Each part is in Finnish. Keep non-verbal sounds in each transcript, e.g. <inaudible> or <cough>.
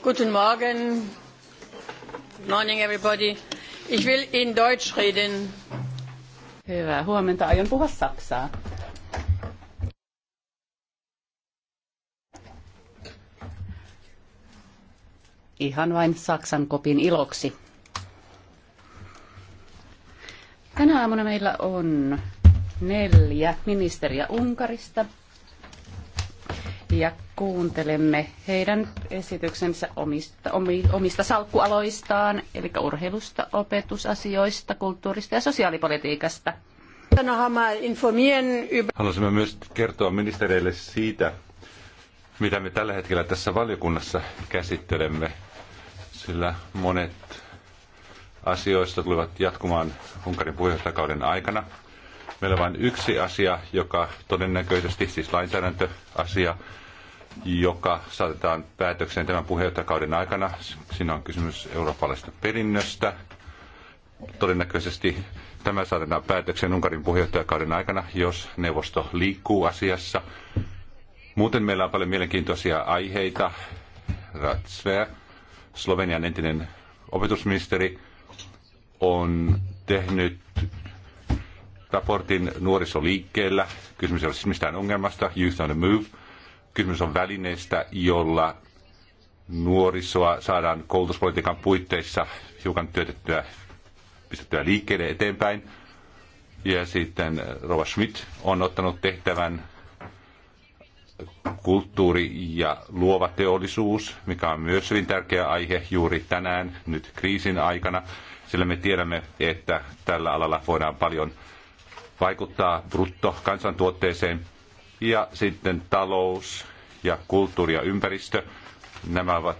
Guten Morgen. Morning everybody. Ich will in Deutsch reden. Hyvää huomenta. Aion puhua saksaa. Ihan vain saksan kopin iloksi. Tänä aamuna meillä on neljä ministeriä Unkarista – ja kuuntelemme heidän esityksensä omista, omista salkkualoistaan, eli urheilusta, opetusasioista, kulttuurista ja sosiaalipolitiikasta. Haluaisimme myös kertoa ministereille siitä, mitä me tällä hetkellä tässä valiokunnassa käsittelemme, sillä monet asioista tulevat jatkumaan Unkarin puheenjohtajakauden aikana – Meillä on vain yksi asia, joka todennäköisesti, siis lainsäädäntöasia, joka saatetaan päätökseen tämän puheenjohtajakauden aikana. Siinä on kysymys eurooppalaisesta perinnöstä. Todennäköisesti tämä saatetaan päätökseen Unkarin puheenjohtajakauden aikana, jos neuvosto liikkuu asiassa. Muuten meillä on paljon mielenkiintoisia aiheita. Ratsver, Slovenian entinen opetusministeri, on tehnyt raportin nuorisoliikkeellä. Kysymys ei ole siis mistään ongelmasta, Youth on the Move. Kysymys on välineestä, jolla nuorisoa saadaan koulutuspolitiikan puitteissa hiukan työtettyä, pistettyä liikkeelle eteenpäin. Ja sitten äh, Rova Schmidt on ottanut tehtävän kulttuuri ja luova teollisuus, mikä on myös hyvin tärkeä aihe juuri tänään, nyt kriisin aikana, sillä me tiedämme, että tällä alalla voidaan paljon vaikuttaa bruttokansantuotteeseen. Ja sitten talous ja kulttuuri ja ympäristö. Nämä ovat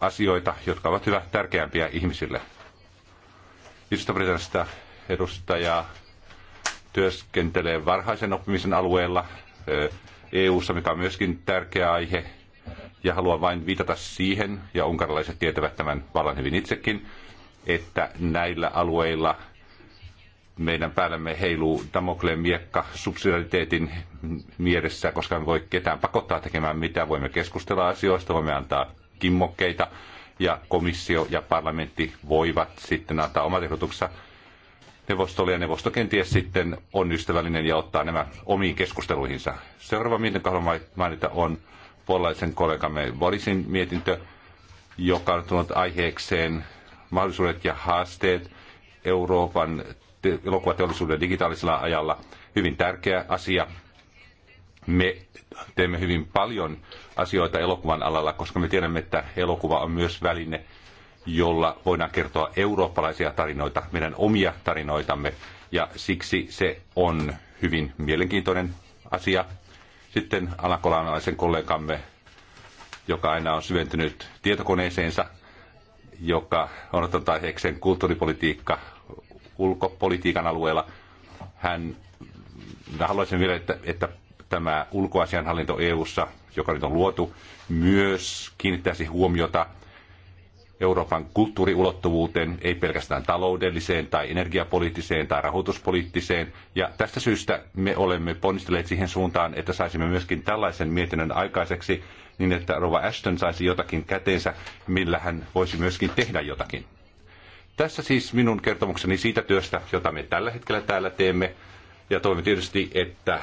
asioita, jotka ovat hyvä tärkeämpiä ihmisille. Isosta-Britanniasta edustaja työskentelee varhaisen oppimisen alueella EU-ssa, eh, e mikä on myöskin tärkeä aihe. Ja haluan vain viitata siihen, ja unkarilaiset tietävät tämän vallan hyvin itsekin, että näillä alueilla meidän päällämme heiluu Damokleen miekka subsidiariteetin mielessä, koska me voi ketään pakottaa tekemään mitä. Voimme keskustella asioista, voimme antaa kimmokkeita ja komissio ja parlamentti voivat sitten antaa omat ehdotuksensa neuvostolle ja neuvosto kenties sitten on ystävällinen ja ottaa nämä omiin keskusteluihinsa. Seuraava mietintö, jonka haluan mainita, on puolalaisen kollegamme Borisin mietintö, joka on tullut aiheekseen mahdollisuudet ja haasteet Euroopan elokuvateollisuuden digitaalisella ajalla. Hyvin tärkeä asia. Me teemme hyvin paljon asioita elokuvan alalla, koska me tiedämme, että elokuva on myös väline, jolla voidaan kertoa eurooppalaisia tarinoita, meidän omia tarinoitamme, ja siksi se on hyvin mielenkiintoinen asia. Sitten alakolanalaisen kollegamme, joka aina on syventynyt tietokoneeseensa, joka on ottanut aiheekseen kulttuuripolitiikka, ulkopolitiikan alueella. Hän, haluaisin vielä, että, että tämä ulkoasianhallinto EU:ssa, joka nyt on luotu, myös kiinnittäisi huomiota Euroopan kulttuuriulottuvuuteen, ei pelkästään taloudelliseen tai energiapoliittiseen tai rahoituspoliittiseen. Ja tästä syystä me olemme ponnistelleet siihen suuntaan, että saisimme myöskin tällaisen mietinnön aikaiseksi, niin että Rova Ashton saisi jotakin käteensä, millä hän voisi myöskin tehdä jotakin. Tässä siis minun kertomukseni siitä työstä, jota me tällä hetkellä täällä teemme. Ja toivon tietysti, että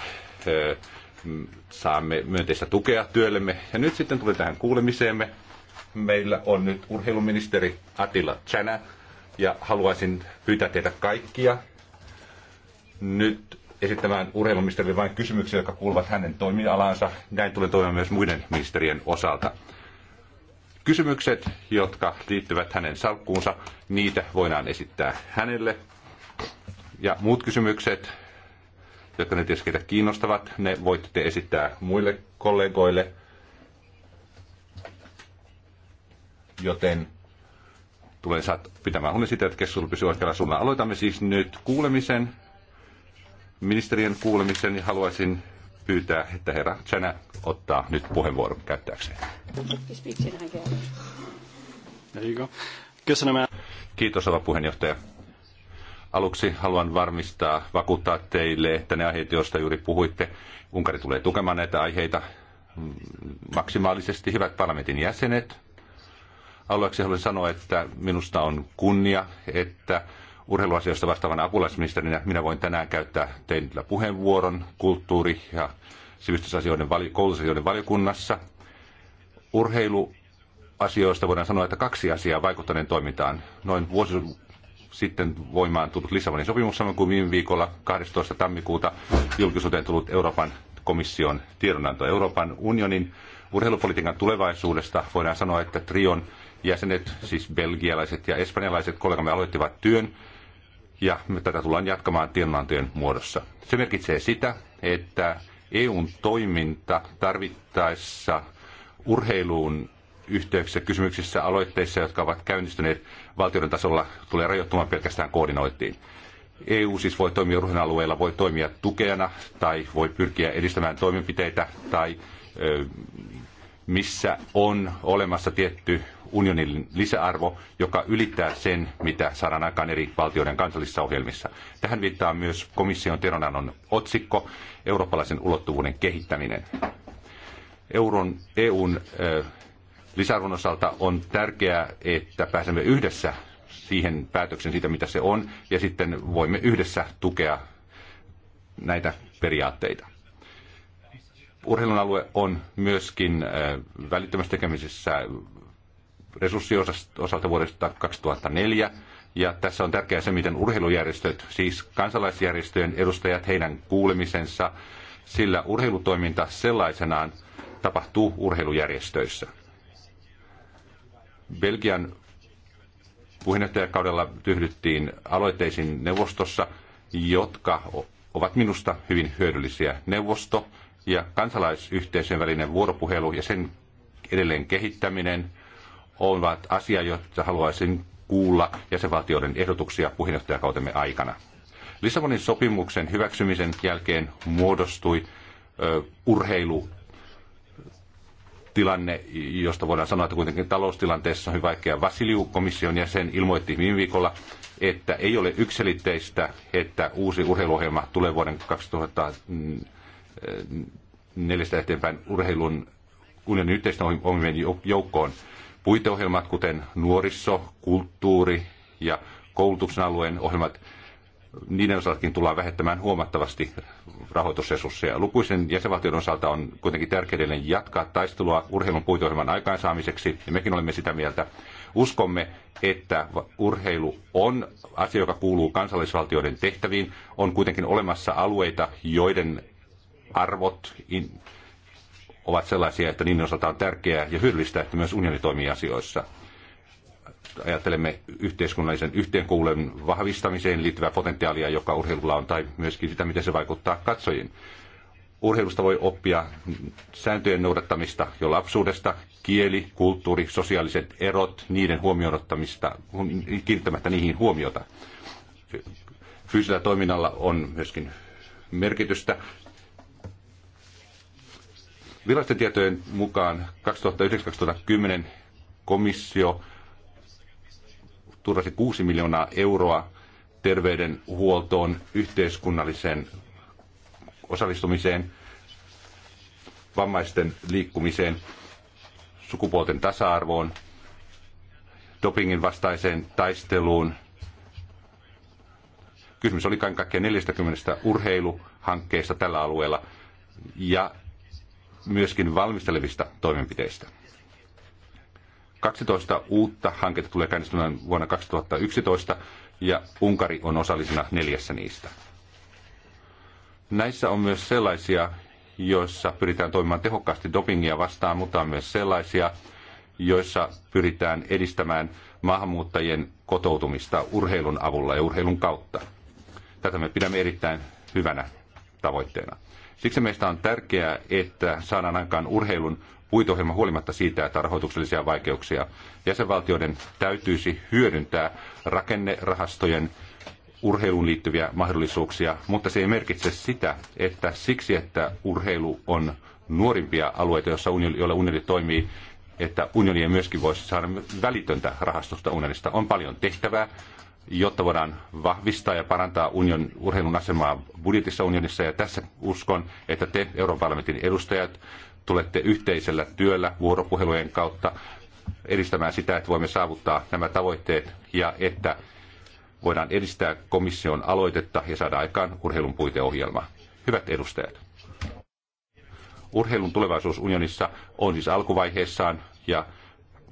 saamme myönteistä tukea työllemme. Ja nyt sitten tulee tähän kuulemiseemme. Meillä on nyt urheiluministeri Atila Chana ja haluaisin pyytää teitä kaikkia nyt esittämään urheiluministerille vain kysymyksiä, jotka kuuluvat hänen toimialaansa. Näin tulee toimia myös muiden ministerien osalta. Kysymykset, jotka liittyvät hänen salkkuunsa, niitä voidaan esittää hänelle. Ja muut kysymykset, jotka ne tietysti keitä kiinnostavat, ne voitte esittää muille kollegoille. Joten tulen saat pitämään huolen siitä, että keskustelu pysyy oikealla suunnalla. Aloitamme siis nyt kuulemisen, ministerien kuulemisen ja haluaisin pyytää, että herra Chana ottaa nyt puheenvuoron käyttääkseen. Kiitos, rouva puheenjohtaja. Aluksi haluan varmistaa, vakuuttaa teille, että ne aiheet, joista juuri puhuitte, Unkari tulee tukemaan näitä aiheita mm, maksimaalisesti. Hyvät parlamentin jäsenet, alueeksi haluan sanoa, että minusta on kunnia, että urheiluasioista vastaavana apulaisministerinä minä voin tänään käyttää teillä puheenvuoron kulttuuri- ja sivistysasioiden, koulutusasioiden valiokunnassa. Urheiluasioista voidaan sanoa, että kaksi asiaa vaikuttaneen toimintaan. Noin vuosi sitten voimaan tullut Lissabonin sopimus, samoin kuin viime viikolla 12. tammikuuta julkisuuteen tullut Euroopan komission tiedonanto Euroopan unionin urheilupolitiikan tulevaisuudesta. Voidaan sanoa, että Trion jäsenet, siis belgialaiset ja espanjalaiset kollegamme aloittivat työn, ja tätä tullaan jatkamaan tiedonantojen muodossa. Se merkitsee sitä, että EUn toiminta tarvittaessa urheiluun yhteyksissä, kysymyksissä, aloitteissa, jotka ovat käynnistyneet valtioiden tasolla, tulee rajoittumaan pelkästään koordinointiin. EU siis voi toimia urheilun alueella, voi toimia tukena tai voi pyrkiä edistämään toimenpiteitä tai missä on olemassa tietty unionin lisäarvo, joka ylittää sen, mitä saadaan aikaan eri valtioiden kansallisissa ohjelmissa. Tähän viittaa myös komission tiedonannon otsikko, eurooppalaisen ulottuvuuden kehittäminen. Euron, EUn äh, lisäarvon osalta on tärkeää, että pääsemme yhdessä siihen päätöksen siitä, mitä se on, ja sitten voimme yhdessä tukea näitä periaatteita. Urheilun alue on myöskin välittömässä tekemisessä resurssiosalta vuodesta 2004. Ja tässä on tärkeää se, miten urheilujärjestöt, siis kansalaisjärjestöjen edustajat, heidän kuulemisensa, sillä urheilutoiminta sellaisenaan tapahtuu urheilujärjestöissä. Belgian puheenjohtajakaudella tyhdyttiin aloitteisiin neuvostossa, jotka ovat minusta hyvin hyödyllisiä. Neuvosto ja kansalaisyhteisön välinen vuoropuhelu ja sen edelleen kehittäminen – ovat asia, jota haluaisin kuulla jäsenvaltioiden ehdotuksia puheenjohtajakautemme aikana. Lissabonin sopimuksen hyväksymisen jälkeen muodostui ö, urheilu tilanne, josta voidaan sanoa, että kuitenkin taloustilanteessa on hyvin vaikea. Vasiliu, komission jäsen, ilmoitti viime viikolla, että ei ole yksilitteistä, että uusi urheiluohjelma tulee vuoden 2004 eteenpäin urheilun unionin yhteisten ohjelmien joukkoon puiteohjelmat, kuten nuoriso, kulttuuri ja koulutuksen alueen ohjelmat, niiden osaltakin tullaan vähettämään huomattavasti rahoitusresursseja. Lukuisen jäsenvaltioiden osalta on kuitenkin tärkeää jatkaa taistelua urheilun puiteohjelman aikaansaamiseksi, ja mekin olemme sitä mieltä. Uskomme, että urheilu on asia, joka kuuluu kansallisvaltioiden tehtäviin. On kuitenkin olemassa alueita, joiden arvot, ovat sellaisia, että niiden osalta on tärkeää ja hyödyllistä, että myös unioni toimii asioissa. Ajattelemme yhteiskunnallisen yhteenkuulen vahvistamiseen liittyvää potentiaalia, joka urheilulla on, tai myöskin sitä, miten se vaikuttaa katsojiin. Urheilusta voi oppia sääntöjen noudattamista jo lapsuudesta, kieli, kulttuuri, sosiaaliset erot, niiden huomioonottamista, kiinnittämättä niihin huomiota. Fyysisellä toiminnalla on myöskin merkitystä Virallisten tietojen mukaan 2009-2010 komissio turvasi 6 miljoonaa euroa terveydenhuoltoon yhteiskunnalliseen osallistumiseen, vammaisten liikkumiseen, sukupuolten tasa-arvoon, dopingin vastaiseen taisteluun. Kysymys oli kaiken kaikkiaan 40 urheiluhankkeesta tällä alueella. Ja myöskin valmistelevista toimenpiteistä. 12 uutta hanketta tulee käynnistymään vuonna 2011 ja Unkari on osallisena neljässä niistä. Näissä on myös sellaisia, joissa pyritään toimimaan tehokkaasti dopingia vastaan, mutta on myös sellaisia, joissa pyritään edistämään maahanmuuttajien kotoutumista urheilun avulla ja urheilun kautta. Tätä me pidämme erittäin hyvänä tavoitteena. Siksi meistä on tärkeää, että saadaan aikaan urheilun puitohjelma huolimatta siitä, että on rahoituksellisia vaikeuksia. Jäsenvaltioiden täytyisi hyödyntää rakennerahastojen urheiluun liittyviä mahdollisuuksia, mutta se ei merkitse sitä, että siksi, että urheilu on nuorimpia alueita, joissa unioni, joilla unioni toimii, että unioni ei myöskin voisi saada välitöntä rahastusta unionista. On paljon tehtävää, jotta voidaan vahvistaa ja parantaa union, urheilun asemaa budjetissa unionissa. Ja tässä uskon, että te Euroopan parlamentin edustajat tulette yhteisellä työllä vuoropuhelujen kautta edistämään sitä, että voimme saavuttaa nämä tavoitteet ja että voidaan edistää komission aloitetta ja saada aikaan urheilun puiteohjelma. Hyvät edustajat. Urheilun tulevaisuus unionissa on siis alkuvaiheessaan ja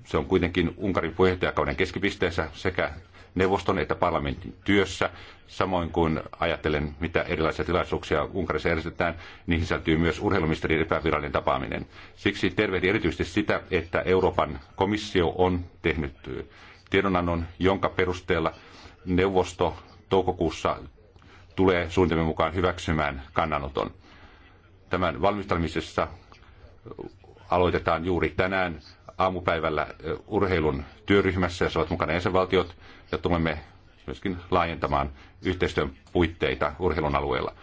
se on kuitenkin Unkarin puheenjohtajakauden keskipisteessä sekä neuvoston että parlamentin työssä, samoin kuin ajattelen, mitä erilaisia tilaisuuksia Unkarissa järjestetään, niihin sisältyy myös urheiluministerin epävirallinen tapaaminen. Siksi tervehdin erityisesti sitä, että Euroopan komissio on tehnyt tiedonannon, jonka perusteella neuvosto toukokuussa tulee suunnitelmien mukaan hyväksymään kannanoton. Tämän valmistamisessa aloitetaan juuri tänään aamupäivällä urheilun työryhmässä, jossa ovat mukana jäsenvaltiot, ja tulemme myöskin laajentamaan yhteistyön puitteita urheilun alueella.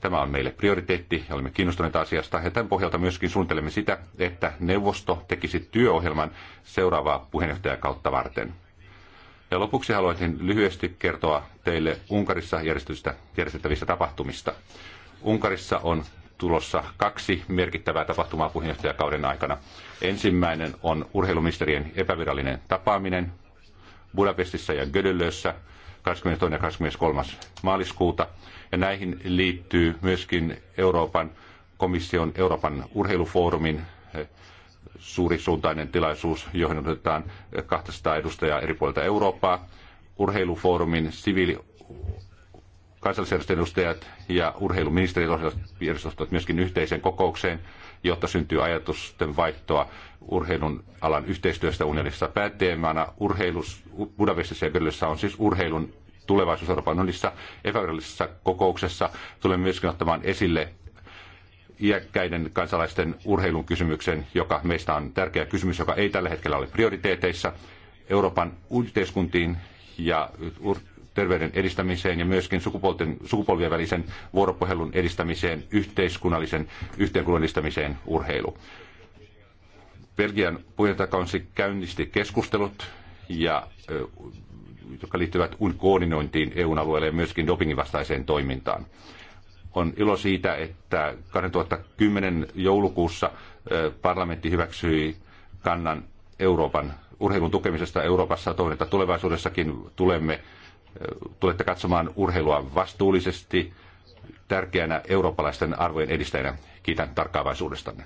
Tämä on meille prioriteetti ja olemme kiinnostuneita asiasta. Ja tämän pohjalta myöskin suunnittelemme sitä, että neuvosto tekisi työohjelman seuraavaa kautta varten. Ja lopuksi haluaisin lyhyesti kertoa teille Unkarissa järjestettävistä tapahtumista. Unkarissa on tulossa kaksi merkittävää tapahtumaa puheenjohtajakauden aikana. Ensimmäinen on urheiluministerien epävirallinen tapaaminen Budapestissa ja Gödöllössä 22. ja 23. maaliskuuta. Ja näihin liittyy myöskin Euroopan komission Euroopan urheilufoorumin eh, suurisuuntainen tilaisuus, johon otetaan 200 edustajaa eri puolilta Eurooppaa. Urheilufoorumin siviili kansallisjärjestöjen edustajat ja urheiluministerit osallistuvat myöskin yhteiseen kokoukseen, jotta syntyy ajatusten vaihtoa urheilun alan yhteistyöstä unionissa. Päätteemana urheilus Budapestissa ja Berlissä on siis urheilun tulevaisuus Euroopan unionissa. Epävirallisessa kokouksessa tulee myöskin ottamaan esille iäkkäiden kansalaisten urheilun kysymyksen, joka meistä on tärkeä kysymys, joka ei tällä hetkellä ole prioriteeteissa. Euroopan yhteiskuntiin ja terveyden edistämiseen ja myöskin sukupuolten, sukupolvien välisen vuoropuhelun edistämiseen, yhteiskunnallisen yhteenkuulun edistämiseen urheilu. Belgian puheenjohtajakausi käynnisti keskustelut, ja, jotka liittyvät koordinointiin EUn alueelle ja myöskin dopingin vastaiseen toimintaan. On ilo siitä, että 2010 joulukuussa parlamentti hyväksyi kannan Euroopan urheilun tukemisesta Euroopassa. Toivon, että tulevaisuudessakin tulemme, tulette katsomaan urheilua vastuullisesti tärkeänä eurooppalaisten arvojen edistäjänä. Kiitän tarkkaavaisuudestanne.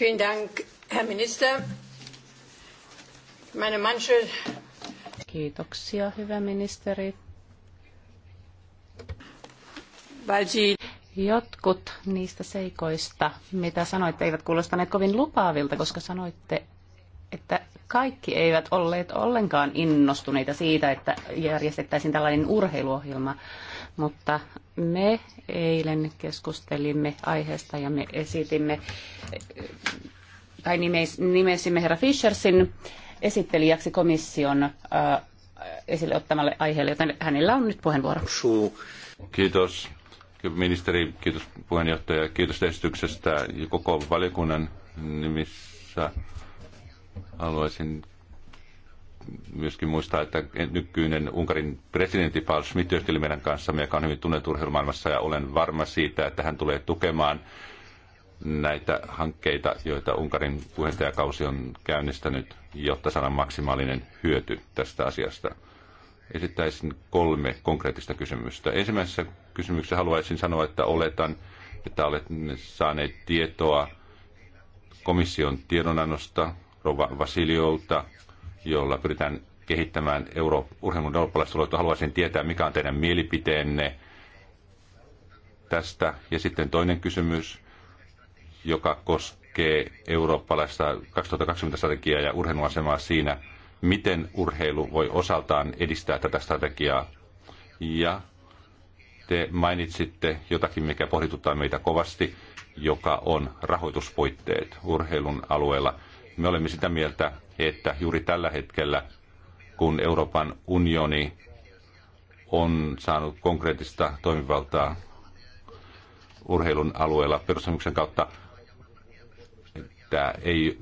Vielen Dank, Herr Minister. Meine manche... Kiitoksia, hyvä ministeri. Jotkut niistä seikoista, mitä sanoitte, eivät kuulostaneet kovin lupaavilta, koska sanoitte, että kaikki eivät olleet ollenkaan innostuneita siitä, että järjestettäisiin tällainen urheiluohjelma mutta me eilen keskustelimme aiheesta ja me esitimme tai nimesimme herra Fischersin esittelijäksi komission äh, esille ottamalle aiheelle, joten hänellä on nyt puheenvuoro. Kiitos ministeri, kiitos puheenjohtaja, kiitos esityksestä ja koko valiokunnan nimissä haluaisin myöskin muistaa, että nykyinen Unkarin presidentti Paul Schmidt työskeli meidän kanssa joka on hyvin tunnettu urheilumaailmassa, ja olen varma siitä, että hän tulee tukemaan näitä hankkeita, joita Unkarin puheenjohtajakausi on käynnistänyt, jotta saadaan maksimaalinen hyöty tästä asiasta. Esittäisin kolme konkreettista kysymystä. Ensimmäisessä kysymyksessä haluaisin sanoa, että oletan, että olet saaneet tietoa komission tiedonannosta Rova Vasiliolta jolla pyritään kehittämään euro, urheilun eurooppalaista Haluaisin tietää, mikä on teidän mielipiteenne tästä. Ja sitten toinen kysymys, joka koskee eurooppalaista 2020-strategiaa ja urheiluasemaa siinä, miten urheilu voi osaltaan edistää tätä strategiaa. Ja te mainitsitte jotakin, mikä pohdituttaa meitä kovasti, joka on rahoituspuitteet urheilun alueella. Me olemme sitä mieltä, että juuri tällä hetkellä, kun Euroopan unioni on saanut konkreettista toimivaltaa urheilun alueella perussopimuksen kautta, että ei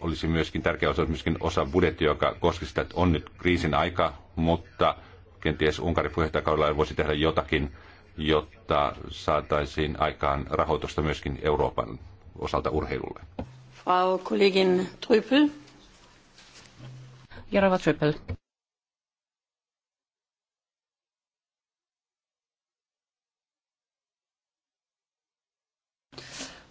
olisi myöskin tärkeä osa, myöskin osa budjetti, joka koskisi sitä, että on nyt kriisin aika, mutta kenties Unkarin puheenjohtajakaudella voisi tehdä jotakin, jotta saataisiin aikaan rahoitusta myöskin Euroopan osalta urheilulle. Frau Kollegin Trüppel ja Triple.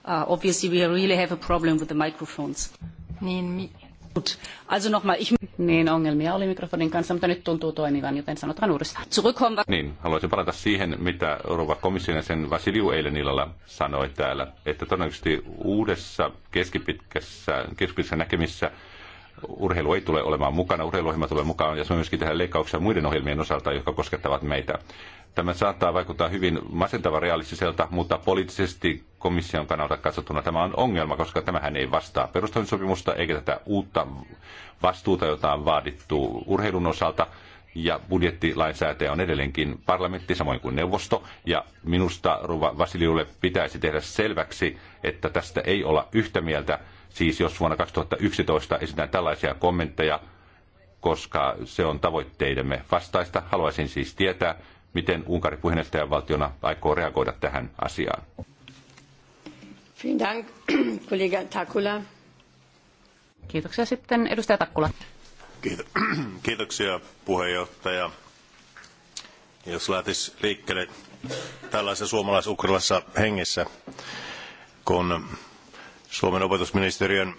Uh, obviously we really have a problem with the microphones. Niin, mi- Gut. Also nochmal, ich... Niin, ongelmia oli mikrofonin kanssa, mutta nyt tuntuu toimivan, joten sanotaan uudestaan. Zurückkommen... Niin, haluaisin palata siihen, mitä Euroopan komission sen Vasiliu eilen illalla sanoi täällä, että todennäköisesti uudessa keskipitkässä, keskipitkässä näkemissä urheilu ei tule olemaan mukana, urheiluohjelma tulee mukaan, ja se on myöskin tehdä leikkauksia muiden ohjelmien osalta, jotka koskettavat meitä. Tämä saattaa vaikuttaa hyvin masentava realistiselta, mutta poliittisesti komission kannalta katsottuna tämä on ongelma, koska tämähän ei vastaa perustamissopimusta eikä tätä uutta vastuuta, jota on vaadittu urheilun osalta. Ja budjettilainsäätäjä on edelleenkin parlamentti, samoin kuin neuvosto. Ja minusta Ruva Vasiliulle pitäisi tehdä selväksi, että tästä ei olla yhtä mieltä Siis jos vuonna 2011 esitän tällaisia kommentteja, koska se on tavoitteidemme vastaista, haluaisin siis tietää, miten Unkari puheenjohtajavaltiona aikoo reagoida tähän asiaan. kollega Takula. Kiitoksia sitten edustaja Takkula. <clears throat> Kiitoksia puheenjohtaja. Jos lähtisi liikkeelle tällaisessa suomalais hengessä, kun Suomen opetusministeriön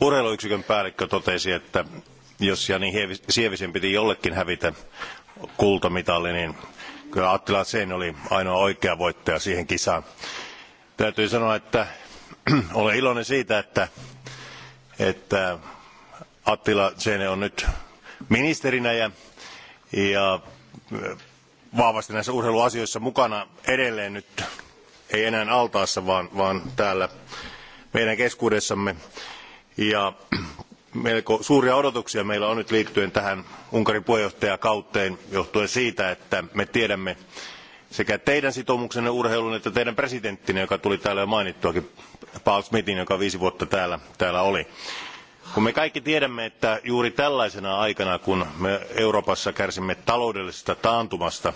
urheiluyksikön päällikkö totesi, että jos Jani Sievisen piti jollekin hävitä kultamitali, niin kyllä Attila Sein oli ainoa oikea voittaja siihen kisaan. Täytyy sanoa, että <clears throat> olen iloinen siitä, että, että Attila Sein on nyt ministerinä ja, ja äh, vahvasti näissä urheiluasioissa mukana edelleen nyt, ei enää altaassa, vaan, vaan täällä meidän keskuudessamme ja melko suuria odotuksia meillä on nyt liittyen tähän unkarin puheenjohtajakauteen johtuen siitä että me tiedämme sekä teidän sitoumuksenne urheiluun että teidän presidenttinne joka tuli täällä jo mainittuakin paul smithin joka viisi vuotta täällä, täällä oli. kun me kaikki tiedämme että juuri tällaisena aikana kun me euroopassa kärsimme taloudellisesta taantumasta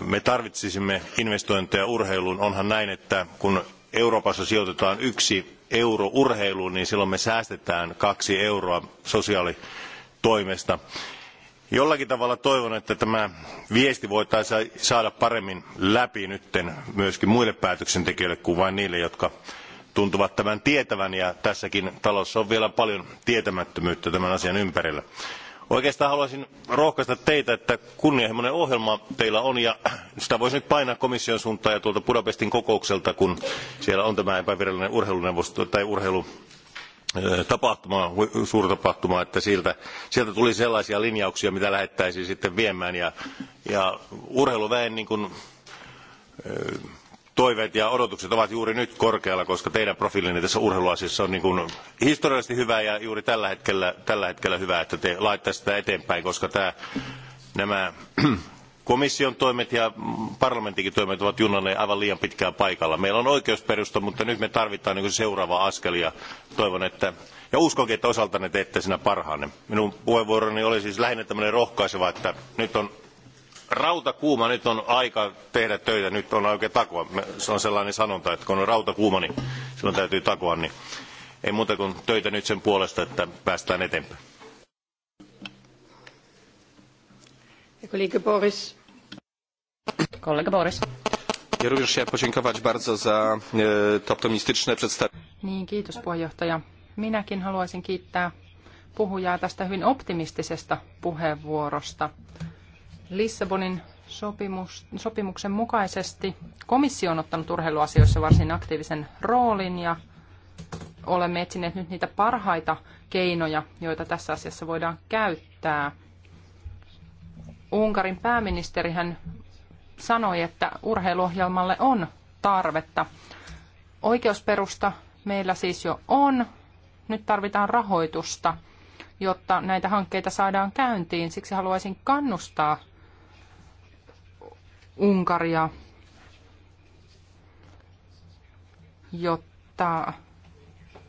me tarvitsisimme investointeja urheiluun onhan näin että kun Euroopassa sijoitetaan yksi euro urheiluun, niin silloin me säästetään kaksi euroa sosiaalitoimesta. Jollakin tavalla toivon, että tämä viesti voitaisiin saada paremmin läpi nytten myöskin muille päätöksentekijöille kuin vain niille, jotka tuntuvat tämän tietävän ja tässäkin talossa on vielä paljon tietämättömyyttä tämän asian ympärillä oikeastaan haluaisin rohkaista teitä että kunnianhimoinen ohjelma teillä on ja sitä voisi nyt painaa komission suuntaan ja tuolta budapestin kokoukselta kun siellä on tämä epävirallinen urheiluneuvosto tai urheilu tapahtuma, suurtapahtuma, että sieltä, sieltä tuli sellaisia linjauksia, mitä lähettäisiin sitten viemään. Ja, ja urheiluväen niin kuin, toiveet ja odotukset ovat juuri nyt korkealla, koska teidän profiilinne tässä urheiluasiassa on niin historiallisesti hyvä ja juuri tällä hetkellä, tällä hetkellä hyvä, että te laittaisitte sitä eteenpäin, koska tämä, nämä <clears throat> komission toimet ja parlamentinkin toimet ovat junnanneet aivan liian pitkään paikalla. Meillä on oikeusperusta, mutta nyt me tarvitaan niin seuraava askel ja toivon, että ja uskonkin, että osaltanne teette siinä parhaanne. Minun puheenvuoroni oli siis lähinnä tämmöinen rohkaiseva, että nyt on rautakuuma nyt on aika tehdä töitä, nyt on oikein takoa. Se on sellainen sanonta, että kun on rautakuuma, niin silloin täytyy takoa, niin ei muuta kuin töitä nyt sen puolesta, että päästään eteenpäin. Kollega Boris. Kollega Boris. Ja również chciałem podziękować bardzo za e, to przedstawienie. Niin, kiitos puheenjohtaja. Minäkin haluaisin kiittää puhujaa tästä hyvin optimistisesta puheenvuorosta. Lissabonin sopimus, sopimuksen mukaisesti komissio on ottanut urheiluasioissa varsin aktiivisen roolin ja olemme etsineet nyt niitä parhaita keinoja, joita tässä asiassa voidaan käyttää. Unkarin pääministeri hän sanoi, että urheiluohjelmalle on tarvetta. Oikeusperusta meillä siis jo on. Nyt tarvitaan rahoitusta, jotta näitä hankkeita saadaan käyntiin. Siksi haluaisin kannustaa Unkaria, jotta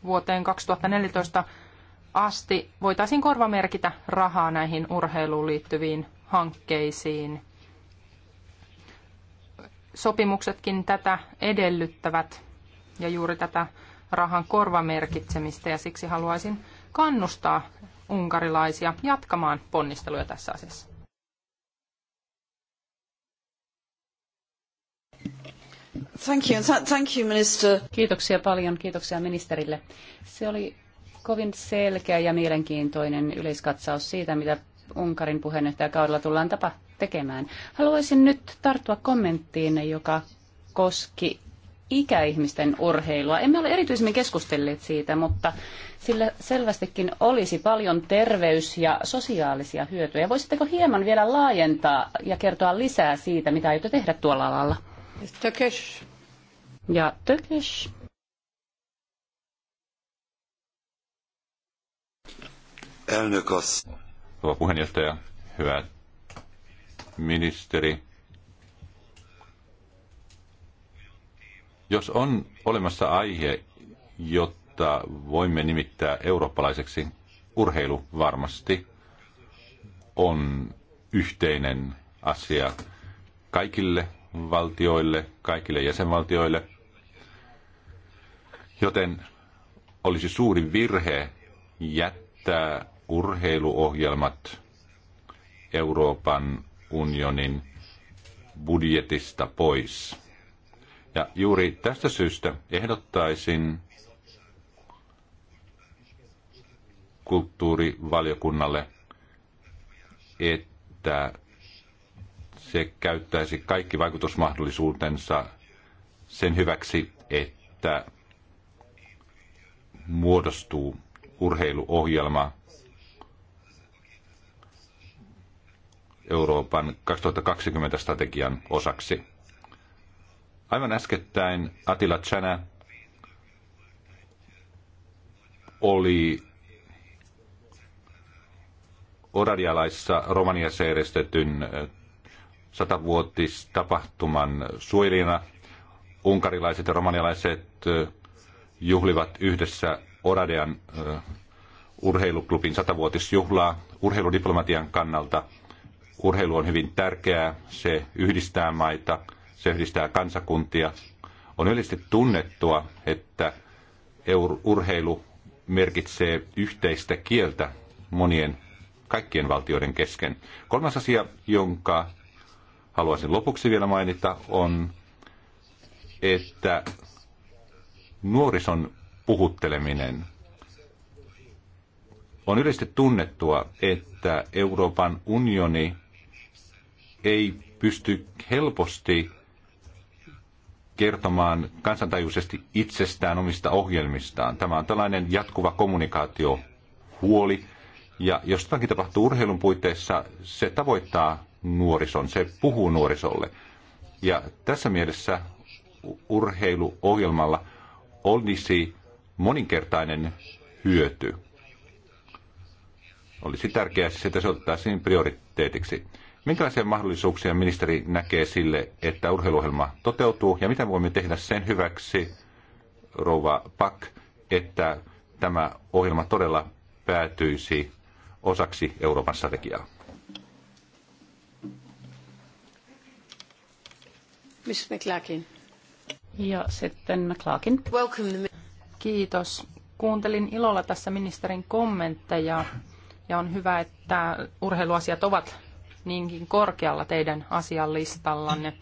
vuoteen 2014 asti voitaisiin korvamerkitä rahaa näihin urheiluun liittyviin hankkeisiin. Sopimuksetkin tätä edellyttävät ja juuri tätä rahan korvamerkitsemistä ja siksi haluaisin kannustaa unkarilaisia jatkamaan ponnisteluja tässä asiassa. Thank you. Thank you, minister. Kiitoksia paljon, kiitoksia ministerille. Se oli kovin selkeä ja mielenkiintoinen yleiskatsaus siitä, mitä Unkarin puheenjohtajakaudella tullaan tapa tekemään. Haluaisin nyt tarttua kommenttiin, joka koski ikäihmisten urheilua. Emme ole erityisemmin keskustelleet siitä, mutta sillä selvästikin olisi paljon terveys- ja sosiaalisia hyötyjä. Voisitteko hieman vielä laajentaa ja kertoa lisää siitä, mitä aiotte tehdä tuolla alalla? Tökes. Ja Tökes. Elnök asszony. puheenjohtaja, hyvä ministeri. Jos on olemassa aihe, jotta voimme nimittää eurooppalaiseksi, urheilu varmasti on yhteinen asia kaikille valtioille, kaikille jäsenvaltioille. Joten olisi suuri virhe jättää urheiluohjelmat Euroopan unionin budjetista pois. Ja juuri tästä syystä ehdottaisin kulttuurivaliokunnalle, että se käyttäisi kaikki vaikutusmahdollisuutensa sen hyväksi, että muodostuu urheiluohjelma Euroopan 2020 strategian osaksi. Aivan äskettäin Atila Chana oli Oradialaissa Romaniassa järjestetyn satavuotistapahtuman suojelijana. Unkarilaiset ja romanialaiset juhlivat yhdessä Oradean urheiluklubin satavuotisjuhlaa urheiludiplomatian kannalta. Urheilu on hyvin tärkeää, se yhdistää maita, se yhdistää kansakuntia. On yleisesti tunnettua, että urheilu merkitsee yhteistä kieltä monien kaikkien valtioiden kesken. Kolmas asia, jonka haluaisin lopuksi vielä mainita, on, että nuorison puhutteleminen on yleisesti tunnettua, että Euroopan unioni ei pysty helposti kertomaan kansantajuisesti itsestään omista ohjelmistaan. Tämä on tällainen jatkuva kommunikaatiohuoli. Ja jos jotakin tapahtuu urheilun puitteissa, se tavoittaa nuorison, se puhuu nuorisolle. Ja tässä mielessä urheiluohjelmalla olisi moninkertainen hyöty. Olisi tärkeää siis, että se otettaisiin prioriteetiksi. Minkälaisia mahdollisuuksia ministeri näkee sille, että urheiluohjelma toteutuu ja mitä voimme tehdä sen hyväksi, rouva Pak, että tämä ohjelma todella päätyisi osaksi Euroopan strategiaa? Miss McLaughlin. Ja sitten McLaughlin. Welcome. Kiitos. Kuuntelin ilolla tässä ministerin kommentteja ja on hyvä, että urheiluasiat ovat niinkin korkealla teidän asialistallanne.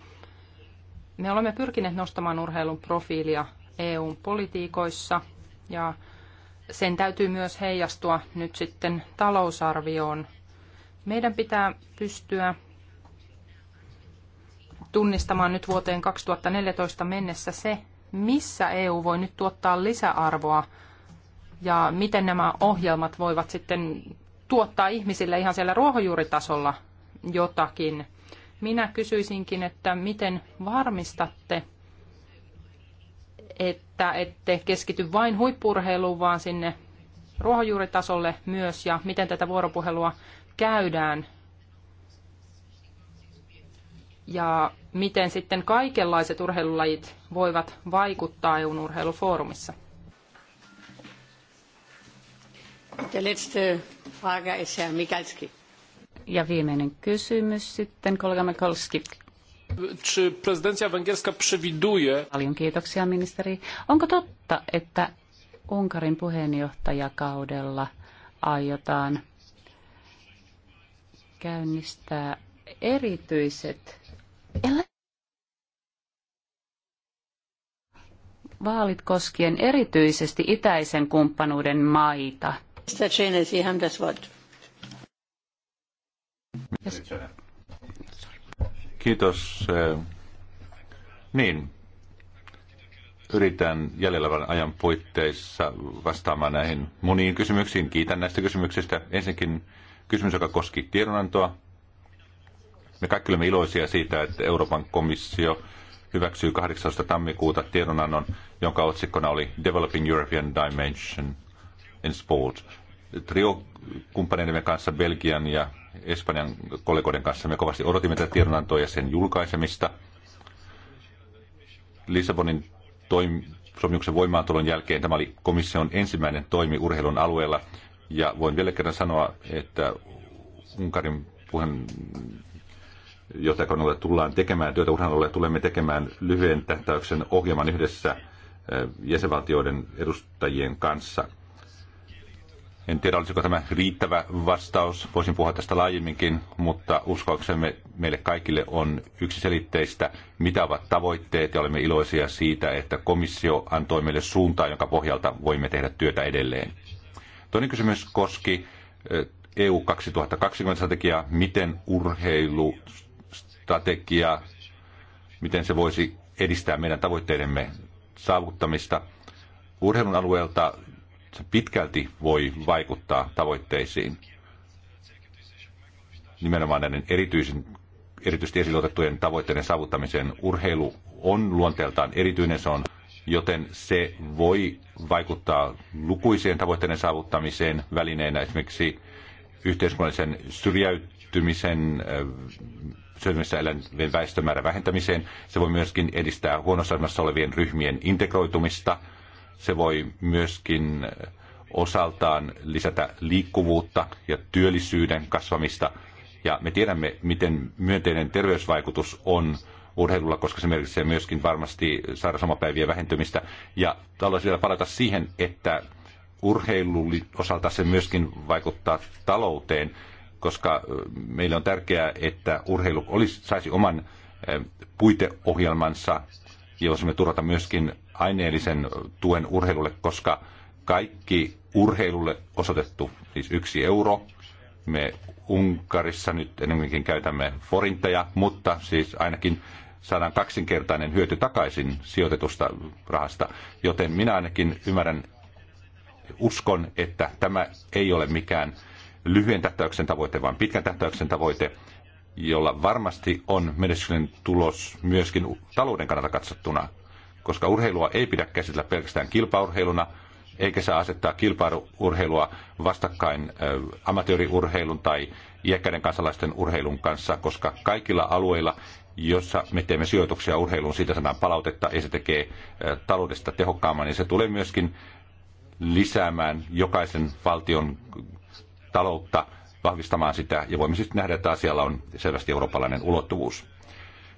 Me olemme pyrkineet nostamaan urheilun profiilia EU-politiikoissa ja sen täytyy myös heijastua nyt sitten talousarvioon. Meidän pitää pystyä tunnistamaan nyt vuoteen 2014 mennessä se, missä EU voi nyt tuottaa lisäarvoa ja miten nämä ohjelmat voivat sitten tuottaa ihmisille ihan siellä ruohonjuuritasolla jotakin. Minä kysyisinkin, että miten varmistatte, että ette keskity vain huippurheiluun, vaan sinne ruohonjuuritasolle myös, ja miten tätä vuoropuhelua käydään ja miten sitten kaikenlaiset urheilulajit voivat vaikuttaa EUn urheilufoorumissa? Der letzte Frage ist Herr Mikalski. Ja viimeinen kysymys sitten, kollega Mikalski. Czy prezydencja węgierska przewiduje... Paljon kiitoksia, ministeri. Onko totta, että Unkarin puheenjohtajakaudella aiotaan käynnistää erityiset vaalit koskien erityisesti itäisen kumppanuuden maita. Kiitos. Eh, niin, yritän jäljellä olevan ajan puitteissa vastaamaan näihin moniin kysymyksiin. Kiitän näistä kysymyksistä. Ensinnäkin kysymys, joka koski tiedonantoa. Me kaikki olemme iloisia siitä, että Euroopan komissio hyväksyi 18. tammikuuta tiedonannon, jonka otsikkona oli Developing European Dimension in Sport. Trio-kumppaneidemme kanssa Belgian ja Espanjan kollegoiden kanssa me kovasti odotimme tätä tiedonantoa ja sen julkaisemista. Lissabonin toim- sopimuksen voimaantulon jälkeen tämä oli komission ensimmäinen toimi urheilun alueella. Ja voin vielä kerran sanoa, että Unkarin puheen jota kannalla tullaan tekemään, työtä urheilulle tulemme tekemään lyhyen tähtäyksen ohjelman yhdessä eh, jäsenvaltioiden edustajien kanssa. En tiedä, olisiko tämä riittävä vastaus. Voisin puhua tästä laajemminkin, mutta uskoaksemme meille kaikille on yksiselitteistä, mitä ovat tavoitteet, ja olemme iloisia siitä, että komissio antoi meille suuntaa, jonka pohjalta voimme tehdä työtä edelleen. Toinen kysymys koski EU eh, e 2020-strategiaa, miten urheilu strategia, miten se voisi edistää meidän tavoitteidemme saavuttamista. Urheilun alueelta se pitkälti voi vaikuttaa tavoitteisiin. Nimenomaan näiden erityisen, erityisesti esille otettujen tavoitteiden saavuttamiseen urheilu on luonteeltaan erityinen, se on, joten se voi vaikuttaa lukuisien tavoitteiden saavuttamiseen välineenä esimerkiksi yhteiskunnallisen syrjäytymisen syrjimässä elävien väestömäärän vähentämiseen. Se voi myöskin edistää huonossa asemassa olevien ryhmien integroitumista. Se voi myöskin osaltaan lisätä liikkuvuutta ja työllisyyden kasvamista. Ja me tiedämme, miten myönteinen terveysvaikutus on urheilulla, koska se merkitsee myöskin varmasti sairausomapäivien vähentymistä. Ja haluaisin vielä palata siihen, että urheilun osalta se myöskin vaikuttaa talouteen koska meille on tärkeää, että urheilu olisi, saisi oman puiteohjelmansa ja me turvata myöskin aineellisen tuen urheilulle, koska kaikki urheilulle osoitettu, siis yksi euro, me Unkarissa nyt enemmänkin käytämme forintteja, mutta siis ainakin saadaan kaksinkertainen hyöty takaisin sijoitetusta rahasta, joten minä ainakin ymmärrän, uskon, että tämä ei ole mikään lyhyen tähtäyksen tavoite, vaan pitkän tähtäyksen tavoite, jolla varmasti on menestyksen tulos myöskin talouden kannalta katsottuna, koska urheilua ei pidä käsitellä pelkästään kilpaurheiluna, eikä saa asettaa kilpaurheilua vastakkain amatööriurheilun tai iäkkäiden kansalaisten urheilun kanssa, koska kaikilla alueilla, jossa me teemme sijoituksia urheiluun, siitä saadaan palautetta ja se tekee taloudesta tehokkaamman, niin se tulee myöskin lisäämään jokaisen valtion taloutta, vahvistamaan sitä, ja voimme siis nähdä, että asialla on selvästi eurooppalainen ulottuvuus.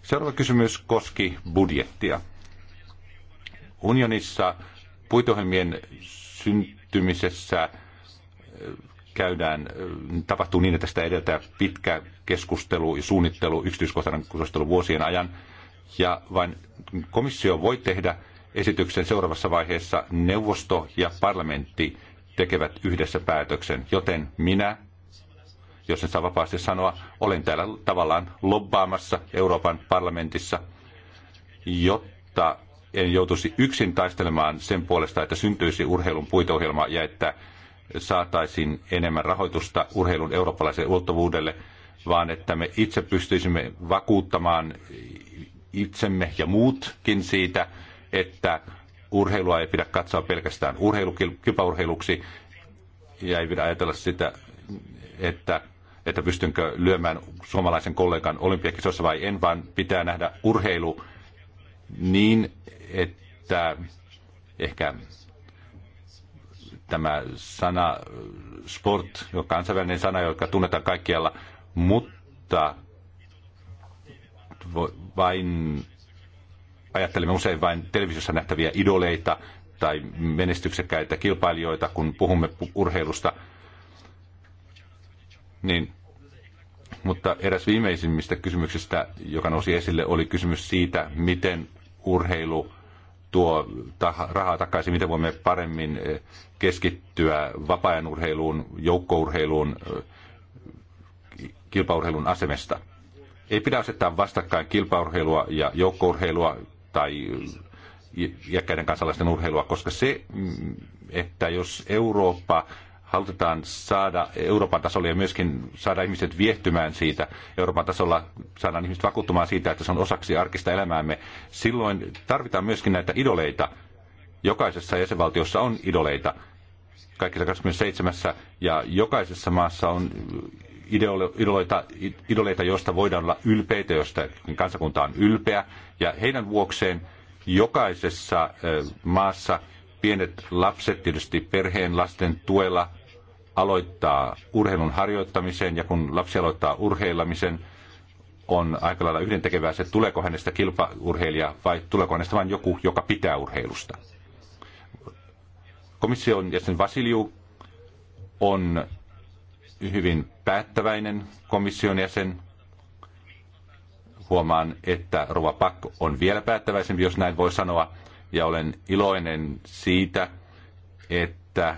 Seuraava kysymys koski budjettia. Unionissa puitohjelmien syntymisessä äh, käydään, äh, tapahtuu niin, että sitä edeltää pitkä keskustelu ja suunnittelu, yksityiskohtainen keskustelu vuosien ajan. Ja vain komissio voi tehdä esityksen seuraavassa vaiheessa neuvosto ja parlamentti tekevät yhdessä päätöksen. Joten minä, jos en saa vapaasti sanoa, olen täällä tavallaan lobbaamassa Euroopan parlamentissa, jotta en joutuisi yksin taistelemaan sen puolesta, että syntyisi urheilun puiteohjelma ja että saataisiin enemmän rahoitusta urheilun eurooppalaiselle ulottuvuudelle, vaan että me itse pystyisimme vakuuttamaan itsemme ja muutkin siitä, että urheilua ei pidä katsoa pelkästään urheilukilpaurheiluksi ja ei pidä ajatella sitä, että, että pystynkö lyömään suomalaisen kollegan olympiakisoissa vai en, vaan pitää nähdä urheilu niin, että ehkä tämä sana sport, joka on kansainvälinen sana, joka tunnetaan kaikkialla, mutta vain Ajattelemme usein vain televisiossa nähtäviä idoleita tai menestyksekkäitä kilpailijoita, kun puhumme urheilusta. Niin. Mutta eräs viimeisimmistä kysymyksistä, joka nousi esille, oli kysymys siitä, miten urheilu tuo rahaa takaisin, miten voimme paremmin eh, keskittyä vapaa-ajan urheiluun, joukkourheiluun, eh, kilpaurheilun asemesta. Ei pidä asettaa vastakkain kilpaurheilua ja joukkourheilua tai iäkkäiden kansalaisten urheilua, koska se, että jos Eurooppa halutaan saada Euroopan tasolla ja myöskin saada ihmiset viehtymään siitä, Euroopan tasolla saadaan ihmiset vakuuttumaan siitä, että se on osaksi arkista elämäämme, silloin tarvitaan myöskin näitä idoleita. Jokaisessa jäsenvaltiossa on idoleita, kaikissa 27 ja jokaisessa maassa on ideoloita, idoleita, joista voidaan olla ylpeitä, joista kansakunta on ylpeä. Ja heidän vuokseen jokaisessa maassa pienet lapset tietysti perheen lasten tuella aloittaa urheilun harjoittamisen ja kun lapsi aloittaa urheilamisen, on aika lailla yhdentekevää se, tuleeko hänestä kilpaurheilija vai tuleeko hänestä vain joku, joka pitää urheilusta. Komission jäsen Vasiliu on hyvin päättäväinen komission jäsen. Huomaan, että Rova Pak on vielä päättäväisempi, jos näin voi sanoa, ja olen iloinen siitä, että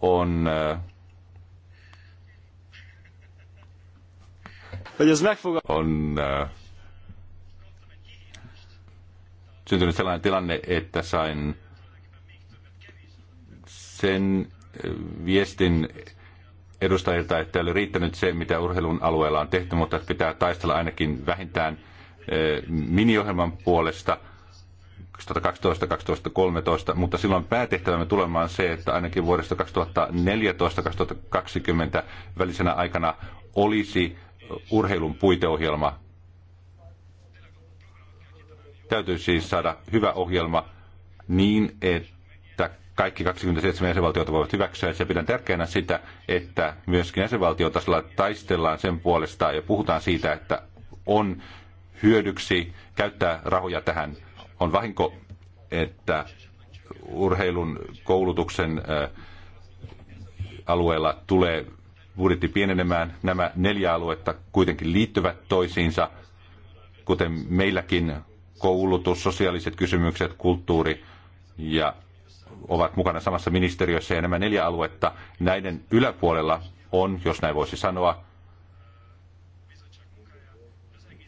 on äh, on äh, syntynyt sellainen tilanne, että sain sen äh, viestin edustajilta, että ei ole riittänyt se, mitä urheilun alueella on tehty, mutta pitää taistella ainakin vähintään eh, miniohjelman puolesta 2012-2013, mutta silloin päätehtävämme tulemaan se, että ainakin vuodesta 2014-2020 välisenä aikana olisi urheilun puiteohjelma. Täytyy siis saada hyvä ohjelma niin, että kaikki 27 jäsenvaltiota voivat hyväksyä. Ja pidän tärkeänä sitä, että myöskin jäsenvaltiotasolla taistellaan sen puolesta ja puhutaan siitä, että on hyödyksi käyttää rahoja tähän. On vahinko, että urheilun koulutuksen alueella tulee budjetti pienenemään. Nämä neljä aluetta kuitenkin liittyvät toisiinsa, kuten meilläkin koulutus, sosiaaliset kysymykset, kulttuuri ja ovat mukana samassa ministeriössä ja nämä neljä aluetta näiden yläpuolella on, jos näin voisi sanoa,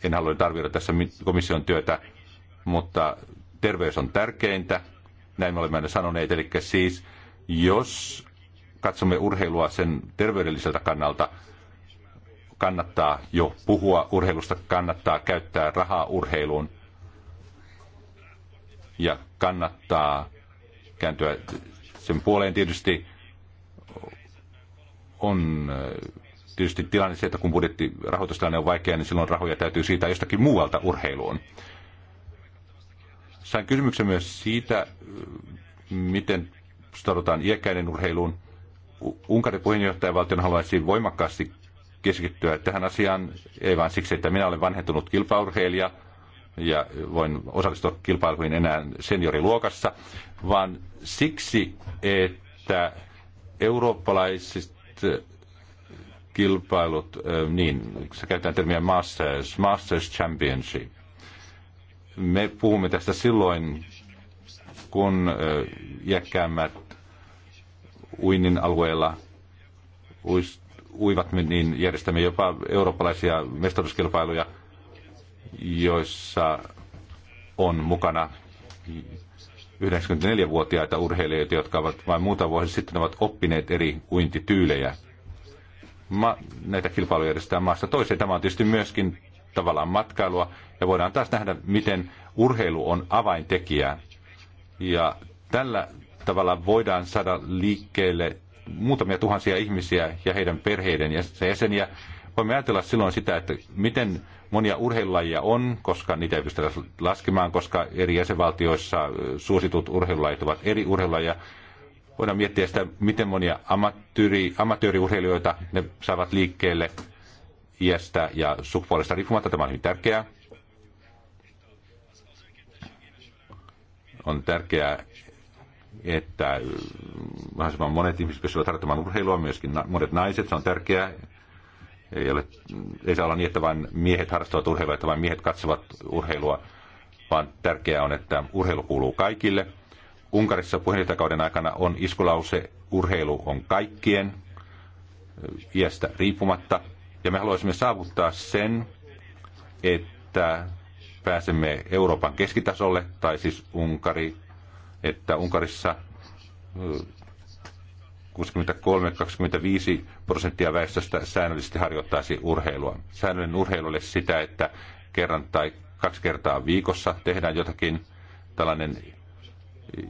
en halua tarvita arvioida tässä komission työtä, mutta terveys on tärkeintä, näin me olemme aina sanoneet, eli siis jos katsomme urheilua sen terveydelliseltä kannalta, kannattaa jo puhua urheilusta, kannattaa käyttää rahaa urheiluun ja kannattaa kääntyä sen puoleen. Tietysti on äh, tietysti tilanne se, että kun budjettirahoitustilanne on vaikea, niin silloin rahoja täytyy siitä jostakin muualta urheiluun. Sain kysymyksen myös siitä, äh, miten suhtaudutaan iäkkäiden urheiluun. Unkarin puheenjohtajavaltion haluaisi voimakkaasti keskittyä tähän asiaan, ei vain siksi, että minä olen vanhentunut kilpaurheilija, ja voin osallistua kilpailuihin enää senioriluokassa, vaan siksi, että eurooppalaiset äh, kilpailut, äh, niin, se käytetään termiä Masters, Masters Championship. Me puhumme tästä silloin, kun äh, iäkkäämmät uinnin alueella uivat, niin järjestämme jopa eurooppalaisia mestaruuskilpailuja – joissa on mukana 94-vuotiaita urheilijoita, jotka ovat vain muutama vuosi sitten ovat oppineet eri uintityylejä. Ma- näitä kilpailuja järjestetään maasta toiseen. Tämä on tietysti myöskin tavallaan matkailua. Ja voidaan taas nähdä, miten urheilu on avaintekijä. Ja tällä tavalla voidaan saada liikkeelle muutamia tuhansia ihmisiä ja heidän perheiden jäseniä. Voimme ajatella silloin sitä, että miten Monia urheilulajia on, koska niitä ei pystytä laskemaan, koska eri jäsenvaltioissa suositut urheilulajit ovat eri urheilulajia. Voidaan miettiä sitä, miten monia amatööri, amatööriurheilijoita ne saavat liikkeelle iästä ja sukupuolesta riippumatta. Tämä on hyvin tärkeää. On tärkeää, että mahdollisimman monet ihmiset pystyvät harjoittamaan urheilua, myöskin monet naiset, se on tärkeää. Ei, ole, ei saa olla niin, että vain miehet harrastavat urheilua, että vain miehet katsovat urheilua, vaan tärkeää on, että urheilu kuuluu kaikille. Unkarissa puheenjohtajakauden aikana on iskulause urheilu on kaikkien eh, iästä riippumatta. Ja me haluaisimme saavuttaa sen, että pääsemme Euroopan keskitasolle, tai siis Unkari, että Unkarissa eh, 63-25 prosenttia väestöstä säännöllisesti harjoittaisi urheilua. Säännöllinen urheilu olisi sitä, että kerran tai kaksi kertaa viikossa tehdään jotakin. Tällainen eh,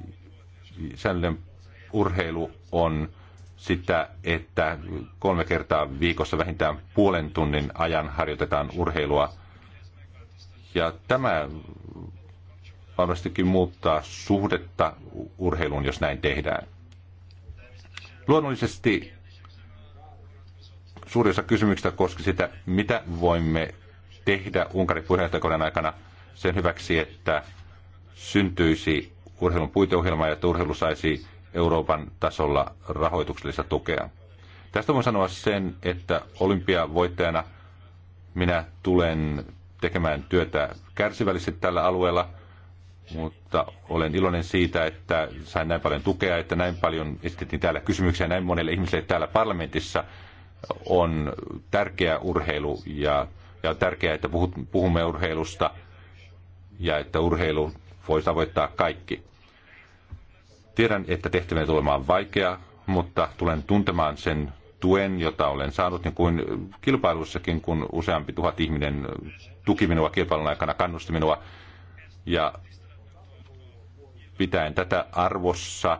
säännöllinen urheilu on sitä, että kolme kertaa viikossa vähintään puolen tunnin ajan harjoitetaan urheilua. Ja tämä varmastikin muuttaa suhdetta urheiluun, jos näin tehdään. Luonnollisesti suurissa osa kysymyksistä koski sitä, mitä voimme tehdä Unkarin puheenjohtajakauden aikana sen hyväksi, että syntyisi urheilun puiteohjelma ja että urheilu saisi Euroopan tasolla rahoituksellista tukea. Tästä voin sanoa sen, että olympiavoittajana minä tulen tekemään työtä kärsivällisesti tällä alueella – mutta olen iloinen siitä, että sain näin paljon tukea, että näin paljon esitettiin täällä kysymyksiä näin monelle ihmiselle täällä parlamentissa on tärkeä urheilu ja, ja on tärkeää, että puhut, puhumme urheilusta ja että urheilu voi tavoittaa kaikki. Tiedän, että tehtävä tulee olemaan vaikea, mutta tulen tuntemaan sen tuen, jota olen saanut, niin kuin kilpailussakin, kun useampi tuhat ihminen tuki minua kilpailun aikana, kannusti minua. Ja pitäen tätä arvossa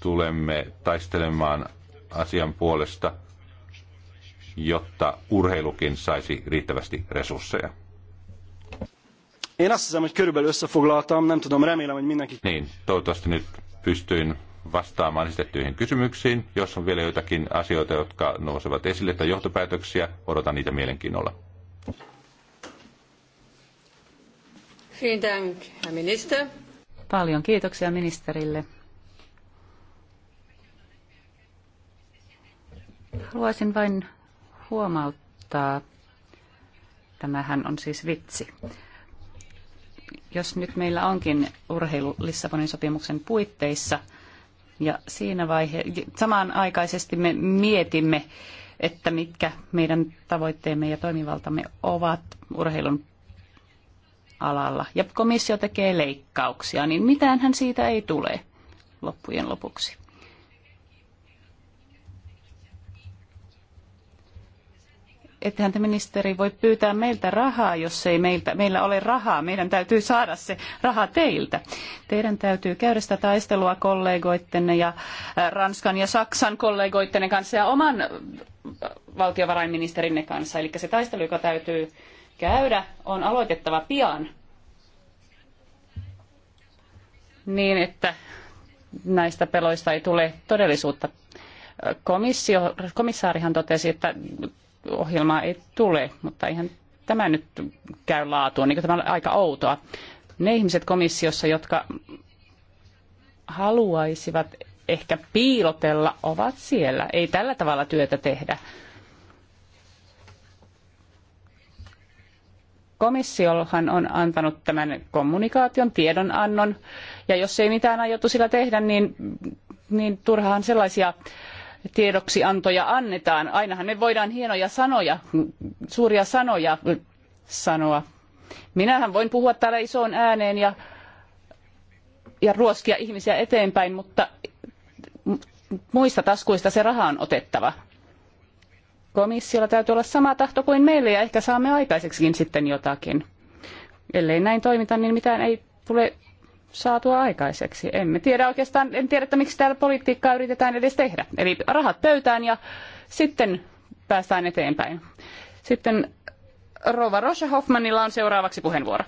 tulemme taistelemaan asian puolesta, jotta urheilukin saisi riittävästi resursseja. Én azt hiszem, hogy körülbelül összefoglaltam, nem tudom, remélem, hogy mindenki... Niin, toivottavasti nyt pystyin vastaamaan esitettyihin kysymyksiin. Jos on vielä jotakin asioita, jotka nousevat esille tai johtopäätöksiä, odotan niitä mielenkiinnolla. Paljon kiitoksia ministerille. Haluaisin vain huomauttaa, tämähän on siis vitsi. Jos nyt meillä onkin urheilu Lissabonin sopimuksen puitteissa ja siinä vaihe, samanaikaisesti me mietimme, että mitkä meidän tavoitteemme ja toimivaltamme ovat urheilun alalla ja komissio tekee leikkauksia, niin mitäänhän siitä ei tule loppujen lopuksi. ettehän te ministeri voi pyytää meiltä rahaa, jos ei meiltä, meillä ole rahaa. Meidän täytyy saada se raha teiltä. Teidän täytyy käydä sitä taistelua kollegoittenne ja Ranskan ja Saksan kollegoittenne kanssa ja oman valtiovarainministerinne kanssa. Eli se taistelu, joka täytyy käydä, on aloitettava pian niin, että näistä peloista ei tule todellisuutta. Komissio, komissaarihan totesi, että ohjelmaa ei tule, mutta eihän tämä nyt käy laatuun, niin tämä on aika outoa. Ne ihmiset komissiossa, jotka haluaisivat ehkä piilotella, ovat siellä. Ei tällä tavalla työtä tehdä. komissiohan on antanut tämän kommunikaation, tiedonannon, ja jos ei mitään aiottu sillä tehdä, niin, niin turhaan sellaisia tiedoksiantoja annetaan. Ainahan me voidaan hienoja sanoja, suuria sanoja sanoa. Minähän voin puhua täällä isoon ääneen ja, ja ruoskia ihmisiä eteenpäin, mutta muista taskuista se raha on otettava. Komissiolla täytyy olla sama tahto kuin meillä ja ehkä saamme aikaiseksikin sitten jotakin. Ellei näin toimita, niin mitään ei tule saatua aikaiseksi. Emme tiedä oikeastaan, en tiedä, että miksi täällä politiikkaa yritetään edes tehdä. Eli rahat pöytään ja sitten päästään eteenpäin. Sitten Rova Rosa Hoffmanilla on seuraavaksi puheenvuoro.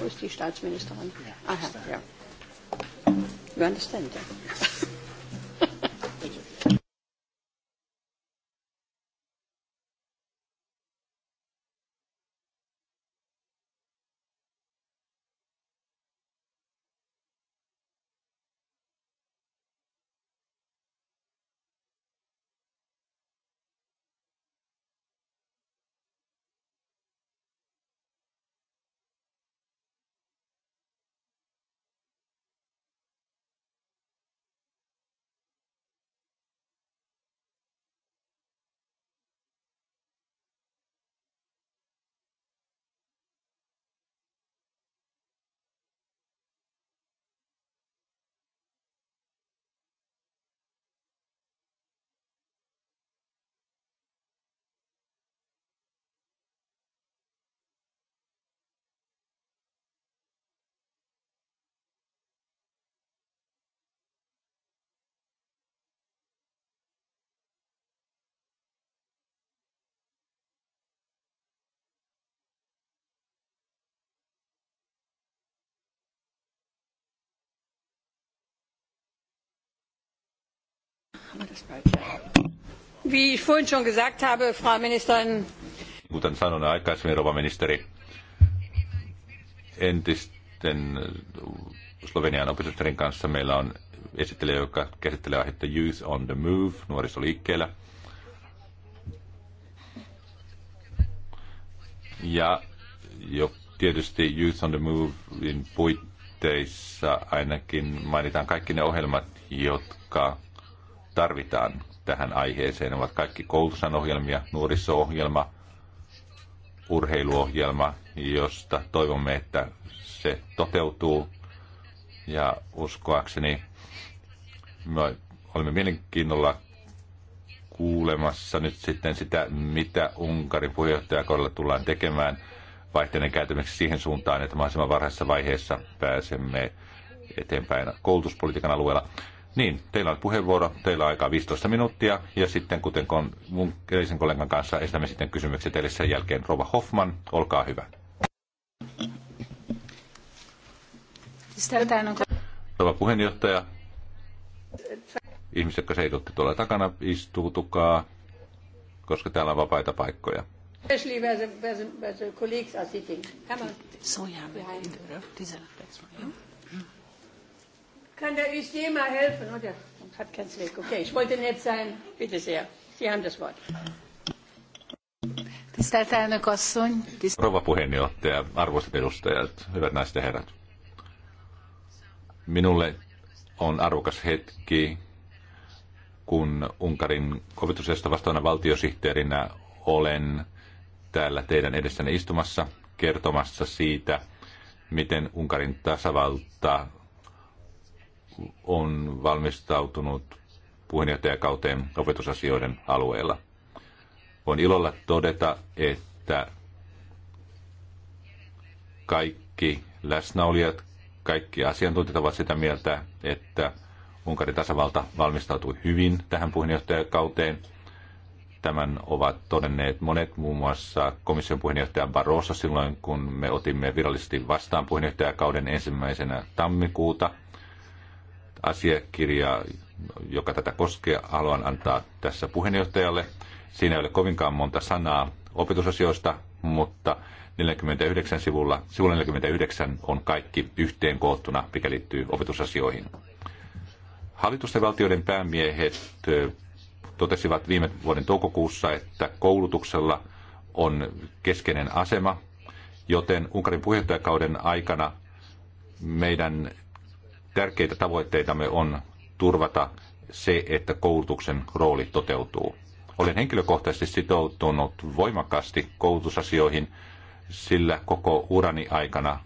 Wo ist die Staatsministerin? Siis Aha, ja. You understand, ja? Wie ich vorhin schon gesagt habe, Frau Ministerin. Kuten sanoin aikaisemmin, rouva ministeri, entisten äh, Slovenian opetusministerin kanssa meillä on esittelijä, joka käsittelee aihetta Youth on the Move, nuorisoliikkeellä. Ja jo tietysti Youth on the Movein puitteissa ainakin mainitaan kaikki ne ohjelmat, jotka tarvitaan tähän aiheeseen. Ne ovat kaikki koulutusan ohjelmia, nuoriso-ohjelma, urheiluohjelma, josta toivomme, että se toteutuu. Ja uskoakseni me olemme mielenkiinnolla kuulemassa nyt sitten sitä, mitä Unkarin puheenjohtajakaudella tullaan tekemään vaihteiden käytämiseksi siihen suuntaan, että mahdollisimman varhaisessa vaiheessa pääsemme eteenpäin koulutuspolitiikan alueella. Niin, teillä on puheenvuoro, teillä on aikaa 15 minuuttia ja sitten kuten kun mun edellisen kollegan kanssa esitämme sitten kysymykset teille sen jälkeen. Rova Hoffman, olkaa hyvä. Rova puheenjohtaja, ihmiset, jotka seisotte tuolla takana, istuutukaa, koska täällä on vapaita paikkoja. Especially where the, where the, where the colleagues are sitting. Come on. So yeah, the, these are, Kann der Hustier mal helfen? Oder? Oh, hat keinen Zweck. Okay, ich wollte nett sein. Bitte sehr. Sie haben das Wort. Tisztelt Rouva puheenjohtaja, arvoisat edustajat, hyvät naiset ja herrat. Minulle on arvokas hetki, kun Unkarin kovitusesta vastaavana valtiosihteerinä olen täällä teidän edessänne istumassa kertomassa siitä, miten Unkarin tasavalta on valmistautunut puheenjohtajakauteen opetusasioiden alueella. On ilolla todeta, että kaikki läsnäolijat, kaikki asiantuntijat ovat sitä mieltä, että Unkarin tasavalta valmistautui hyvin tähän puheenjohtajakauteen. Tämän ovat todenneet monet, muun muassa komission puheenjohtaja Barroso silloin, kun me otimme virallisesti vastaan puheenjohtajakauden ensimmäisenä tammikuuta – asiakirjaa, joka tätä koskee, haluan antaa tässä puheenjohtajalle. Siinä ei ole kovinkaan monta sanaa opetusasioista, mutta 49 sivulla, sivulla 49 on kaikki yhteen koottuna, mikä liittyy opetusasioihin. Hallitusten valtioiden päämiehet totesivat viime vuoden toukokuussa, että koulutuksella on keskeinen asema, joten Unkarin puheenjohtajakauden aikana meidän tärkeitä tavoitteitamme on turvata se, että koulutuksen rooli toteutuu. Olen henkilökohtaisesti sitoutunut voimakkaasti koulutusasioihin, sillä koko urani aikana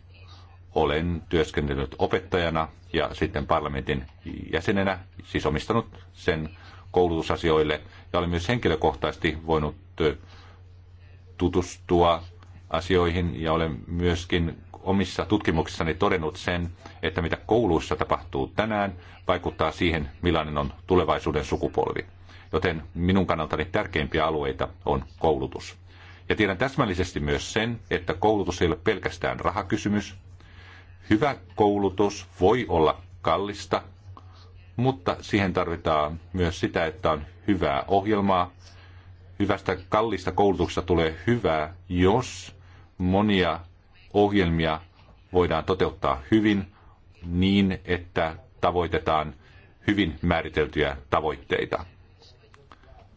olen työskennellyt opettajana ja sitten parlamentin jäsenenä, siis omistanut sen koulutusasioille. Ja olen myös henkilökohtaisesti voinut tutustua asioihin ja olen myöskin omissa tutkimuksissani todennut sen, että mitä kouluissa tapahtuu tänään, vaikuttaa siihen, millainen on tulevaisuuden sukupolvi. Joten minun kannaltani tärkeimpiä alueita on koulutus. Ja tiedän täsmällisesti myös sen, että koulutus ei ole pelkästään rahakysymys. Hyvä koulutus voi olla kallista, mutta siihen tarvitaan myös sitä, että on hyvää ohjelmaa. Hyvästä kallista koulutuksesta tulee hyvää, jos monia ohjelmia voidaan toteuttaa hyvin niin, että tavoitetaan hyvin määriteltyjä tavoitteita.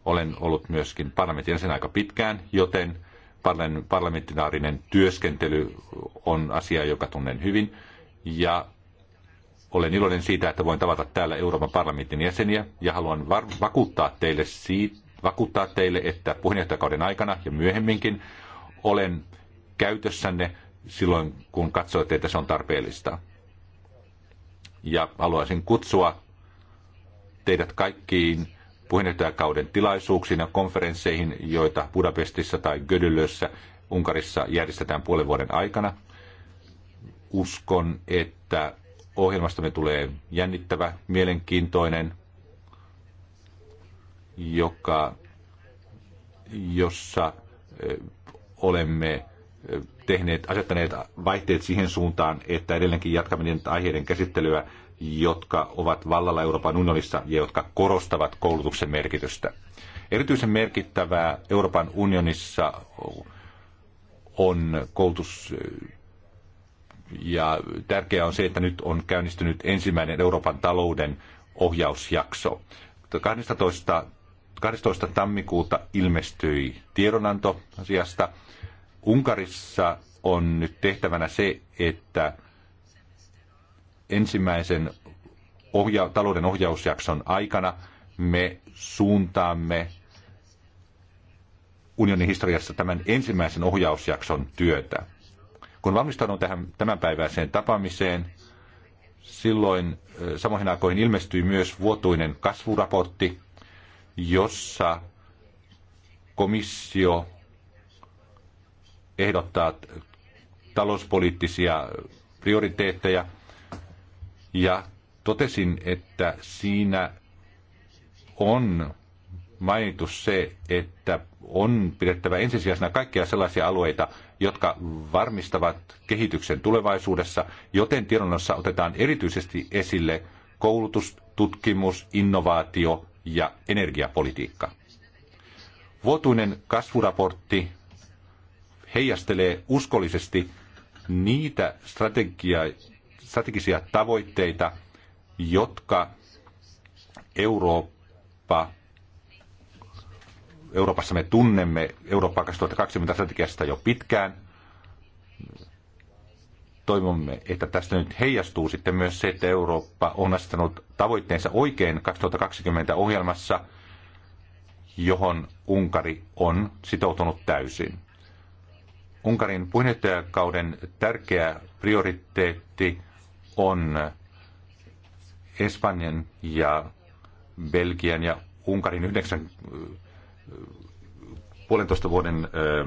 Olen ollut myöskin parlamentin jäsen aika pitkään, joten parlamentinaarinen työskentely on asia, joka tunnen hyvin. Ja olen iloinen siitä, että voin tavata täällä Euroopan parlamentin jäseniä ja haluan vakuuttaa, teille siitä, vakuuttaa teille, että puheenjohtajakauden aikana ja myöhemminkin olen käytössänne silloin, kun katsoitte, että se on tarpeellista. Ja haluaisin kutsua teidät kaikkiin puheenjohtajakauden tilaisuuksiin ja konferensseihin, joita Budapestissa tai Gödyllössä Unkarissa järjestetään puolen vuoden aikana. Uskon, että ohjelmastamme tulee jännittävä, mielenkiintoinen, joka, jossa olemme tehneet, asettaneet vaihteet siihen suuntaan, että edelleenkin jatkamme niiden aiheiden käsittelyä, jotka ovat vallalla Euroopan unionissa ja jotka korostavat koulutuksen merkitystä. Erityisen merkittävää Euroopan unionissa on koulutus ja tärkeää on se, että nyt on käynnistynyt ensimmäinen Euroopan talouden ohjausjakso. 12. 12. tammikuuta ilmestyi tiedonanto asiasta – Unkarissa on nyt tehtävänä se, että ensimmäisen ohja- talouden ohjausjakson aikana me suuntaamme unionin historiassa tämän ensimmäisen ohjausjakson työtä. Kun valmistaudun tähän tämänpäiväiseen tapaamiseen, silloin samoihin aikoihin ilmestyi myös vuotuinen kasvuraportti, jossa komissio ehdottaa talouspoliittisia prioriteetteja. Ja totesin, että siinä on mainittu se, että on pidettävä ensisijaisena kaikkia sellaisia alueita, jotka varmistavat kehityksen tulevaisuudessa, joten tiedonnossa otetaan erityisesti esille koulutus, tutkimus, innovaatio ja energiapolitiikka. Vuotuinen kasvuraportti heijastelee uskollisesti niitä strategisia tavoitteita, jotka Eurooppa, Euroopassa me tunnemme Eurooppa 2020 strategiasta jo pitkään. Toivomme, että tästä nyt heijastuu sitten myös se, että Eurooppa on asettanut tavoitteensa oikein 2020 ohjelmassa, johon Unkari on sitoutunut täysin. Unkarin puheenjohtajakauden tärkeä prioriteetti on Espanjan ja Belgian ja Unkarin yhdeksän puolentoista vuoden ö,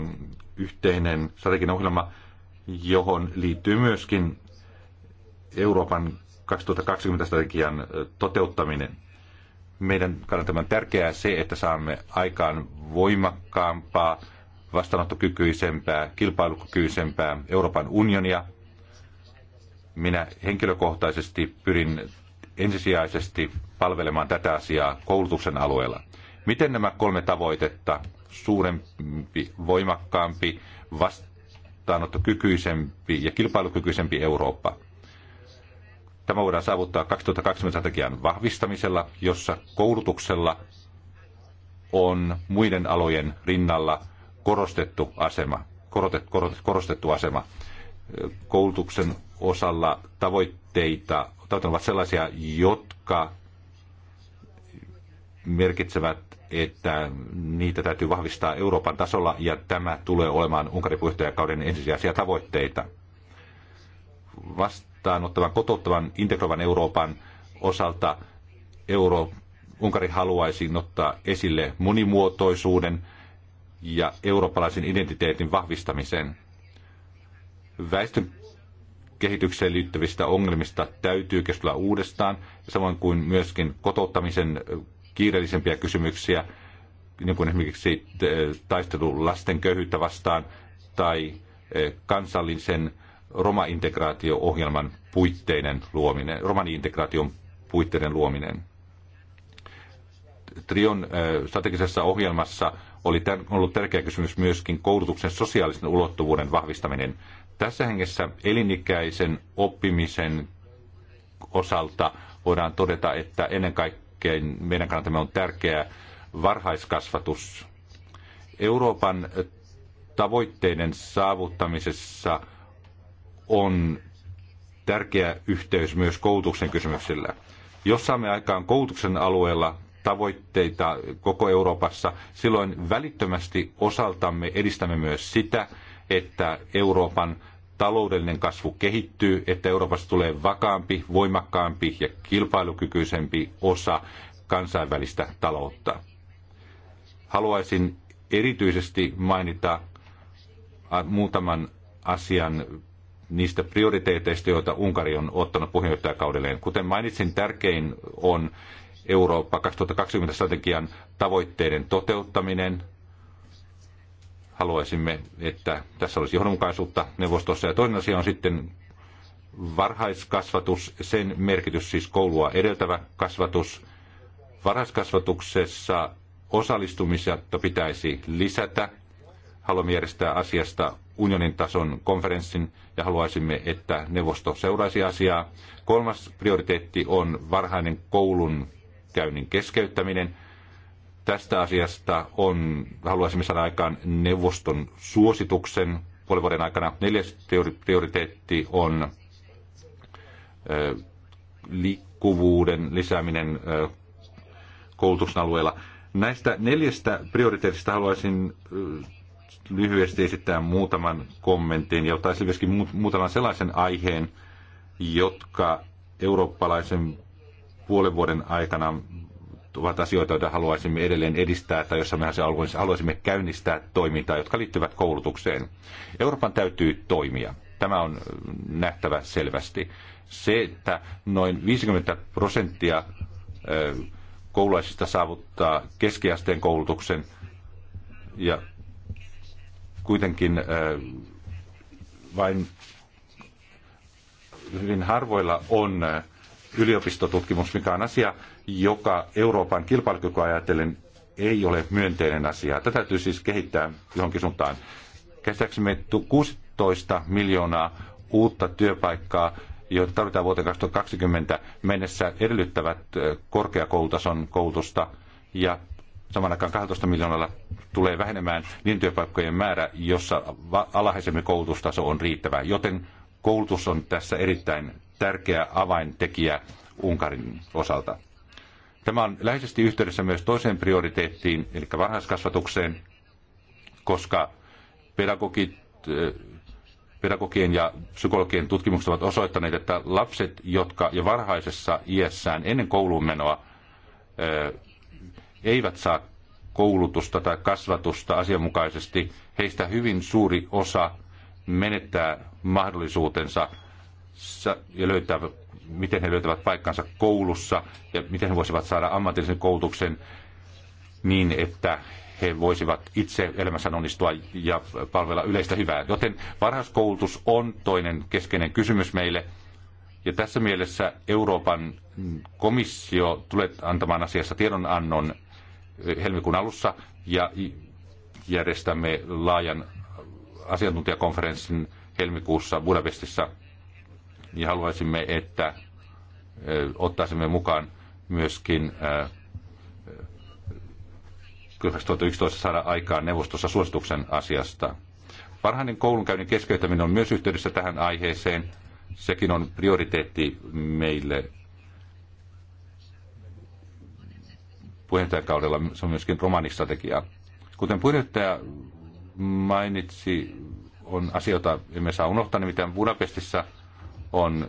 yhteinen strateginen ohjelma, johon liittyy myöskin Euroopan 2020-strategian toteuttaminen. Meidän kannalta on tärkeää se, että saamme aikaan voimakkaampaa vastaanottokykyisempää, kilpailukykyisempää Euroopan unionia. Minä henkilökohtaisesti pyrin ensisijaisesti palvelemaan tätä asiaa koulutuksen alueella. Miten nämä kolme tavoitetta, suurempi, voimakkaampi, vastaanottokykyisempi ja kilpailukykyisempi Eurooppa, Tämä voidaan saavuttaa 2020 strategian vahvistamisella, jossa koulutuksella on muiden alojen rinnalla korostettu asema, korotet, korotet, korostettu asema. Koulutuksen osalla tavoitteita, tavoitteet ovat sellaisia, jotka merkitsevät, että niitä täytyy vahvistaa Euroopan tasolla, ja tämä tulee olemaan Unkarin puheenjohtajakauden ensisijaisia tavoitteita. Vastaanottavan, kotouttavan, integroivan Euroopan osalta Euro, Unkari haluaisi ottaa esille monimuotoisuuden, ja eurooppalaisen identiteetin vahvistamiseen. Väestön kehitykseen liittyvistä ongelmista täytyy keskustella uudestaan, samoin kuin myöskin kotouttamisen kiireellisempiä kysymyksiä, niin kuin esimerkiksi eh, taistelu lasten köyhyyttä vastaan tai eh, kansallisen integraatio ohjelman puitteiden luominen, romaniintegraation puitteiden luominen. Trion eh, strategisessa ohjelmassa oli tär- ollut tärkeä kysymys myöskin koulutuksen sosiaalisen ulottuvuuden vahvistaminen. Tässä hengessä elinikäisen oppimisen osalta voidaan todeta, että ennen kaikkea meidän kannaltamme on tärkeää varhaiskasvatus. Euroopan tavoitteiden saavuttamisessa on tärkeä yhteys myös koulutuksen kysymyksillä. Jos saamme aikaan koulutuksen alueella tavoitteita koko Euroopassa, silloin välittömästi osaltamme edistämme myös sitä, että Euroopan taloudellinen kasvu kehittyy, että Euroopasta tulee vakaampi, voimakkaampi ja kilpailukykyisempi osa kansainvälistä taloutta. Haluaisin erityisesti mainita muutaman asian niistä prioriteeteista, joita Unkari on ottanut puheenjohtajakaudelleen. Kuten mainitsin, tärkein on Eurooppa 2020 strategian tavoitteiden toteuttaminen. Haluaisimme, että tässä olisi johdonmukaisuutta neuvostossa. Ja toinen asia on sitten varhaiskasvatus, sen merkitys siis koulua edeltävä kasvatus. Varhaiskasvatuksessa osallistumista pitäisi lisätä. Haluamme järjestää asiasta unionin tason konferenssin ja haluaisimme, että neuvosto seuraisi asiaa. Kolmas prioriteetti on varhainen koulun käynnin keskeyttäminen. Tästä asiasta on, haluaisimme saada aikaan neuvoston suosituksen puolen vuoden aikana. Neljäs prioriteetti on liikkuvuuden lisääminen koulutuksen alueella. Näistä neljästä prioriteetista haluaisin lyhyesti esittää muutaman kommentin ja ottaisin myöskin muutaman sellaisen aiheen, jotka eurooppalaisen puolen vuoden aikana ovat asioita, joita haluaisimme edelleen edistää tai jossa me haluaisimme käynnistää toimintaa, jotka liittyvät koulutukseen. Euroopan täytyy toimia. Tämä on nähtävä selvästi. Se, että noin 50 prosenttia koululaisista saavuttaa keskiasteen koulutuksen ja kuitenkin vain hyvin harvoilla on yliopistotutkimus, mikä on asia, joka Euroopan kilpailukykyä ajatellen ei ole myönteinen asia. Tätä täytyy siis kehittää johonkin suuntaan. Käsittääksemme 16 miljoonaa uutta työpaikkaa, joita tarvitaan vuoteen 2020 mennessä, edellyttävät korkeakoulutason koulutusta ja saman aikaan 12 miljoonalla tulee vähenemään niin työpaikkojen määrä, jossa alhaisemmin koulutustaso on riittävä, joten koulutus on tässä erittäin tärkeä avaintekijä Unkarin osalta. Tämä on läheisesti yhteydessä myös toiseen prioriteettiin, eli varhaiskasvatukseen, koska pedagogit, eh, pedagogien ja psykologien tutkimukset ovat osoittaneet, että lapset, jotka jo varhaisessa iässään ennen kouluun menoa eh, eivät saa koulutusta tai kasvatusta asianmukaisesti, heistä hyvin suuri osa menettää mahdollisuutensa ja löytää, miten he löytävät paikkansa koulussa ja miten he voisivat saada ammatillisen koulutuksen niin, että he voisivat itse elämässä onnistua ja palvella yleistä hyvää. Joten varhaiskoulutus on toinen keskeinen kysymys meille. Ja tässä mielessä Euroopan komissio tulee antamaan asiassa tiedonannon eh, helmikuun alussa ja järjestämme laajan asiantuntijakonferenssin helmikuussa Budapestissa niin haluaisimme, että ottaisimme mukaan myöskin 2011 saada aikaan neuvostossa suosituksen asiasta. Parhainen koulunkäynnin keskeyttäminen on myös yhteydessä tähän aiheeseen. Sekin on prioriteetti meille puheenjohtajakaudella. Se on myöskin romanistrategia. Kuten puheenjohtaja mainitsi, on asioita, emme saa unohtaa, nimittäin Budapestissa – on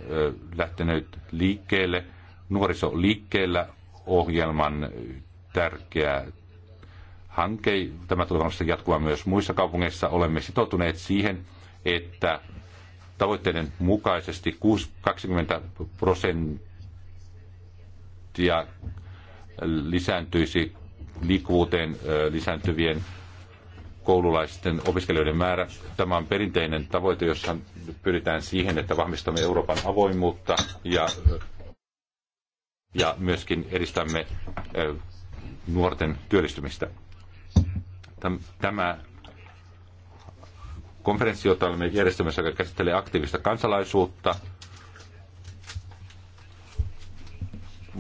lähtenyt liikkeelle nuorisoliikkeellä ohjelman tärkeä hanke. Tämä tulee varmasti jatkuva myös muissa kaupungeissa. Olemme sitoutuneet siihen, että tavoitteiden mukaisesti 20 prosenttia lisääntyisi liikkuvuuteen lisääntyvien koululaisten opiskelijoiden määrä. Tämä on perinteinen tavoite, jossa pyritään siihen, että vahvistamme Euroopan avoimuutta ja, ja myöskin edistämme nuorten työllistymistä. Tämä konferenssi, jota olemme järjestämässä, joka käsittelee aktiivista kansalaisuutta,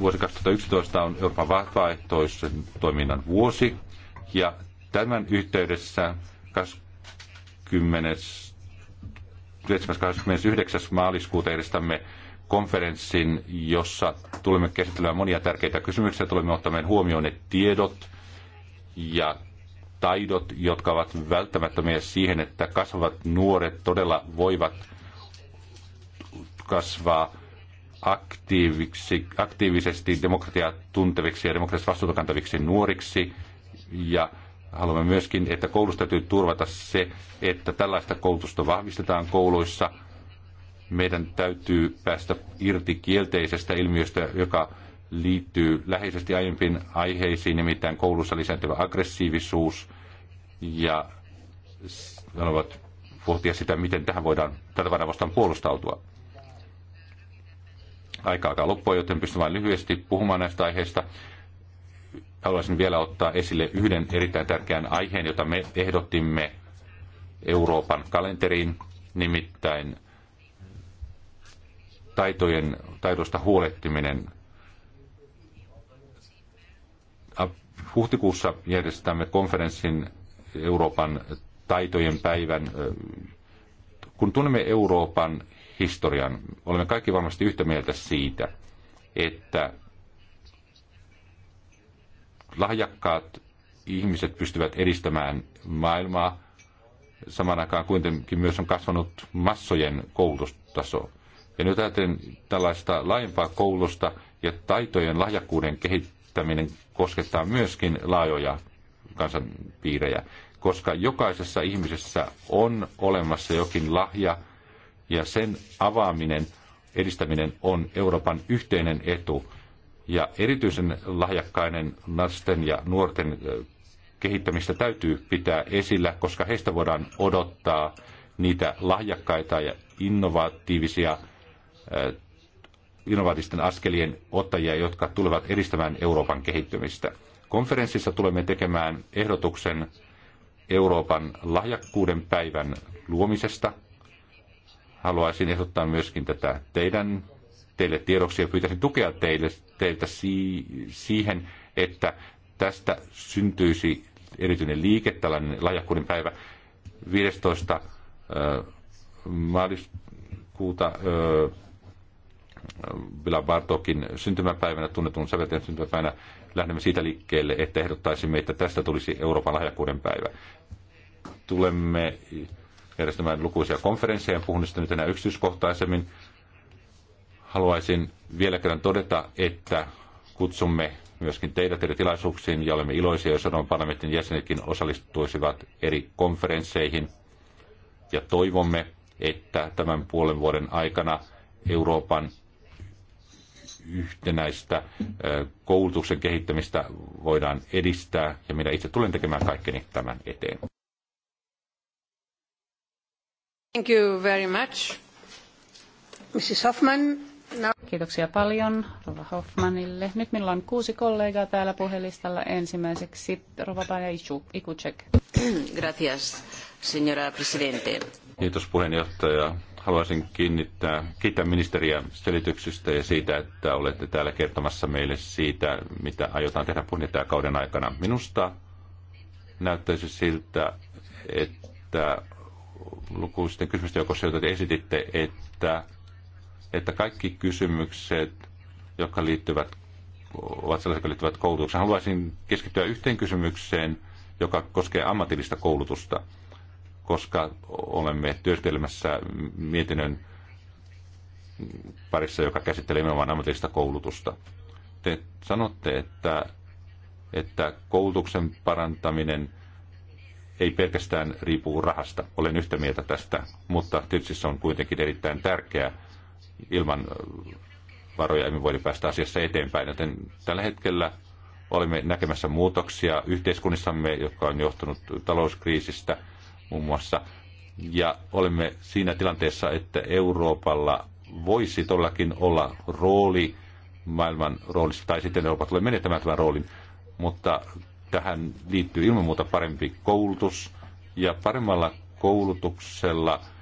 vuosi 2011 on Euroopan vapaaehtoisen toiminnan vuosi, ja Tämän yhteydessä 20. 29. maaliskuuta järjestämme konferenssin, jossa tulemme käsittelemään monia tärkeitä kysymyksiä. Tulemme ottamaan huomioon ne tiedot ja taidot, jotka ovat välttämättömiä siihen, että kasvavat nuoret todella voivat kasvaa aktiivisesti demokratiaa tunteviksi ja demokraattisesti vastuuta kantaviksi nuoriksi. Ja Haluamme myöskin, että koulusta täytyy turvata se, että tällaista koulutusta vahvistetaan kouluissa. Meidän täytyy päästä irti kielteisestä ilmiöstä, joka liittyy läheisesti aiempiin aiheisiin, nimittäin koulussa lisääntyvä aggressiivisuus. Ja haluavat pohtia sitä, miten tähän voidaan, tätä varten vastaan puolustautua. Aika alkaa loppua, joten pystyn vain lyhyesti puhumaan näistä aiheista haluaisin vielä ottaa esille yhden erittäin tärkeän aiheen, jota me ehdottimme Euroopan kalenteriin, nimittäin taitojen, taidosta huolehtiminen. Huhtikuussa järjestämme konferenssin Euroopan taitojen päivän. Kun tunnemme Euroopan historian, olemme kaikki varmasti yhtä mieltä siitä, että lahjakkaat ihmiset pystyvät edistämään maailmaa samaan aikaan kuitenkin myös on kasvanut massojen koulutustaso. Ja nyt ajattelen tällaista laajempaa koulusta ja taitojen lahjakkuuden kehittäminen koskettaa myöskin laajoja kansanpiirejä, koska jokaisessa ihmisessä on olemassa jokin lahja ja sen avaaminen, edistäminen on Euroopan yhteinen etu. Ja erityisen lahjakkainen lasten ja nuorten kehittämistä täytyy pitää esillä, koska heistä voidaan odottaa niitä lahjakkaita ja innovatiivisia innovatiivisten askelien ottajia, jotka tulevat edistämään Euroopan kehittymistä. Konferenssissa tulemme tekemään ehdotuksen Euroopan lahjakkuuden päivän luomisesta. Haluaisin ehdottaa myöskin tätä teidän teille tiedoksi ja pyytäisin tukea teille, teiltä si- siihen, että tästä syntyisi erityinen liike, tällainen lahjakkuuden päivä 15. maaliskuuta Vila Bartokin syntymäpäivänä, tunnetun säveltäjän syntymäpäivänä, lähdemme siitä liikkeelle, että ehdottaisimme, että tästä tulisi Euroopan lahjakkuuden päivä. Tulemme järjestämään lukuisia konferensseja, puhun niistä nyt enää yksityiskohtaisemmin, Haluaisin vielä kerran todeta, että kutsumme myöskin teidät eri tilaisuuksiin ja olemme iloisia, jos Euroopan parlamentin jäsenetkin osallistuisivat eri konferensseihin. Ja toivomme, että tämän puolen vuoden aikana Euroopan yhtenäistä koulutuksen kehittämistä voidaan edistää ja minä itse tulen tekemään kaikkeni tämän eteen. Thank you very much. Mrs. Hoffman. No. Kiitoksia paljon Rova Hoffmanille. Nyt minulla on kuusi kollegaa täällä puhelistalla. Ensimmäiseksi Rova Paja Ikucek. Gracias, señora presidente. Kiitos puheenjohtaja. Haluaisin kiinnittää, kiittää ministeriä selityksistä ja siitä, että olette täällä kertomassa meille siitä, mitä aiotaan tehdä kauden aikana. Minusta näyttäisi siltä, että lukuisten kysymysten joukossa, joita te esititte, että että kaikki kysymykset, jotka liittyvät, ovat sellaisia, jotka liittyvät koulutukseen. Haluaisin keskittyä yhteen kysymykseen, joka koskee ammatillista koulutusta, koska olemme työskentelemässä mietinnön parissa, joka käsittelee nimenomaan ammatillista koulutusta. Te sanotte, että, että koulutuksen parantaminen ei pelkästään riipu rahasta. Olen yhtä mieltä tästä, mutta tietysti se on kuitenkin erittäin tärkeää ilman varoja emme voida päästä asiassa eteenpäin. Joten tällä hetkellä olemme näkemässä muutoksia yhteiskunnissamme, jotka on johtunut talouskriisistä muun muassa. Ja olemme siinä tilanteessa, että Euroopalla voisi todellakin olla rooli maailman roolissa, tai sitten Eurooppa tulee menettämään tämän roolin, mutta tähän liittyy ilman muuta parempi koulutus, ja paremmalla koulutuksella –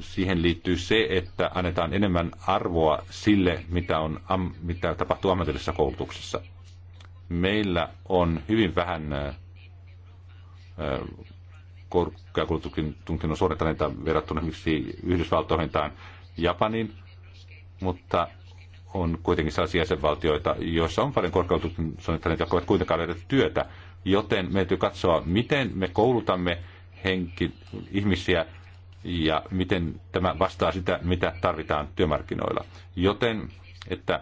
siihen liittyy se, että annetaan enemmän arvoa sille, mitä, on, am, mitä tapahtuu ammatillisessa koulutuksessa. Meillä on hyvin vähän korkeakoulutuksen korkeakoulututkinnon suorittaneita verrattuna esimerkiksi Yhdysvaltoihin tai Japaniin, mutta on kuitenkin sellaisia jäsenvaltioita, joissa on paljon korkeakoulututkinnon suorittaneita, jotka ovat kuitenkaan löydä työtä, joten meidän täytyy katsoa, miten me koulutamme henki, ihmisiä ja miten tämä vastaa sitä, mitä tarvitaan työmarkkinoilla. Joten, että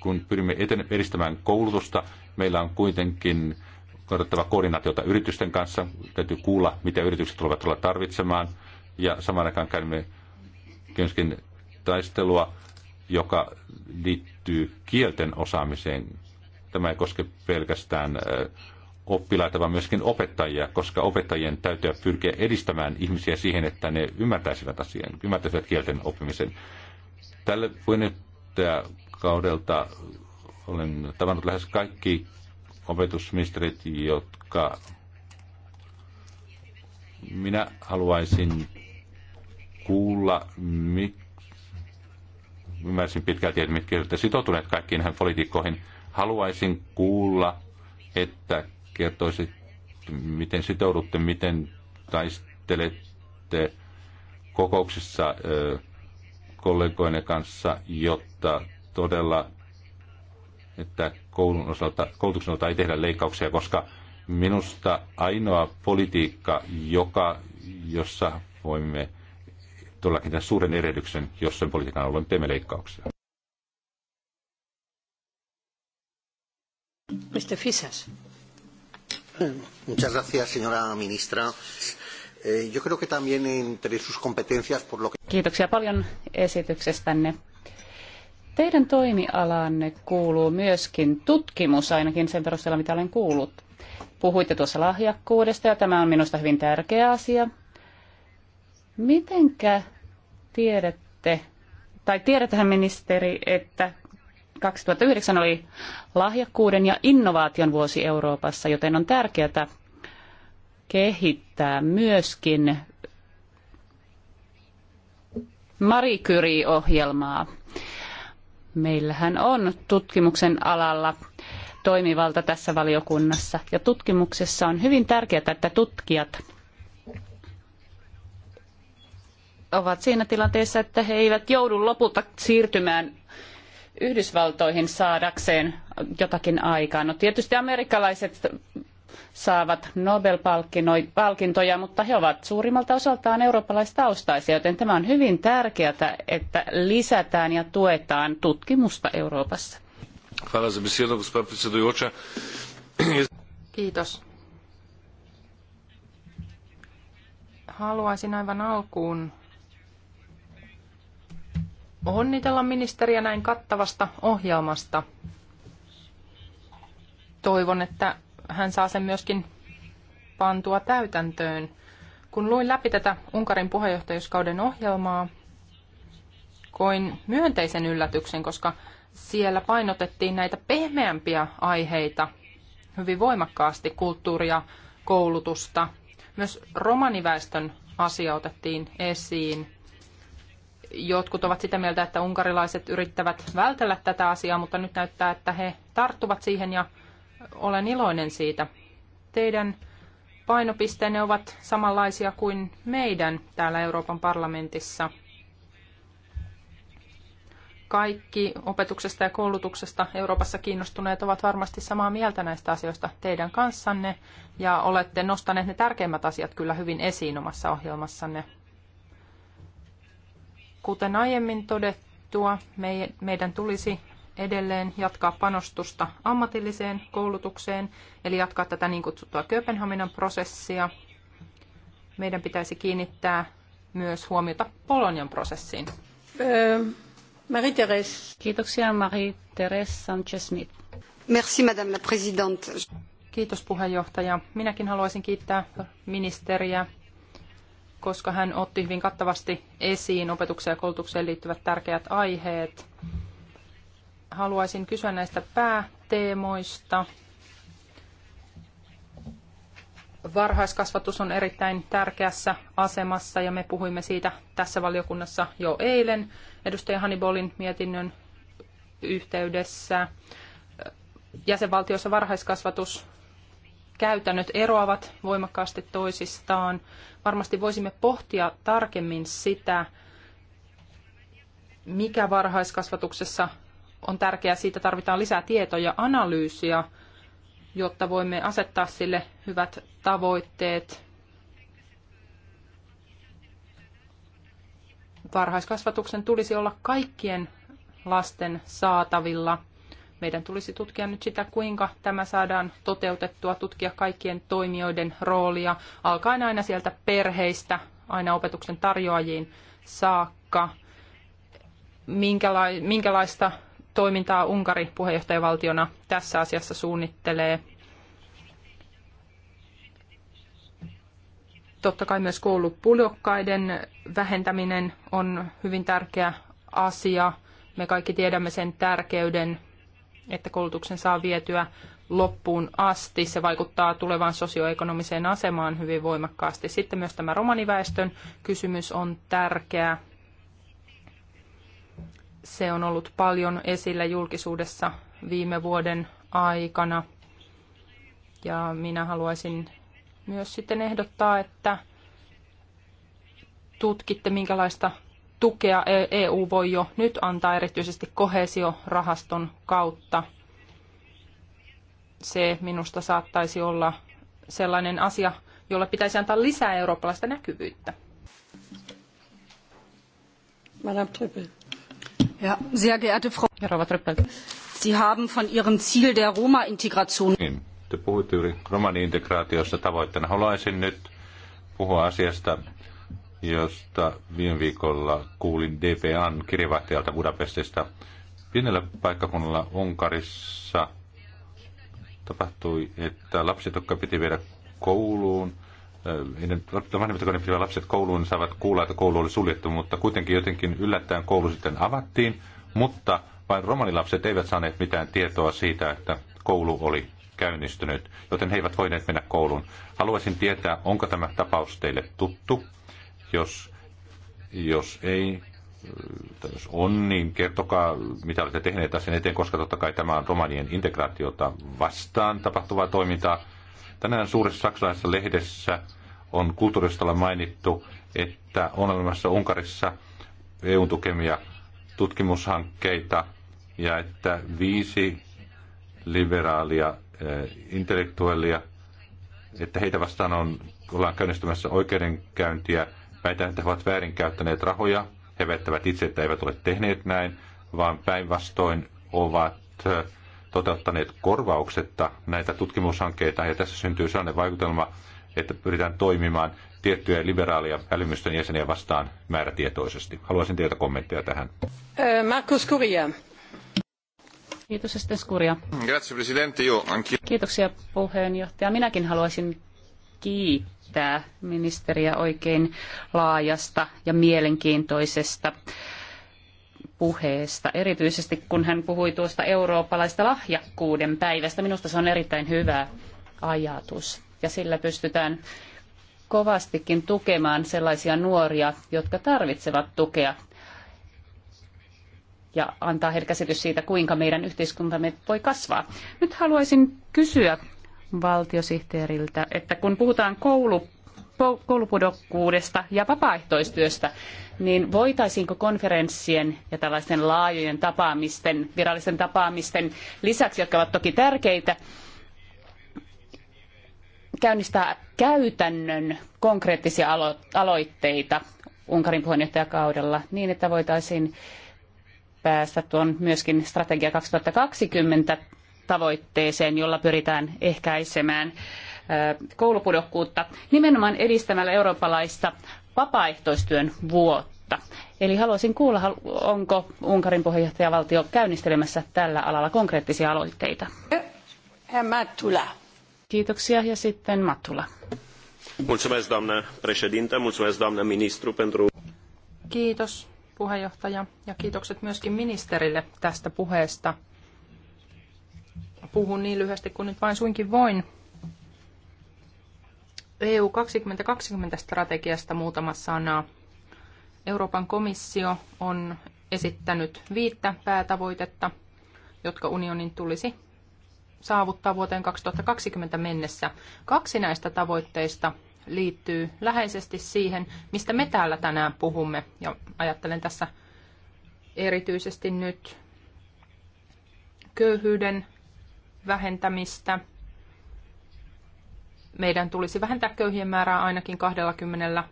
kun pyrimme eten, edistämään koulutusta, meillä on kuitenkin odottava koordinaatiota yritysten kanssa. Täytyy kuulla, mitä yritykset tulevat tulla tarvitsemaan. Ja samaan aikaan käymme myöskin taistelua, joka liittyy kielten osaamiseen. Tämä ei koske pelkästään äh, oppilaita, vaan myöskin opettajia, koska opettajien täytyy pyrkiä edistämään ihmisiä siihen, että ne ymmärtäisivät asian, ymmärtäisivät kielten oppimisen. Tälle kaudelta olen tavannut lähes kaikki opetusministerit, jotka minä haluaisin kuulla, mit, ymmärsin pitkälti, että mitkä olette sitoutuneet kaikkiin näihin politiikkoihin. Haluaisin kuulla, että kertoisit, miten sitoudutte, miten taistelette kokouksissa kollegoiden kanssa, jotta todella että koulun osalta, koulutuksen osalta ei tehdä leikkauksia, koska minusta ainoa politiikka, joka, jossa voimme todellakin tämän suuren erityksen, jos sen politiikan alueen teemme leikkauksia. Mr. Fisas. Muchas gracias, señora ministra. Eh, yo creo que también entre sus competencias por lo que... Kiitoksia paljon esityksestänne. Teidän toimialanne kuuluu myöskin tutkimus, ainakin sen perusteella, mitä olen kuullut. Puhuitte tuossa lahjakkuudesta ja tämä on minusta hyvin tärkeä asia. Mitenkä tiedätte, tai tiedätähän ministeri, että 2009 oli lahjakkuuden ja innovaation vuosi Euroopassa, joten on tärkeää kehittää myöskin Marie Curie-ohjelmaa. Meillähän on tutkimuksen alalla toimivalta tässä valiokunnassa ja tutkimuksessa on hyvin tärkeää, että tutkijat ovat siinä tilanteessa, että he eivät joudu lopulta siirtymään Yhdysvaltoihin saadakseen jotakin aikaa. No tietysti amerikkalaiset saavat Nobel-palkintoja, mutta he ovat suurimmalta osaltaan eurooppalaistaustaisia, joten tämä on hyvin tärkeää, että lisätään ja tuetaan tutkimusta Euroopassa. Kiitos. Haluaisin aivan alkuun onnitella ministeriä näin kattavasta ohjelmasta. Toivon, että hän saa sen myöskin pantua täytäntöön. Kun luin läpi tätä Unkarin puheenjohtajuuskauden ohjelmaa, koin myönteisen yllätyksen, koska siellä painotettiin näitä pehmeämpiä aiheita hyvin voimakkaasti, kulttuuria, koulutusta. Myös romaniväestön asia otettiin esiin. Jotkut ovat sitä mieltä, että unkarilaiset yrittävät vältellä tätä asiaa, mutta nyt näyttää, että he tarttuvat siihen ja olen iloinen siitä. Teidän painopisteenne ovat samanlaisia kuin meidän täällä Euroopan parlamentissa. Kaikki opetuksesta ja koulutuksesta Euroopassa kiinnostuneet ovat varmasti samaa mieltä näistä asioista teidän kanssanne ja olette nostaneet ne tärkeimmät asiat kyllä hyvin esiin omassa ohjelmassanne. Kuten aiemmin todettua, meidän tulisi edelleen jatkaa panostusta ammatilliseen koulutukseen, eli jatkaa tätä niin kutsuttua Kööpenhaminan prosessia. Meidän pitäisi kiinnittää myös huomiota Polonian prosessiin. Öö, Marie-Thérèse. Kiitoksia Marie-Thérèse Sanchez-Smith. Merci Madame la Présidente. Kiitos puheenjohtaja. Minäkin haluaisin kiittää ministeriä koska hän otti hyvin kattavasti esiin opetukseen ja koulutukseen liittyvät tärkeät aiheet. Haluaisin kysyä näistä pääteemoista. Varhaiskasvatus on erittäin tärkeässä asemassa ja me puhuimme siitä tässä valiokunnassa jo eilen edustaja Hannibolin mietinnön yhteydessä. Jäsenvaltioissa varhaiskasvatus käytännöt eroavat voimakkaasti toisistaan. Varmasti voisimme pohtia tarkemmin sitä, mikä varhaiskasvatuksessa on tärkeää. Siitä tarvitaan lisää tietoja ja analyysiä, jotta voimme asettaa sille hyvät tavoitteet. Varhaiskasvatuksen tulisi olla kaikkien lasten saatavilla – meidän tulisi tutkia nyt sitä, kuinka tämä saadaan toteutettua, tutkia kaikkien toimijoiden roolia, alkaen aina sieltä perheistä, aina opetuksen tarjoajiin saakka, Minkäla- minkälaista toimintaa Unkari puheenjohtajavaltiona tässä asiassa suunnittelee. Totta kai myös koulupuljokkaiden vähentäminen on hyvin tärkeä asia. Me kaikki tiedämme sen tärkeyden että koulutuksen saa vietyä loppuun asti. Se vaikuttaa tulevaan sosioekonomiseen asemaan hyvin voimakkaasti. Sitten myös tämä romaniväestön kysymys on tärkeä. Se on ollut paljon esillä julkisuudessa viime vuoden aikana. Ja minä haluaisin myös sitten ehdottaa, että tutkitte, minkälaista tukea e- EU voi jo nyt antaa erityisesti kohesiorahaston kautta. Se minusta saattaisi olla sellainen asia, jolla pitäisi antaa lisää eurooppalaista näkyvyyttä. Madame Trippel. Ja, sehr geehrte Frau. Rouva Trippel. Sie haben von Ihrem Ziel der Roma-Integration. Niin, te puhuitte juuri romani-integraatiosta tavoitteena. Haluaisin nyt puhua asiasta, josta viime viikolla kuulin DPAn kirjeenvaihtajalta Budapestista. Pienellä paikkakunnalla Unkarissa tapahtui, että lapset, jotka piti viedä kouluun, eh, vanhemmat, jotka piti lapset kouluun, saivat kuulla, että koulu oli suljettu, mutta kuitenkin jotenkin yllättäen koulu sitten avattiin, mutta vain romanilapset eivät saaneet mitään tietoa siitä, että koulu oli käynnistynyt, joten he eivät voineet mennä kouluun. Haluaisin tietää, onko tämä tapaus teille tuttu jos, jos ei, tai jos on, niin kertokaa, mitä olette tehneet sen eteen, koska totta kai tämä on romanien integraatiota vastaan tapahtuvaa toimintaa. Tänään suuressa saksalaisessa lehdessä on kulttuuristalla mainittu, että on olemassa Unkarissa EUn tukemia tutkimushankkeita ja että viisi liberaalia eh, intellektuellia, että heitä vastaan on, ollaan käynnistämässä oikeudenkäyntiä – Väitän, että he ovat väärinkäyttäneet rahoja. He väittävät itse, että eivät ole tehneet näin, vaan päinvastoin ovat toteuttaneet korvauksetta näitä tutkimushankkeita. Ja tässä syntyy sellainen vaikutelma, että pyritään toimimaan tiettyjä liberaalia älymystön jäseniä vastaan määrätietoisesti. Haluaisin teiltä kommentteja tähän. Markus Kuria. Kiitos sitten Skuria. Grazie, presidente. Io anche... Kiitoksia puheenjohtaja. Minäkin haluaisin kiittää kiittää ministeriä oikein laajasta ja mielenkiintoisesta puheesta. Erityisesti kun hän puhui tuosta eurooppalaista lahjakkuuden päivästä. Minusta se on erittäin hyvä ajatus. Ja sillä pystytään kovastikin tukemaan sellaisia nuoria, jotka tarvitsevat tukea ja antaa heille käsitys siitä, kuinka meidän yhteiskuntamme voi kasvaa. Nyt haluaisin kysyä valtiosihteeriltä, että kun puhutaan koulu, koulupudokkuudesta ja vapaaehtoistyöstä, niin voitaisiinko konferenssien ja tällaisten laajojen tapaamisten, virallisten tapaamisten lisäksi, jotka ovat toki tärkeitä, käynnistää käytännön konkreettisia aloitteita Unkarin puheenjohtajakaudella niin, että voitaisiin päästä tuon myöskin strategia 2020 tavoitteeseen, jolla pyritään ehkäisemään koulupudokkuutta nimenomaan edistämällä eurooppalaista vapaaehtoistyön vuotta. Eli haluaisin kuulla, onko Unkarin puheenjohtajavaltio käynnistelemässä tällä alalla konkreettisia aloitteita. Matula. Kiitoksia ja sitten Matula. Mulțumesc, doamnă președinte, mulțumesc, doamnă ministru, Kiitos, puheenjohtaja, ja kiitokset myöskin ministerille tästä puheesta. Puhun niin lyhyesti kuin nyt vain suinkin voin. EU 2020-strategiasta muutama sana. Euroopan komissio on esittänyt viittä päätavoitetta, jotka unionin tulisi saavuttaa vuoteen 2020 mennessä. Kaksi näistä tavoitteista liittyy läheisesti siihen, mistä me täällä tänään puhumme. Ja ajattelen tässä erityisesti nyt köyhyyden vähentämistä. Meidän tulisi vähentää köyhien määrää ainakin 20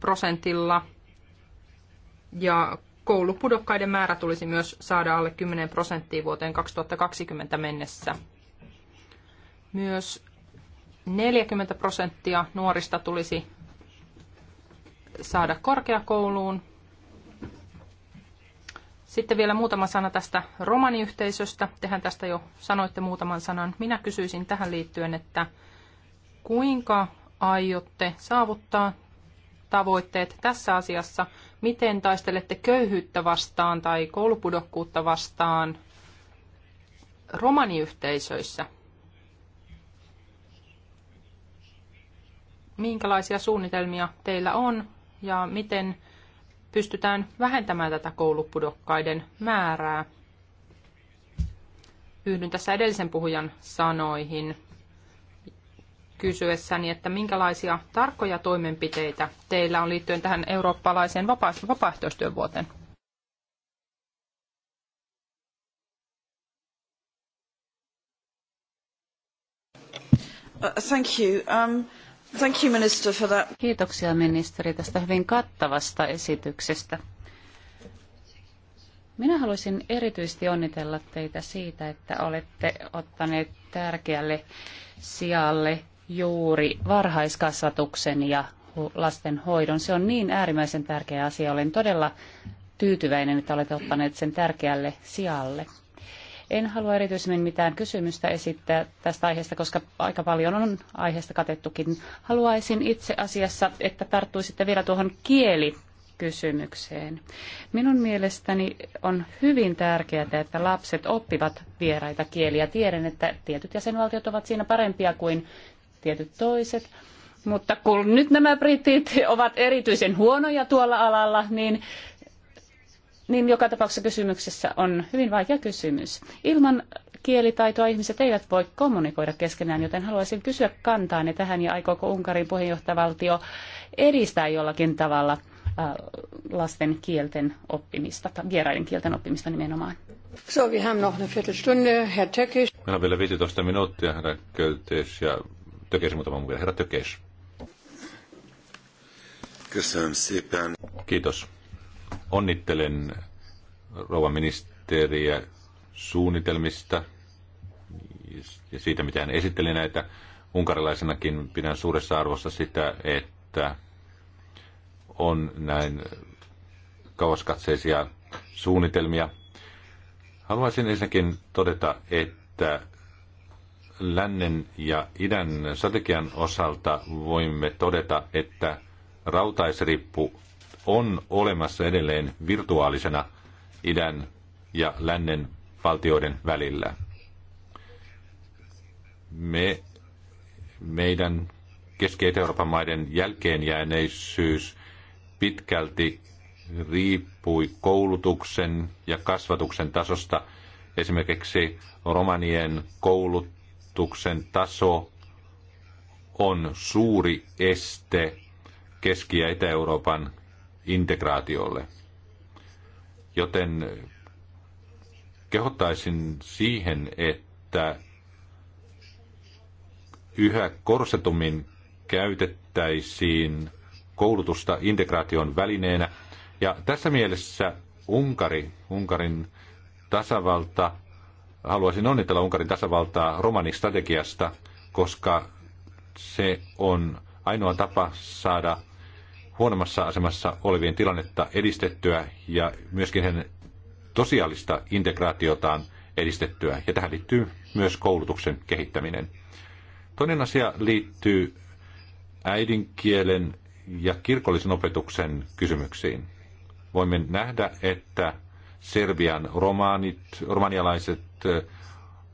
prosentilla ja koulupudokkaiden määrä tulisi myös saada alle 10 prosenttia vuoteen 2020 mennessä. Myös 40 prosenttia nuorista tulisi saada korkeakouluun sitten vielä muutama sana tästä romaniyhteisöstä. Tehän tästä jo sanoitte muutaman sanan. Minä kysyisin tähän liittyen, että kuinka aiotte saavuttaa tavoitteet tässä asiassa? Miten taistelette köyhyyttä vastaan tai koulupudokkuutta vastaan romaniyhteisöissä? Minkälaisia suunnitelmia teillä on ja miten pystytään vähentämään tätä koulupudokkaiden määrää. Yhdyn tässä edellisen puhujan sanoihin kysyessäni, että minkälaisia tarkkoja toimenpiteitä teillä on liittyen tähän eurooppalaiseen vuoteen? Uh, thank you. Um... Thank you, minister, for that. Kiitoksia ministeri tästä hyvin kattavasta esityksestä. Minä haluaisin erityisesti onnitella teitä siitä, että olette ottaneet tärkeälle sijalle juuri varhaiskasvatuksen ja lasten hoidon. Se on niin äärimmäisen tärkeä asia. Olen todella tyytyväinen, että olette ottaneet sen tärkeälle sijalle. En halua erityisemmin mitään kysymystä esittää tästä aiheesta, koska aika paljon on aiheesta katettukin. Haluaisin itse asiassa, että tarttuisitte vielä tuohon kieli kysymykseen. Minun mielestäni on hyvin tärkeää, että lapset oppivat vieraita kieliä. Tiedän, että tietyt jäsenvaltiot ovat siinä parempia kuin tietyt toiset. Mutta kun nyt nämä britit ovat erityisen huonoja tuolla alalla, niin niin joka tapauksessa kysymyksessä on hyvin vaikea kysymys. Ilman kielitaitoa ihmiset eivät voi kommunikoida keskenään, joten haluaisin kysyä kantaanne tähän ja aikooko Unkarin puheenjohtajavaltio edistää jollakin tavalla äh, lasten kielten oppimista, tai vieraiden kielten oppimista nimenomaan. So, noch eine Viertelstunde, Herr Tökes. Meillä on vielä 15 minuuttia, herra Költes ja Tökes muutama muu vielä. Herra Tökes. Kiitos. Onnittelen rouva ministeriä suunnitelmista ja siitä, mitä hän esitteli näitä. Unkarilaisenakin pidän suuressa arvossa sitä, että on näin kauaskatseisia suunnitelmia. Haluaisin ensinnäkin todeta, että lännen ja idän strategian osalta voimme todeta, että rautaisrippu on olemassa edelleen virtuaalisena idän ja lännen valtioiden välillä. Me, meidän Keski-Euroopan maiden jälkeenjääneisyys pitkälti riippui koulutuksen ja kasvatuksen tasosta. Esimerkiksi romanien koulutuksen taso on suuri este Keski- ja Itä-Euroopan integraatiolle. Joten kehottaisin siihen, että yhä korsetummin käytettäisiin koulutusta integraation välineenä. Ja tässä mielessä Unkari, Unkarin tasavalta, haluaisin onnitella Unkarin tasavaltaa romanistrategiasta, koska se on ainoa tapa saada huonommassa asemassa olevien tilannetta edistettyä ja myöskin heidän tosiaalista integraatiotaan edistettyä. Ja tähän liittyy myös koulutuksen kehittäminen. Toinen asia liittyy äidinkielen ja kirkollisen opetuksen kysymyksiin. Voimme nähdä, että Serbian romaanit, romanialaiset,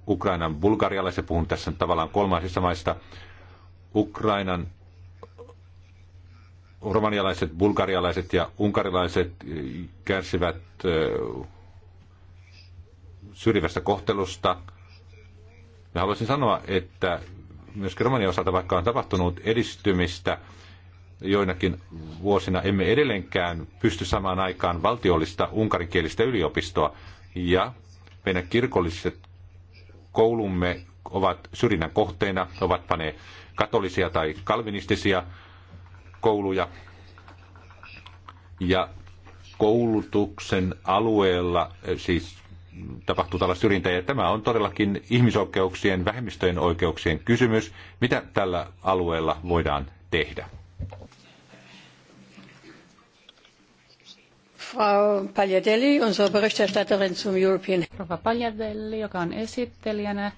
Ukrainan bulgarialaiset, puhun tässä tavallaan kolmansista maista, Ukrainan romanialaiset, bulgarialaiset ja unkarilaiset kärsivät syrjivästä kohtelusta. Ja haluaisin sanoa, että myös Romanian osalta, vaikka on tapahtunut edistymistä, joinakin vuosina emme edelleenkään pysty samaan aikaan valtiollista unkarinkielistä yliopistoa. Ja meidän kirkolliset koulumme ovat syrjinnän kohteena, ovat ne katolisia tai kalvinistisia, kouluja. Ja koulutuksen alueella eh, siis tapahtuu tällaista syrjintää. Ja tämä on todellakin ihmisoikeuksien, vähemmistöjen oikeuksien kysymys. Mitä tällä alueella voidaan tehdä? Frau Pagliadelli, unsere Berichterstatterin zum European. Rova Pagliadelli, joka on esittelijänä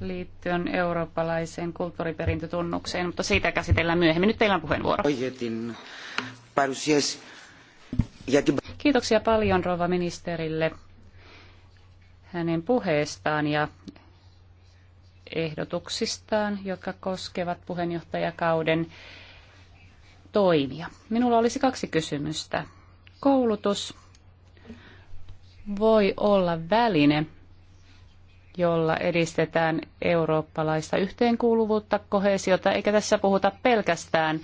liittyen eurooppalaiseen kulttuuriperintötunnukseen, mutta siitä käsitellään myöhemmin. Nyt teillä on puheenvuoro. Kiitoksia paljon rouva ministerille hänen puheestaan ja ehdotuksistaan, jotka koskevat puheenjohtajakauden toimia. Minulla olisi kaksi kysymystä. Koulutus voi olla väline jolla edistetään eurooppalaista yhteenkuuluvuutta, kohesiota, eikä tässä puhuta pelkästään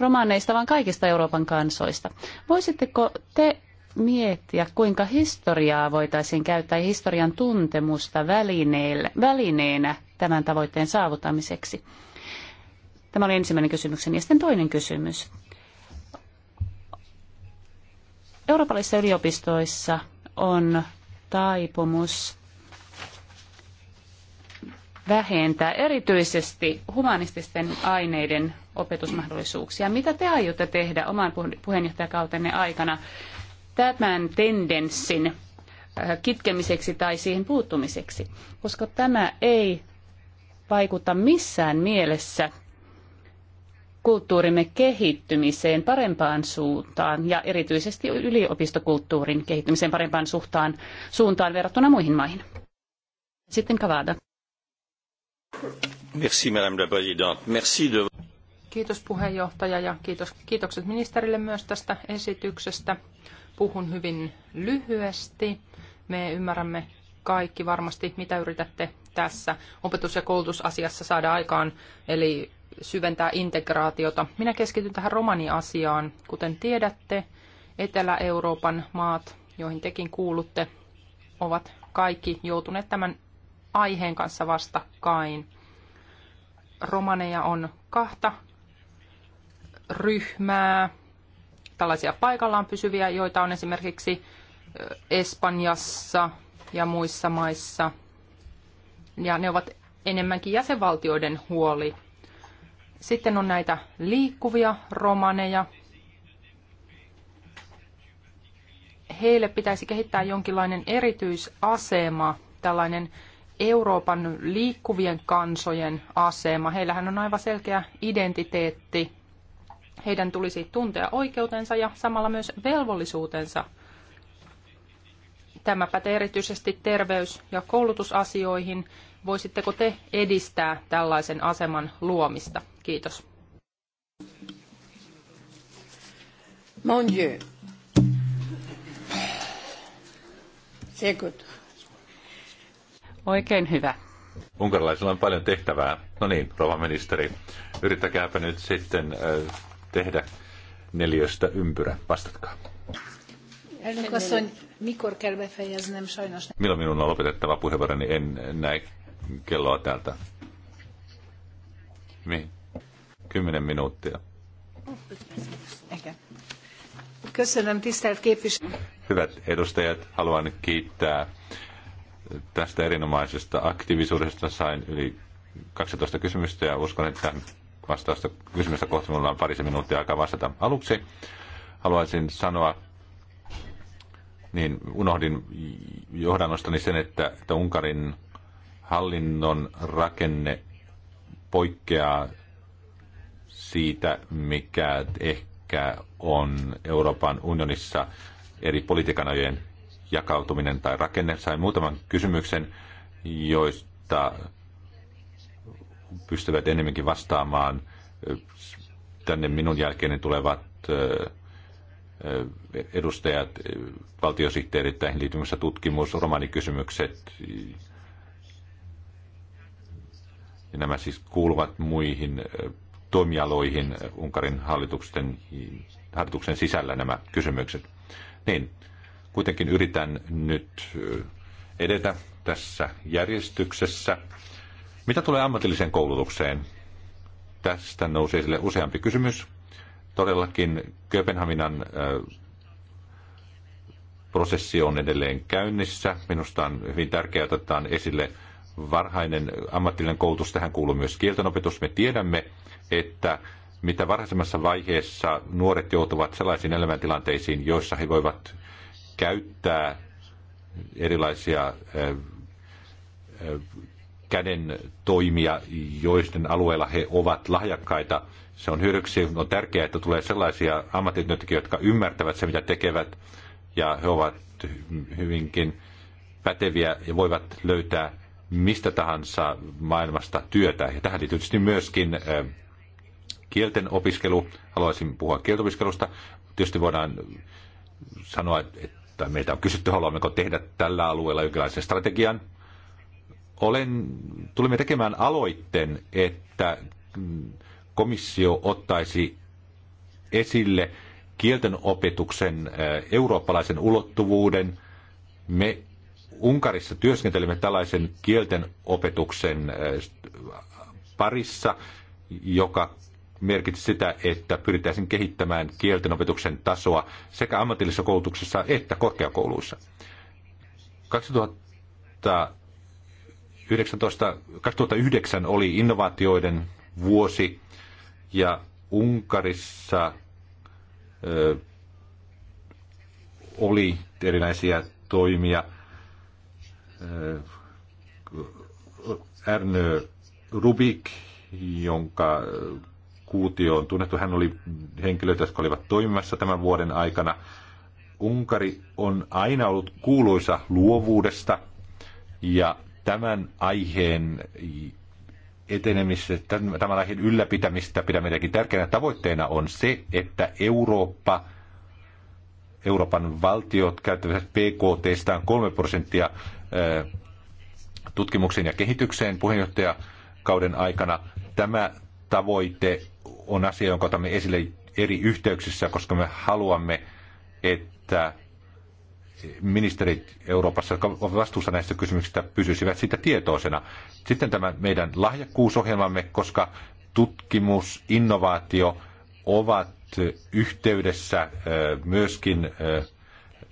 romaneista, vaan kaikista Euroopan kansoista. Voisitteko te miettiä, kuinka historiaa voitaisiin käyttää historian tuntemusta välineenä tämän tavoitteen saavuttamiseksi? Tämä oli ensimmäinen kysymykseni. Ja sitten toinen kysymys. Eurooppalaisissa yliopistoissa on taipumus vähentää erityisesti humanististen aineiden opetusmahdollisuuksia. Mitä te aiotte tehdä oman puheenjohtajakautenne aikana tämän tendenssin äh, kitkemiseksi tai siihen puuttumiseksi? Koska tämä ei vaikuta missään mielessä kulttuurimme kehittymiseen parempaan suuntaan ja erityisesti yliopistokulttuurin kehittymiseen parempaan suuntaan verrattuna muihin maihin. Sitten Kavada. Merci, Madame la Présidente. Merci de... Kiitos puheenjohtaja ja kiitos, kiitokset ministerille myös tästä esityksestä. Puhun hyvin lyhyesti. Me ymmärrämme kaikki varmasti, mitä yritätte tässä opetus- ja koulutusasiassa saada aikaan, eli syventää integraatiota. Minä keskityn tähän romaniasiaan. Kuten tiedätte, Etelä-Euroopan maat, joihin tekin kuulutte, ovat kaikki joutuneet tämän aiheen kanssa vastakkain. Romaneja on kahta ryhmää, tällaisia paikallaan pysyviä, joita on esimerkiksi Espanjassa ja muissa maissa. Ja ne ovat enemmänkin jäsenvaltioiden huoli. Sitten on näitä liikkuvia romaneja. Heille pitäisi kehittää jonkinlainen erityisasema, tällainen Euroopan liikkuvien kansojen asema. Heillähän on aivan selkeä identiteetti. Heidän tulisi tuntea oikeutensa ja samalla myös velvollisuutensa. Tämä pätee erityisesti terveys- ja koulutusasioihin. Voisitteko te edistää tällaisen aseman luomista? Kiitos. Mon Dieu. C'est good. Oikein hyvä. Unkarilaisilla on paljon tehtävää. No niin, rouva ministeri, yrittäkääpä nyt sitten tehdä neljöstä ympyrä. Vastatkaa. Milloin minun on lopetettava puheenvuoroni? En näe kelloa täältä. Mihin? Kymmenen minuuttia. Hyvät edustajat, haluan kiittää tästä erinomaisesta aktiivisuudesta. Sain yli 12 kysymystä ja uskon, että vastausta kysymystä kohti minulla on parisen minuuttia aikaa vastata. Aluksi haluaisin sanoa, niin unohdin johdannostani sen, että, että Unkarin hallinnon rakenne poikkeaa siitä, mikä ehkä on Euroopan unionissa eri politiikanajojen jakautuminen tai rakenne. Sain muutaman kysymyksen, joista pystyvät enemmänkin vastaamaan tänne minun jälkeeni tulevat edustajat, valtiosihteerit, tähän liittymässä tutkimus, romanikysymykset. Ja nämä siis kuuluvat muihin toimialoihin Unkarin hallituksen, hallituksen sisällä nämä kysymykset. Niin, Kuitenkin yritän nyt edetä tässä järjestyksessä. Mitä tulee ammatilliseen koulutukseen? Tästä nousi esille useampi kysymys. Todellakin Kööpenhaminan prosessi on edelleen käynnissä. Minusta on hyvin tärkeää, että on esille varhainen ammatillinen koulutus. Tähän kuuluu myös kieltenopetus. Me tiedämme, että mitä varhaisemmassa vaiheessa nuoret joutuvat sellaisiin elämäntilanteisiin, joissa he voivat käyttää erilaisia käden toimia, joiden alueella he ovat lahjakkaita. Se on hyödyksi. On tärkeää, että tulee sellaisia ammattityöntekijöitä, jotka ymmärtävät se, mitä tekevät, ja he ovat hyvinkin päteviä ja voivat löytää mistä tahansa maailmasta työtä. Ja tähän liittyy tietysti myöskin kielten opiskelu. Haluaisin puhua kieltopiskelusta. Tietysti voidaan sanoa, että tai meitä on kysytty, haluammeko tehdä tällä alueella jonkinlaisen strategian. Olen, tulimme tekemään aloitteen, että komissio ottaisi esille kielten opetuksen eh, eurooppalaisen ulottuvuuden. Me Unkarissa työskentelemme tällaisen kielten opetuksen eh, parissa, joka merkitsi sitä, että pyritään kehittämään kieltenopetuksen tasoa sekä ammatillisessa koulutuksessa että korkeakouluissa. 2019, 2009 oli innovaatioiden vuosi ja Unkarissa ö, oli erinäisiä toimia. Ernö Rubik, jonka Kuutio on tunnettu. Hän oli henkilöitä, jotka olivat toimimassa tämän vuoden aikana. Unkari on aina ollut kuuluisa luovuudesta ja tämän aiheen etenemistä, tämän aiheen ylläpitämistä pidämme tärkeänä tavoitteena on se, että Eurooppa Euroopan valtiot käyttävät PKTstään 3 prosenttia tutkimukseen ja kehitykseen puheenjohtajakauden aikana. Tämä tavoite on asia, jonka otamme esille eri yhteyksissä, koska me haluamme, että ministerit Euroopassa, jotka ovat vastuussa näistä kysymyksistä, pysyisivät siitä tietoisena. Sitten tämä meidän lahjakkuusohjelmamme, koska tutkimus, innovaatio ovat yhteydessä myöskin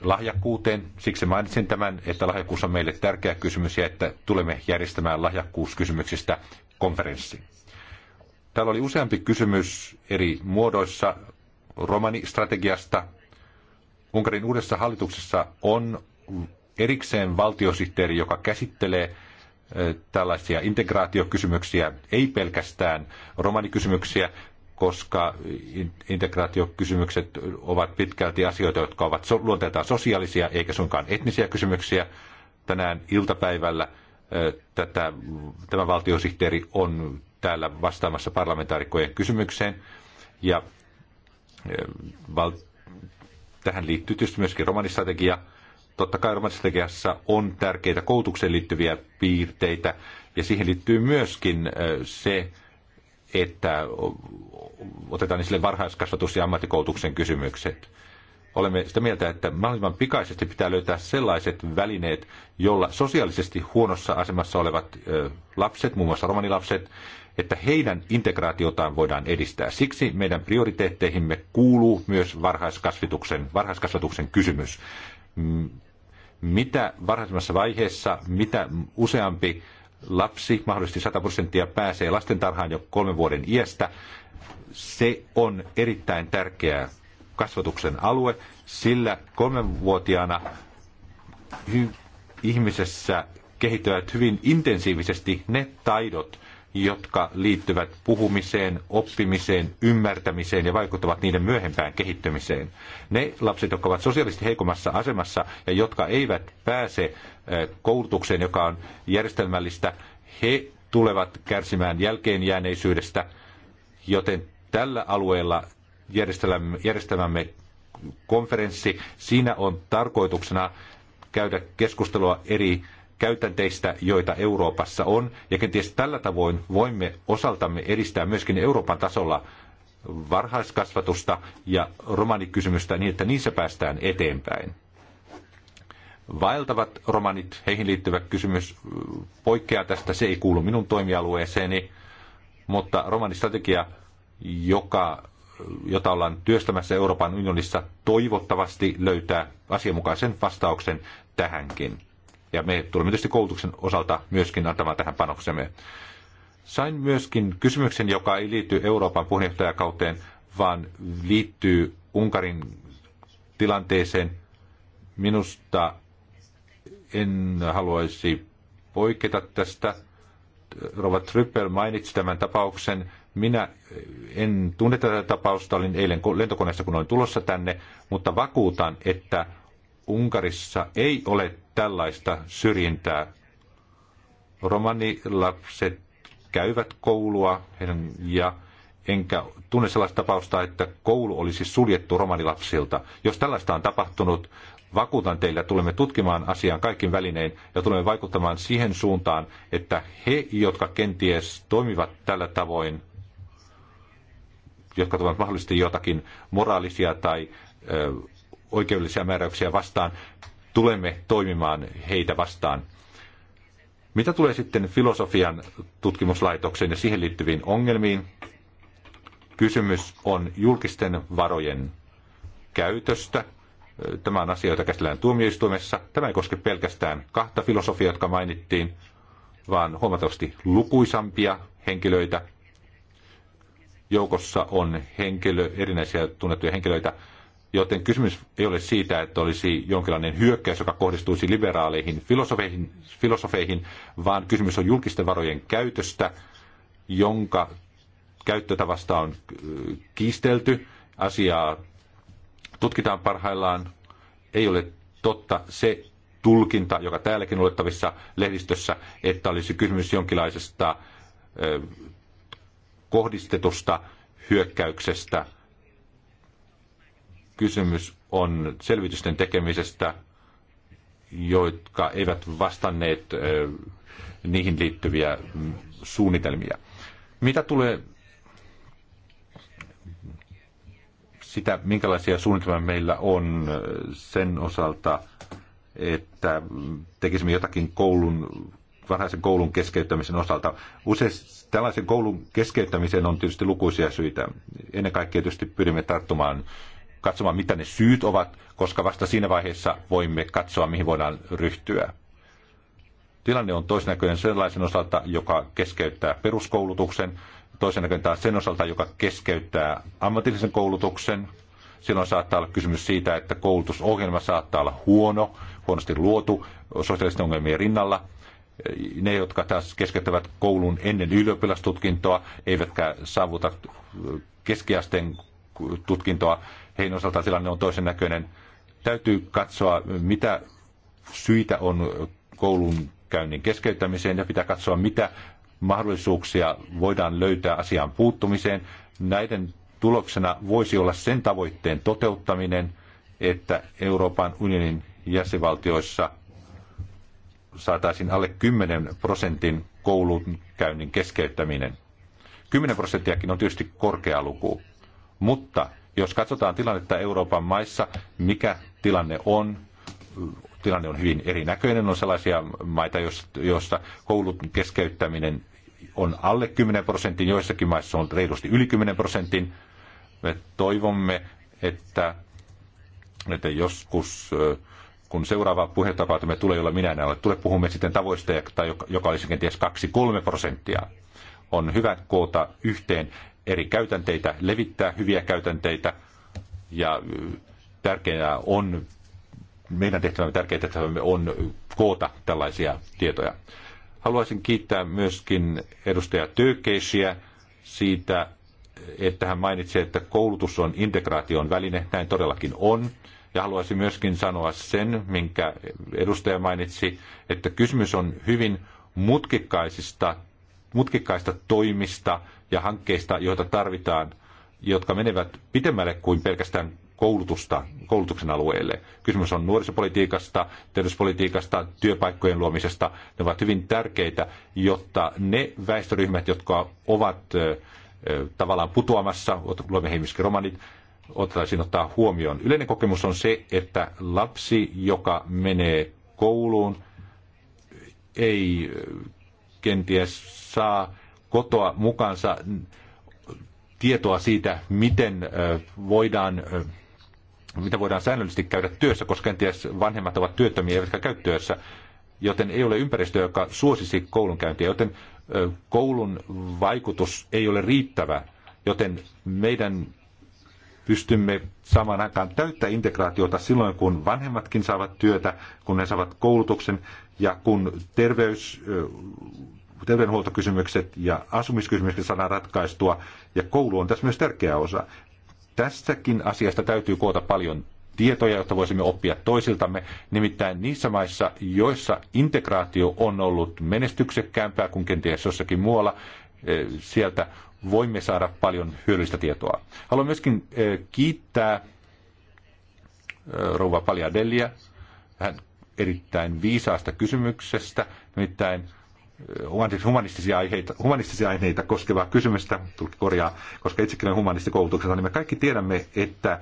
lahjakkuuteen. Siksi mainitsin tämän, että lahjakkuus on meille tärkeä kysymys ja että tulemme järjestämään lahjakkuuskysymyksistä konferenssi. Täällä oli useampi kysymys eri muodoissa romanistrategiasta. Unkarin uudessa hallituksessa on erikseen valtiosihteeri, joka käsittelee eh, tällaisia integraatiokysymyksiä, ei pelkästään romanikysymyksiä, koska integraatiokysymykset ovat pitkälti asioita, jotka ovat luonteeltaan sosiaalisia eikä suinkaan etnisiä kysymyksiä. Tänään iltapäivällä eh, tätä, tämä valtiosihteeri on täällä vastaamassa parlamentaarikkojen kysymykseen. Ja val- tähän liittyy tietysti myöskin romanistrategia. Totta kai romanistrategiassa on tärkeitä koulutukseen liittyviä piirteitä, ja siihen liittyy myöskin se, että otetaan esille varhaiskasvatus- ja ammattikoulutuksen kysymykset. Olemme sitä mieltä, että mahdollisimman pikaisesti pitää löytää sellaiset välineet, jolla sosiaalisesti huonossa asemassa olevat lapset, muun muassa romanilapset, että heidän integraatiotaan voidaan edistää. Siksi meidän prioriteetteihimme kuuluu myös varhaiskasvatuksen, varhaiskasvatuksen kysymys. Mitä varhaisemmassa vaiheessa, mitä useampi lapsi, mahdollisesti 100 prosenttia, pääsee lastentarhaan jo kolmen vuoden iästä, se on erittäin tärkeä kasvatuksen alue, sillä kolmenvuotiaana ihmisessä kehittyvät hyvin intensiivisesti ne taidot, jotka liittyvät puhumiseen, oppimiseen, ymmärtämiseen ja vaikuttavat niiden myöhempään kehittymiseen. Ne lapset, jotka ovat sosiaalisesti heikommassa asemassa ja jotka eivät pääse eh, koulutukseen, joka on järjestelmällistä, he tulevat kärsimään jälkeenjääneisyydestä, joten tällä alueella järjestämämme konferenssi, siinä on tarkoituksena käydä keskustelua eri käytänteistä, joita Euroopassa on, ja kenties tällä tavoin voimme osaltamme edistää myöskin Euroopan tasolla varhaiskasvatusta ja romanikysymystä niin, että niissä päästään eteenpäin. Vaeltavat romanit, heihin liittyvä kysymys poikkeaa tästä, se ei kuulu minun toimialueeseeni, mutta romanistrategia, joka, jota ollaan työstämässä Euroopan unionissa, toivottavasti löytää asianmukaisen vastauksen tähänkin. Ja me tulemme tietysti koulutuksen osalta myöskin antamaan tähän panoksemme. Sain myöskin kysymyksen, joka ei liity Euroopan puheenjohtajakauteen, vaan liittyy Unkarin tilanteeseen. Minusta en haluaisi poiketa tästä. Rova Trippel mainitsi tämän tapauksen. Minä en tunne tätä tapausta, olin eilen lentokoneessa, kun olin tulossa tänne, mutta vakuutan, että Unkarissa ei ole tällaista syrjintää. Romanilapset käyvät koulua ja enkä tunne sellaista tapausta, että koulu olisi suljettu romanilapsilta. Jos tällaista on tapahtunut, vakuutan teille, tulemme tutkimaan asian kaikin välinein ja tulemme vaikuttamaan siihen suuntaan, että he, jotka kenties toimivat tällä tavoin, jotka ovat mahdollisesti jotakin moraalisia tai ö, oikeudellisia määräyksiä vastaan, tulemme toimimaan heitä vastaan. Mitä tulee sitten filosofian tutkimuslaitokseen ja siihen liittyviin ongelmiin? Kysymys on julkisten varojen käytöstä. Tämä on asia, jota käsitellään tuomioistuimessa. Tämä ei koske pelkästään kahta filosofiaa, jotka mainittiin, vaan huomattavasti lukuisampia henkilöitä. Joukossa on henkilö, erinäisiä tunnettuja henkilöitä, Joten kysymys ei ole siitä, että olisi jonkinlainen hyökkäys, joka kohdistuisi liberaaleihin filosofeihin, filosofeihin vaan kysymys on julkisten varojen käytöstä, jonka käyttötavasta on äh, kiistelty. Asiaa tutkitaan parhaillaan. Ei ole totta se tulkinta, joka täälläkin luettavissa lehdistössä, että olisi kysymys jonkinlaisesta äh, kohdistetusta hyökkäyksestä kysymys on selvitysten tekemisestä, jotka eivät vastanneet niihin liittyviä suunnitelmia. Mitä tulee sitä, minkälaisia suunnitelmia meillä on sen osalta, että tekisimme jotakin koulun, varhaisen koulun keskeyttämisen osalta. Usein tällaisen koulun keskeyttämiseen on tietysti lukuisia syitä. Ennen kaikkea tietysti pyrimme tarttumaan katsomaan, mitä ne syyt ovat, koska vasta siinä vaiheessa voimme katsoa, mihin voidaan ryhtyä. Tilanne on toisnäköinen sellaisen osalta, joka keskeyttää peruskoulutuksen, toisennäköinen taas sen osalta, joka keskeyttää ammatillisen koulutuksen. Silloin saattaa olla kysymys siitä, että koulutusohjelma saattaa olla huono, huonosti luotu sosiaalisten ongelmien rinnalla. Ne, jotka taas keskeyttävät koulun ennen ylioppilastutkintoa, eivätkä saavuta keskiasteen tutkintoa, heidän osaltaan tilanne on toisen näköinen. Täytyy katsoa, mitä syitä on koulun käynnin keskeyttämiseen ja pitää katsoa, mitä mahdollisuuksia voidaan löytää asiaan puuttumiseen. Näiden tuloksena voisi olla sen tavoitteen toteuttaminen, että Euroopan unionin jäsenvaltioissa saataisiin alle 10 prosentin koulunkäynnin keskeyttäminen. 10 prosenttiakin on tietysti korkea luku, mutta jos katsotaan tilannetta Euroopan maissa, mikä tilanne on, tilanne on hyvin erinäköinen. On sellaisia maita, joissa koulut keskeyttäminen on alle 10 prosentin, joissakin maissa on reilusti yli 10 prosentin. Me toivomme, että, että joskus kun seuraava puheenjohtajapäätämme tulee, jolla minä en ole, tule puhumme sitten tavoista, joka, joka olisi kenties 2-3 prosenttia. On hyvä koota yhteen eri käytänteitä, levittää hyviä käytänteitä ja tärkeää on, meidän tehtävämme tärkeä tehtävämme on koota tällaisia tietoja. Haluaisin kiittää myöskin edustaja Töökeisiä siitä, että hän mainitsi, että koulutus on integraation väline. Näin todellakin on. Ja haluaisin myöskin sanoa sen, minkä edustaja mainitsi, että kysymys on hyvin mutkikkaisista mutkikkaista toimista ja hankkeista, joita tarvitaan, jotka menevät pitemmälle kuin pelkästään koulutusta koulutuksen alueelle. Kysymys on nuorisopolitiikasta, terveyspolitiikasta, työpaikkojen luomisesta. Ne ovat hyvin tärkeitä, jotta ne väestöryhmät, jotka ovat tavallaan putoamassa, luomme ihmiskin romanit, otettaisiin ottaa huomioon. Yleinen kokemus on se, että lapsi, joka menee kouluun, ei kenties saa kotoa mukaansa tietoa siitä, miten voidaan mitä voidaan säännöllisesti käydä työssä, koska kenties vanhemmat ovat työttömiä eivätkä käy työssä, joten ei ole ympäristöä, joka suosisi koulunkäyntiä, joten koulun vaikutus ei ole riittävä, joten meidän pystymme samaan aikaan täyttä integraatiota silloin, kun vanhemmatkin saavat työtä, kun ne saavat koulutuksen ja kun terveys, terveydenhuoltokysymykset ja asumiskysymykset saadaan ratkaistua, ja koulu on tässä myös tärkeä osa, tässäkin asiasta täytyy koota paljon tietoja, jotta voisimme oppia toisiltamme. Nimittäin niissä maissa, joissa integraatio on ollut menestyksekkäämpää kuin kenties jossakin muualla, sieltä voimme saada paljon hyödyllistä tietoa. Haluan myöskin kiittää rouva Paljadellia. Hän erittäin viisaasta kysymyksestä, nimittäin humanistisia aiheita, humanistisia aiheita koskevaa kysymystä, tulkki korjaa, koska itsekin olen humanistikoulutuksessa, niin me kaikki tiedämme, että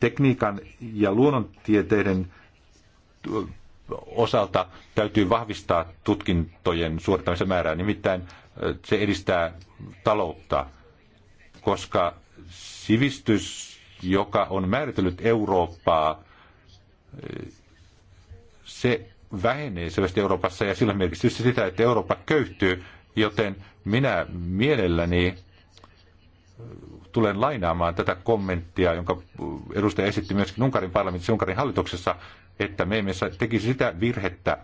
tekniikan ja luonnontieteiden osalta täytyy vahvistaa tutkintojen suorittamisen määrää. Nimittäin se edistää taloutta, koska sivistys, joka on määritellyt Eurooppaa se vähenee selvästi Euroopassa ja sillä merkitsee sitä, että Eurooppa köyhtyy, joten minä mielelläni äh, tulen lainaamaan tätä kommenttia, jonka edustaja esitti myöskin Unkarin parlamentissa, Unkarin hallituksessa, että me emme tekisi sitä virhettä,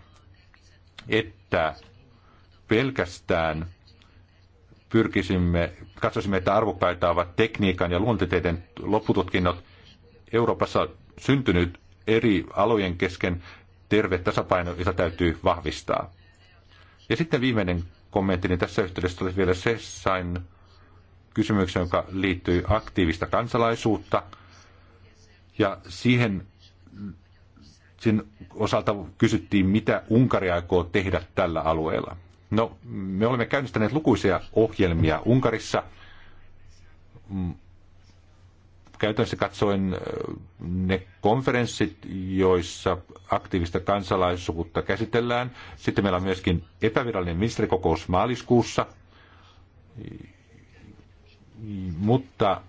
että pelkästään pyrkisimme, katsoisimme, että arvopäitä ovat tekniikan ja luontiteiden loppututkinnot. Euroopassa syntynyt eri alojen kesken terve tasapaino, jota täytyy vahvistaa. Ja sitten viimeinen kommentti, niin tässä yhteydessä oli vielä se, sain kysymyksen, joka liittyy aktiivista kansalaisuutta. Ja siihen sen osalta kysyttiin, mitä Unkari aikoo tehdä tällä alueella. No, me olemme käynnistäneet lukuisia ohjelmia Unkarissa Käytännössä katsoen äh, ne konferenssit, joissa aktiivista kansalaisuutta käsitellään. Sitten meillä on myöskin epävirallinen ministerikokous maaliskuussa, mutta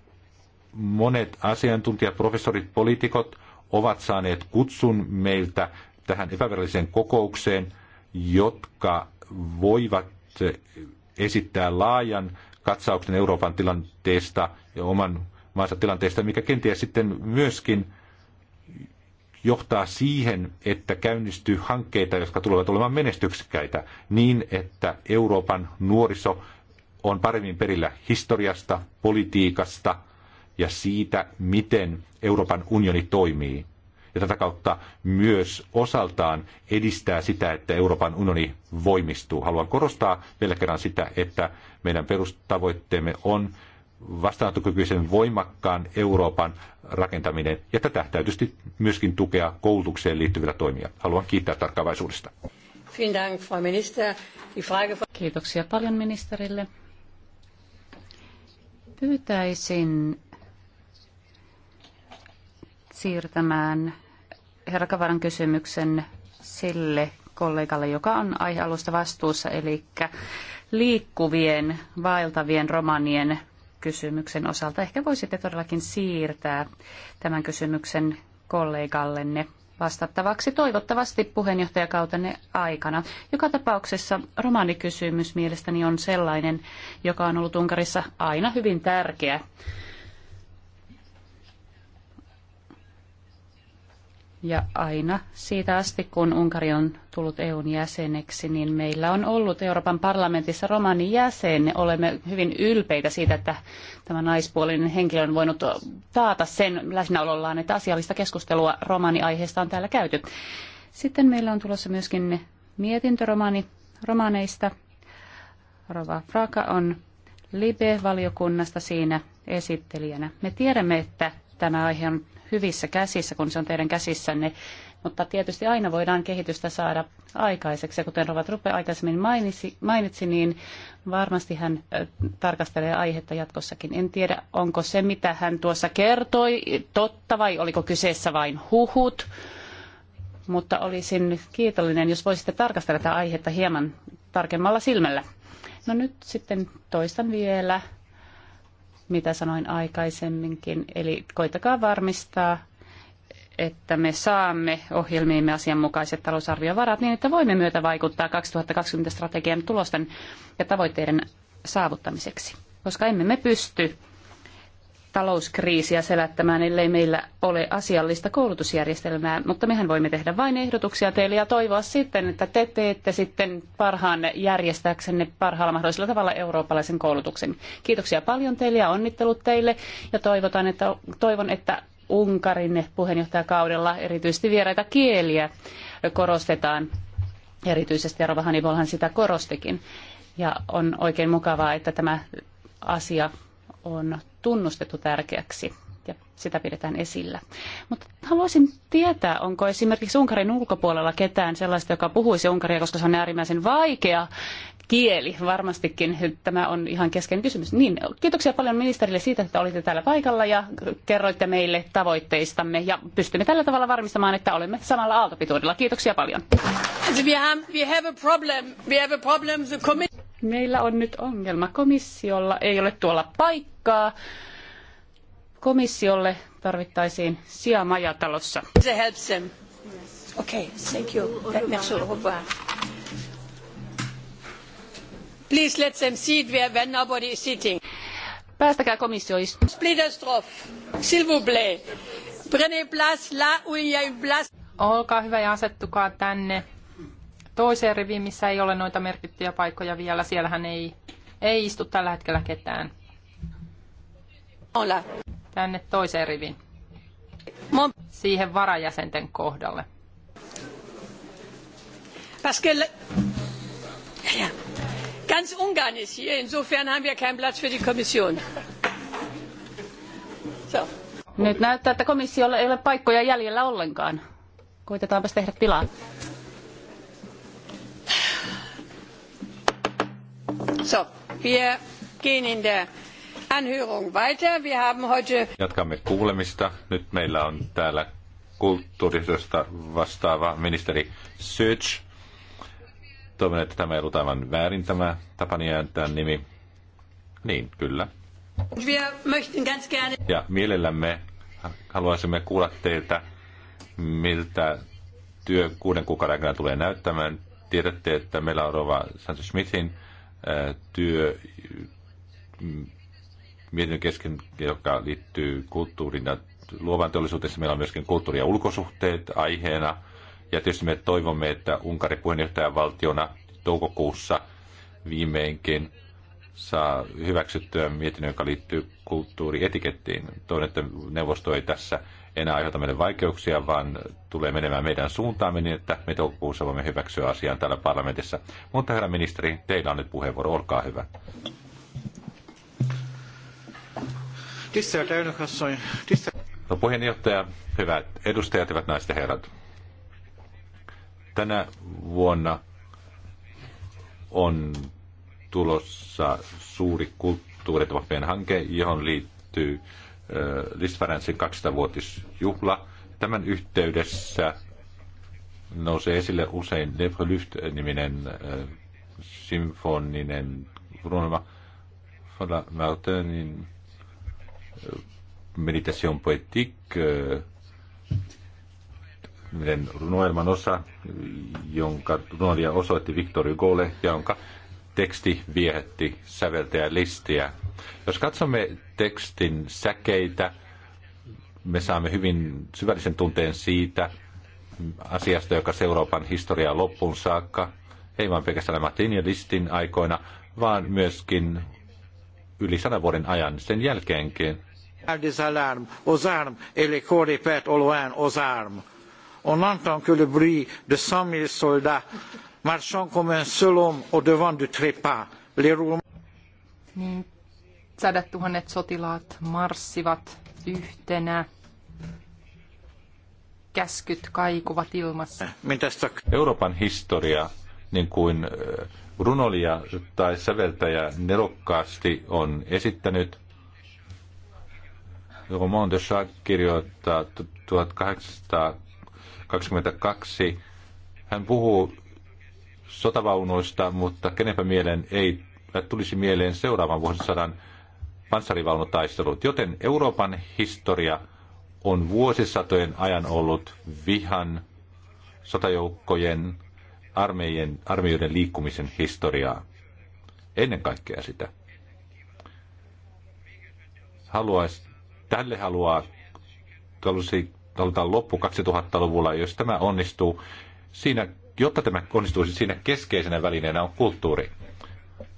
monet asiantuntijat, professorit, poliitikot ovat saaneet kutsun meiltä tähän epäviralliseen kokoukseen, jotka voivat esittää laajan katsauksen Euroopan tilanteesta ja oman maansa tilanteesta, mikä kenties sitten myöskin johtaa siihen, että käynnistyy hankkeita, jotka tulevat olemaan menestyksekkäitä, niin että Euroopan nuoriso on paremmin perillä historiasta, politiikasta ja siitä, miten Euroopan unioni toimii. Ja tätä kautta myös osaltaan edistää sitä, että Euroopan unioni voimistuu. Haluan korostaa vielä kerran sitä, että meidän perustavoitteemme on, vastaanottokykyisen voimakkaan Euroopan rakentaminen, ja tätä täytyy myöskin tukea koulutukseen liittyvillä toimia. Haluan kiittää tarkkaavaisuudesta. Kiitoksia paljon ministerille. Pyytäisin siirtämään herra Kavaran kysymyksen sille kollegalle, joka on aihealusta vastuussa, eli liikkuvien, vaeltavien romanien kysymyksen osalta. Ehkä voisitte todellakin siirtää tämän kysymyksen kollegallenne vastattavaksi toivottavasti puheenjohtajakautenne aikana. Joka tapauksessa romanikysymys mielestäni on sellainen, joka on ollut Unkarissa aina hyvin tärkeä Ja aina siitä asti, kun Unkari on tullut EUn jäseneksi, niin meillä on ollut Euroopan parlamentissa romani jäsen. Olemme hyvin ylpeitä siitä, että tämä naispuolinen henkilö on voinut taata sen läsnäolollaan, että asiallista keskustelua romaniaiheesta on täällä käyty. Sitten meillä on tulossa myöskin mietintö romani, romaneista. Rova Fraka on Libe-valiokunnasta siinä esittelijänä. Me tiedämme, että tämä aihe on hyvissä käsissä, kun se on teidän käsissänne. Mutta tietysti aina voidaan kehitystä saada aikaiseksi. Ja kuten Rovat Ruppe aikaisemmin mainitsi, mainitsi, niin varmasti hän tarkastelee aihetta jatkossakin. En tiedä, onko se, mitä hän tuossa kertoi, totta vai oliko kyseessä vain huhut. Mutta olisin kiitollinen, jos voisitte tarkastella tätä aihetta hieman tarkemmalla silmällä. No nyt sitten toistan vielä mitä sanoin aikaisemminkin. Eli koitakaa varmistaa, että me saamme ohjelmiimme asianmukaiset talousarviovarat niin, että voimme myötä vaikuttaa 2020 strategian tulosten ja tavoitteiden saavuttamiseksi. Koska emme me pysty talouskriisiä selättämään, ellei meillä ole asiallista koulutusjärjestelmää, mutta mehän voimme tehdä vain ehdotuksia teille ja toivoa sitten, että te teette sitten parhaanne järjestääksenne parhaalla mahdollisella tavalla eurooppalaisen koulutuksen. Kiitoksia paljon teille ja onnittelut teille ja toivotan, että, toivon, että Unkarin puheenjohtajakaudella erityisesti vieraita kieliä korostetaan. Erityisesti Arova Hannibalhan sitä korostikin. Ja on oikein mukavaa, että tämä asia on tunnustettu tärkeäksi ja sitä pidetään esillä. Mutta haluaisin tietää, onko esimerkiksi Unkarin ulkopuolella ketään sellaista, joka puhuisi Unkaria, koska se on äärimmäisen vaikea kieli. Varmastikin tämä on ihan keskeinen kysymys. Niin, kiitoksia paljon ministerille siitä, että olitte täällä paikalla ja kerroitte meille tavoitteistamme. Ja pystymme tällä tavalla varmistamaan, että olemme samalla aaltopituudella. Kiitoksia paljon. Meillä on nyt ongelma. Komissiolla ei ole tuolla paikkaa. Komissiolle tarvittaisiin sija majatalossa. Se helps them. Okay, thank you. Merci, au revoir. Please let them sit where when nobody is sitting. Päästäkää komissio istumaan. Splitterstroff, s'il vous plaît. Prenez place là où il y a une place. Olkaa hyvä ja asettukaa tänne toiseen riviin, missä ei ole noita merkittyjä paikkoja vielä. Siellähän ei, ei istu tällä hetkellä ketään. Hola. Tänne toiseen riviin. Mon... Siihen varajäsenten kohdalle. Paskelle. Ja. Ganz Ungarn ist hier, insofern haben wir keinen Platz für die Kommission. So. Nyt näyttää, että komissiolla ei ole paikkoja jäljellä ollenkaan. Koitetaanpa tehdä tilaa. So, wir gehen in der Anhörung weiter. Wir haben heute... Jatkamme kuulemista. Nyt meillä on täällä kulttuurista vastaava ministeri Search. Toivon, että tämä ei ollut aivan väärin tämä tapani ääntää nimi. Niin, kyllä. Ja mielellämme haluaisimme kuulla teiltä, miltä työ kuuden kuukauden aikana tulee näyttämään. Tiedätte, että meillä on Rova Sanchez-Smithin työ mietinnön kesken, joka liittyy kulttuurin ja luovan teollisuuteen. Meillä on myöskin kulttuuri- ja ulkosuhteet aiheena. Ja tietysti me toivomme, että Unkari puheenjohtajavaltiona toukokuussa viimeinkin saa hyväksyttyä mietinnön, joka liittyy kulttuurietikettiin. Toivon, että neuvosto ei tässä enää aiheuta meille vaikeuksia, vaan tulee menemään meidän suuntaamme niin, että me toukokuussa voimme hyväksyä asian täällä parlamentissa. Mutta herra ministeri, teillä on nyt puheenvuoro, olkaa hyvä. No puheenjohtaja, hyvät edustajat, hyvät naiset ja herrat. Tänä vuonna on tulossa suuri kulttuuritapahtumien hanke, johon liittyy Listvaransin 200-vuotisjuhla. Tämän yhteydessä nousee esille usein lyft niminen symfoninen runoilma Fala Martinin Meditation Poetique, runoilman osa, jonka runoilija osoitti Victor Hugolle, jonka teksti viehätti säveltäjä listiä. Jos katsomme tekstin säkeitä. Me saamme hyvin syvällisen tunteen siitä asiasta, joka Euroopan historiaa loppuun saakka, ei vain pelkästään Martin ja Listin aikoina, vaan myöskin yli sadan vuoden ajan sen jälkeenkin. Alarm, osarm, eli koripet oloen osarm. On entend que le bruit de cent mille soldats marchant comme un seul homme au devant du trépas. Les Roumains... Niin sadat tuhannet sotilaat marssivat yhtenä. Käskyt kaikuvat ilmassa. Euroopan historia, niin kuin äh, Runolia, tai säveltäjä nerokkaasti on esittänyt, Romain de Chac kirjoittaa 1822. Hän puhuu sotavaunuista, mutta kenenpä mielen ei tulisi mieleen seuraavan vuosisadan panssarivaunutaistelut, joten Euroopan historia on vuosisatojen ajan ollut vihan, sotajoukkojen, armeijien armeijoiden liikkumisen historiaa. Ennen kaikkea sitä. Haluais, tälle haluaa, halusi, halutaan loppu 2000-luvulla, jos tämä onnistuu, siinä, jotta tämä onnistuisi siinä keskeisenä välineenä on kulttuuri.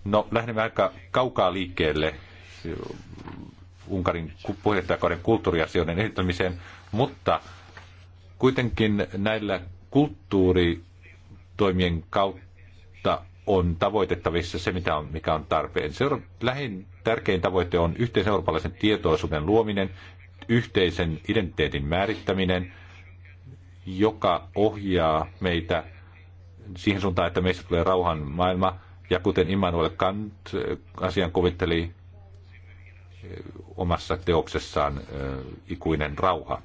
No, lähdemme aika kaukaa liikkeelle Unkarin puheenjohtajakauden kulttuuriasioiden edistämiseen, mutta kuitenkin näillä kulttuuritoimien kautta on tavoitettavissa se, mitä on, mikä on tarpeen. Seura- lähin tärkein tavoite on yhteisen eurooppalaisen tietoisuuden luominen, yhteisen identiteetin määrittäminen, joka ohjaa meitä siihen suuntaan, että meistä tulee rauhan maailma. Ja kuten Immanuel Kant äh, asian kuvitteli, omassa teoksessaan ikuinen rauha.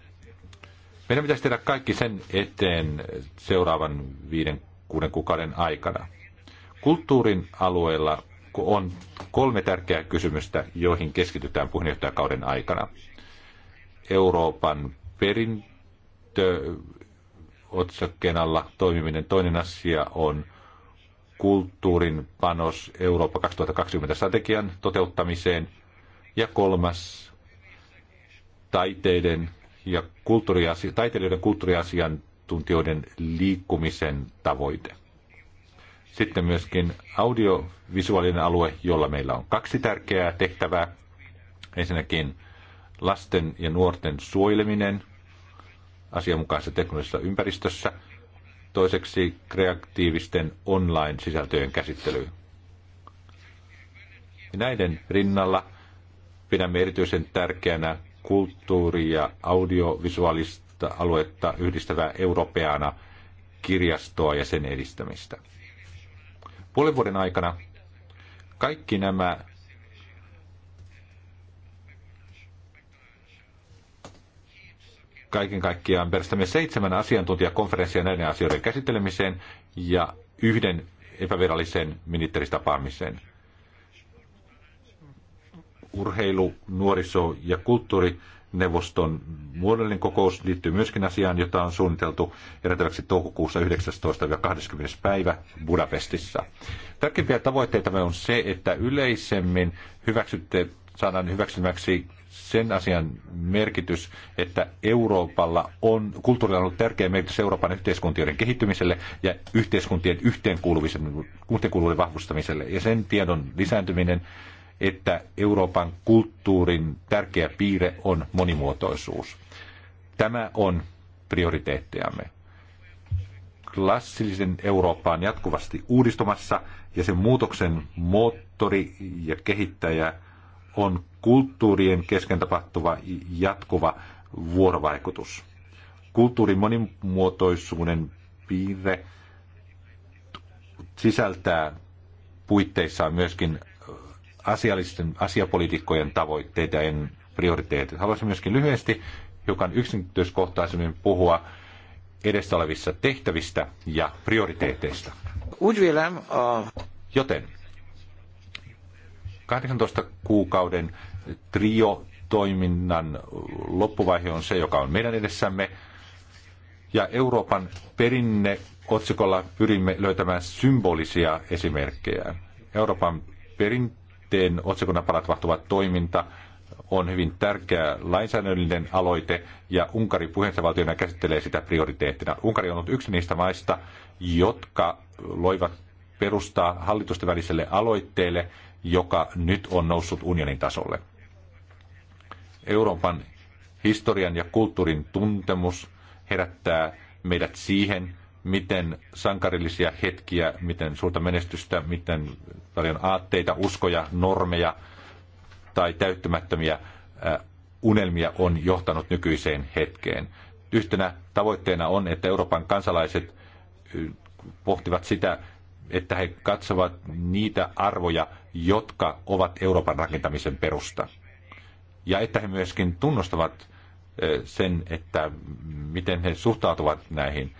Meidän pitäisi tehdä kaikki sen eteen seuraavan viiden, kuuden kuukauden aikana. Kulttuurin alueella on kolme tärkeää kysymystä, joihin keskitytään puheenjohtajakauden aikana. Euroopan perintö otsakkeen alla toimiminen. Toinen asia on kulttuurin panos Eurooppa 2020 strategian toteuttamiseen – ja kolmas, taiteiden ja kulttuuriasi- taiteilijoiden kulttuuriasiantuntijoiden liikkumisen tavoite. Sitten myöskin audiovisuaalinen alue, jolla meillä on kaksi tärkeää tehtävää. Ensinnäkin lasten ja nuorten suojeleminen asianmukaisessa teknologisessa ympäristössä. Toiseksi kreatiivisten online-sisältöjen käsittely. Näiden rinnalla – Pidämme erityisen tärkeänä kulttuuri- ja audiovisuaalista aluetta yhdistävää europeana kirjastoa ja sen edistämistä. Puolen vuoden aikana kaikki nämä kaiken kaikkiaan perustamme seitsemän asiantuntijakonferenssia näiden asioiden käsittelemiseen ja yhden epävirallisen ministeristapaamisen urheilu, nuoriso- ja kulttuurineuvoston muodollinen kokous liittyy myöskin asiaan, jota on suunniteltu erätäväksi toukokuussa 19-20. päivä Budapestissa. Tärkeimpiä tavoitteita on se, että yleisemmin hyväksytte, saadaan hyväksymäksi sen asian merkitys, että Euroopalla on, kulttuurilla on ollut tärkeä merkitys Euroopan yhteiskuntien kehittymiselle ja yhteiskuntien yhteenkuuluvuuden vahvistamiselle Ja sen tiedon lisääntyminen että Euroopan kulttuurin tärkeä piirre on monimuotoisuus. Tämä on prioriteettejamme. Klassillisen Eurooppa on jatkuvasti uudistumassa ja sen muutoksen moottori ja kehittäjä on kulttuurien kesken tapahtuva jatkuva vuorovaikutus. Kulttuurin monimuotoisuuden piirre sisältää puitteissaan myöskin asiallisten asiapolitiikkojen tavoitteita ja prioriteetit. Haluaisin myöskin lyhyesti hiukan yksityiskohtaisemmin puhua edessä olevissa tehtävistä ja prioriteeteista. Äh, Joten 18 kuukauden trio-toiminnan loppuvaihe on se, joka on meidän edessämme. Ja Euroopan perinne otsikolla pyrimme löytämään symbolisia esimerkkejä. Euroopan perin, sitten otsikonapalat tapahtuva toiminta on hyvin tärkeä lainsäädännöllinen aloite ja Unkari puheenjohtajavaltiona käsittelee sitä prioriteettina. Unkari on ollut yksi niistä maista, jotka loivat perustaa hallitusten väliselle aloitteelle, joka nyt on noussut unionin tasolle. Euroopan historian ja kulttuurin tuntemus herättää meidät siihen, miten sankarillisia hetkiä, miten suurta menestystä, miten paljon aatteita, uskoja, normeja tai täyttämättömiä äh, unelmia on johtanut nykyiseen hetkeen. Yhtenä tavoitteena on, että Euroopan kansalaiset äh, pohtivat sitä, että he katsovat niitä arvoja, jotka ovat Euroopan rakentamisen perusta. Ja että he myöskin tunnustavat äh, sen, että miten he suhtautuvat näihin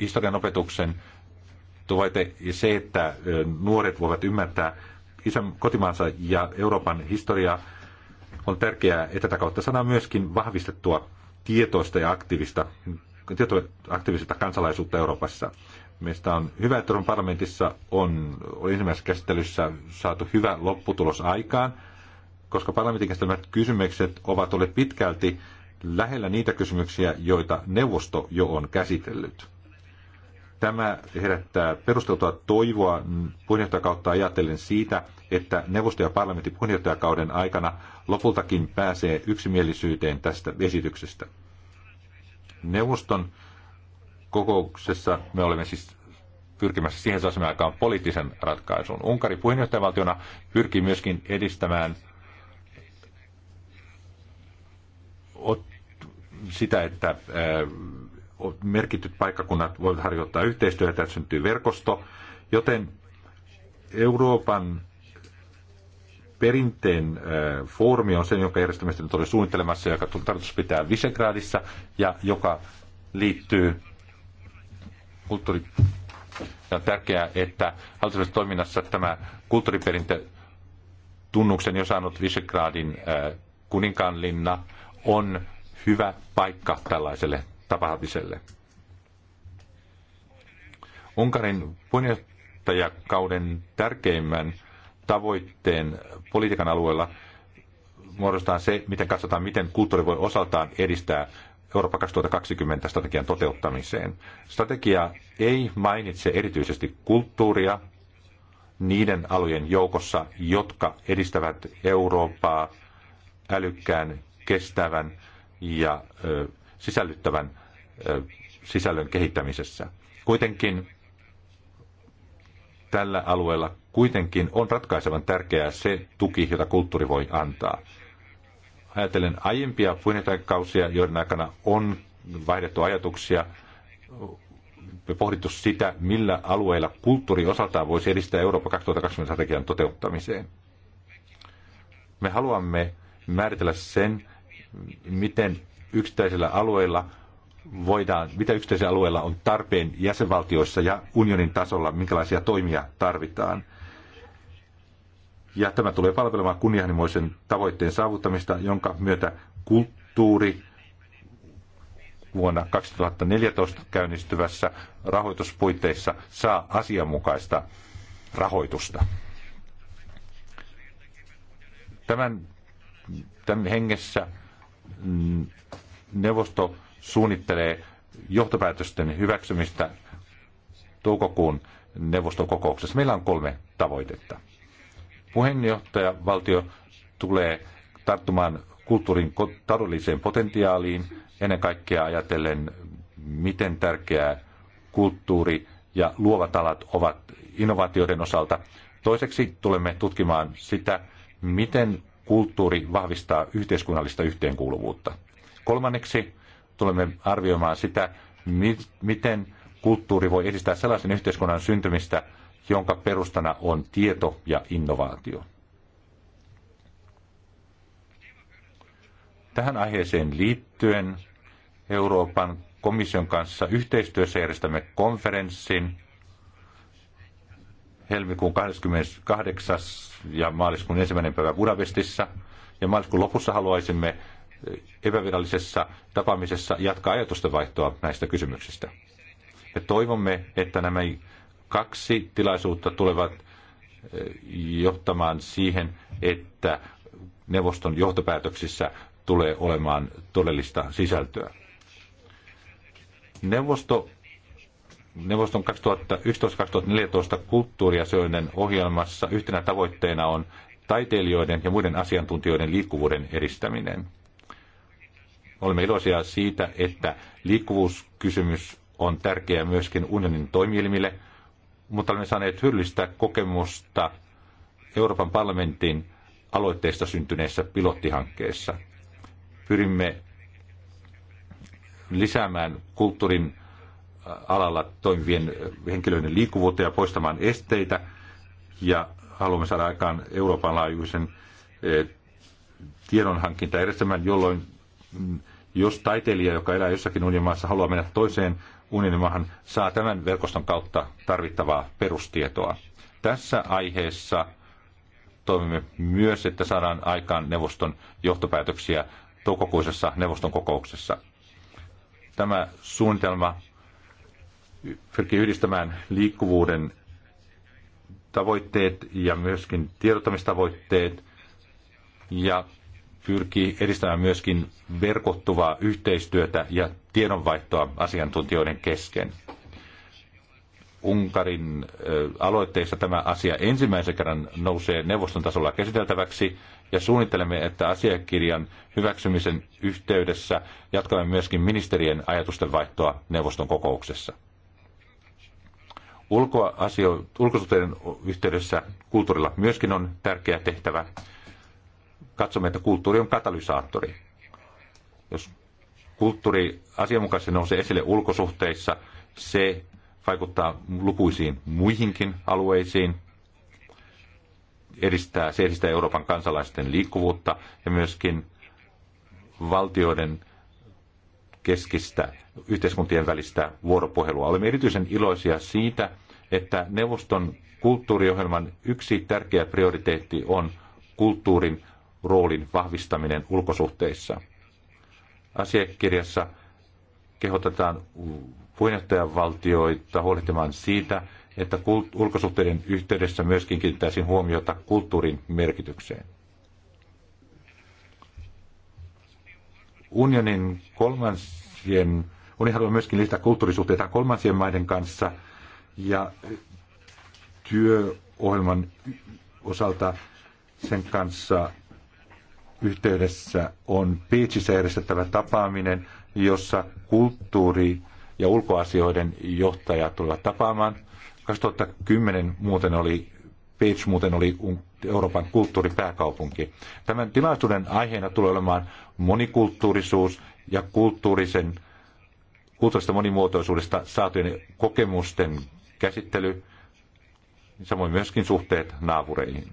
historian opetuksen tuote ja se, että nuoret voivat ymmärtää isän kotimaansa ja Euroopan historiaa, on tärkeää, että tätä kautta saadaan myöskin vahvistettua tietoista ja aktiivista, tieto, aktiivista kansalaisuutta Euroopassa. Meistä on hyvä, että Euroopan parlamentissa on, on ensimmäisessä käsittelyssä saatu hyvä lopputulos aikaan, koska parlamentin käsittelemät kysymykset ovat olleet pitkälti lähellä niitä kysymyksiä, joita neuvosto jo on käsitellyt. Tämä herättää perusteltua toivoa puheenjohtajakautta ajatellen siitä, että neuvosto ja parlamentti puheenjohtajakauden aikana lopultakin pääsee yksimielisyyteen tästä esityksestä. Neuvoston kokouksessa me olemme siis pyrkimässä siihen saamaan aikaan poliittisen ratkaisun. Unkari puheenjohtajavaltiona pyrkii myöskin edistämään sitä, että merkityt paikkakunnat voivat harjoittaa yhteistyötä, että syntyy verkosto, joten Euroopan perinteen äh, foorumi on sen, jonka järjestämistä nyt oli suunnittelemassa, joka tarkoitus pitää Visegradissa ja joka liittyy kulttuuri... on tärkeää, että hallitsevassa toiminnassa tämä kulttuuriperintötunnuksen jo saanut Visegradin äh, kuninkaanlinna on hyvä paikka tällaiselle tapahtiselle. Unkarin puheenjohtajakauden tärkeimmän tavoitteen politiikan alueella muodostaa se, miten katsotaan, miten kulttuuri voi osaltaan edistää Eurooppa 2020 strategian toteuttamiseen. Strategia ei mainitse erityisesti kulttuuria niiden alojen joukossa, jotka edistävät Eurooppaa älykkään, kestävän ja sisällyttävän sisällön kehittämisessä. Kuitenkin tällä alueella kuitenkin on ratkaisevan tärkeää se tuki, jota kulttuuri voi antaa. Ajatellen aiempia puheenjohtajakausia, joiden aikana on vaihdettu ajatuksia, pohdittu sitä, millä alueilla kulttuuri osaltaan voisi edistää Euroopan 2020 strategian toteuttamiseen. Me haluamme määritellä sen, miten yksittäisillä alueilla voidaan, mitä yksittäisillä alueilla on tarpeen jäsenvaltioissa ja unionin tasolla, minkälaisia toimia tarvitaan. Ja tämä tulee palvelemaan kunnianhimoisen tavoitteen saavuttamista, jonka myötä kulttuuri vuonna 2014 käynnistyvässä rahoituspuitteissa saa asianmukaista rahoitusta. Tämän, tämän hengessä mm, neuvosto suunnittelee johtopäätösten hyväksymistä toukokuun neuvoston kokouksessa. Meillä on kolme tavoitetta. Puheenjohtaja valtio tulee tarttumaan kulttuurin taloudelliseen potentiaaliin, ennen kaikkea ajatellen, miten tärkeää kulttuuri ja luovat alat ovat innovaatioiden osalta. Toiseksi tulemme tutkimaan sitä, miten kulttuuri vahvistaa yhteiskunnallista yhteenkuuluvuutta. Kolmanneksi tulemme arvioimaan sitä, miten kulttuuri voi edistää sellaisen yhteiskunnan syntymistä, jonka perustana on tieto ja innovaatio. Tähän aiheeseen liittyen Euroopan komission kanssa yhteistyössä järjestämme konferenssin helmikuun 28. ja maaliskuun ensimmäinen päivä Budapestissa. Ja maaliskuun lopussa haluaisimme epävirallisessa tapaamisessa jatkaa ajatusten vaihtoa näistä kysymyksistä. Me toivomme, että nämä kaksi tilaisuutta tulevat eh, johtamaan siihen, että neuvoston johtopäätöksissä tulee olemaan todellista sisältöä. Neuvosto, neuvoston 2011-2014 kulttuuriasioiden ohjelmassa yhtenä tavoitteena on taiteilijoiden ja muiden asiantuntijoiden liikkuvuuden edistäminen. Olemme iloisia siitä, että liikkuvuuskysymys on tärkeä myöskin unionin toimielimille, mutta olemme saaneet hyllistä kokemusta Euroopan parlamentin aloitteesta syntyneessä pilottihankkeessa. Pyrimme lisäämään kulttuurin äh, alalla toimivien henkilöiden liikkuvuutta ja poistamaan esteitä. Ja haluamme saada aikaan Euroopan laajuisen äh, tiedonhankintajärjestelmän, jolloin Mm, jos taiteilija, joka elää jossakin unionimaassa, haluaa mennä toiseen unionimaahan, saa tämän verkoston kautta tarvittavaa perustietoa. Tässä aiheessa toimimme myös, että saadaan aikaan neuvoston johtopäätöksiä toukokuisessa neuvoston kokouksessa. Tämä suunnitelma pyrkii yhdistämään liikkuvuuden tavoitteet ja myöskin tiedottamistavoitteet ja pyrkii edistämään myöskin verkottuvaa yhteistyötä ja tiedonvaihtoa asiantuntijoiden kesken. Unkarin aloitteissa tämä asia ensimmäisen kerran nousee neuvoston tasolla käsiteltäväksi ja suunnittelemme, että asiakirjan hyväksymisen yhteydessä jatkamme myöskin ministerien ajatusten vaihtoa neuvoston kokouksessa. Ulkoasio, ulkosuhteiden yhteydessä kulttuurilla myöskin on tärkeä tehtävä katsomme, että kulttuuri on katalysaattori. Jos kulttuuri asianmukaisesti nousee esille ulkosuhteissa, se vaikuttaa lukuisiin muihinkin alueisiin, edistää, se edistää Euroopan kansalaisten liikkuvuutta ja myöskin valtioiden keskistä yhteiskuntien välistä vuoropuhelua. Olemme erityisen iloisia siitä, että neuvoston kulttuuriohjelman yksi tärkeä prioriteetti on kulttuurin roolin vahvistaminen ulkosuhteissa. Asiakirjassa kehotetaan puheenjohtajavaltioita huolehtimaan siitä, että ulkosuhteiden yhteydessä myöskin kiinnittäisiin huomiota kulttuurin merkitykseen. Unionin kolmansien, unioni haluaa myöskin lisätä kulttuurisuhteita kolmansien maiden kanssa ja työohjelman osalta sen kanssa yhteydessä on Beachissä järjestettävä tapaaminen, jossa kulttuuri- ja ulkoasioiden johtajat tulevat tapaamaan. 2010 muuten oli, Page muuten oli Euroopan kulttuuripääkaupunki. Tämän tilaisuuden aiheena tulee olemaan monikulttuurisuus ja kulttuurisen, kulttuurista monimuotoisuudesta saatujen kokemusten käsittely, samoin myöskin suhteet naapureihin.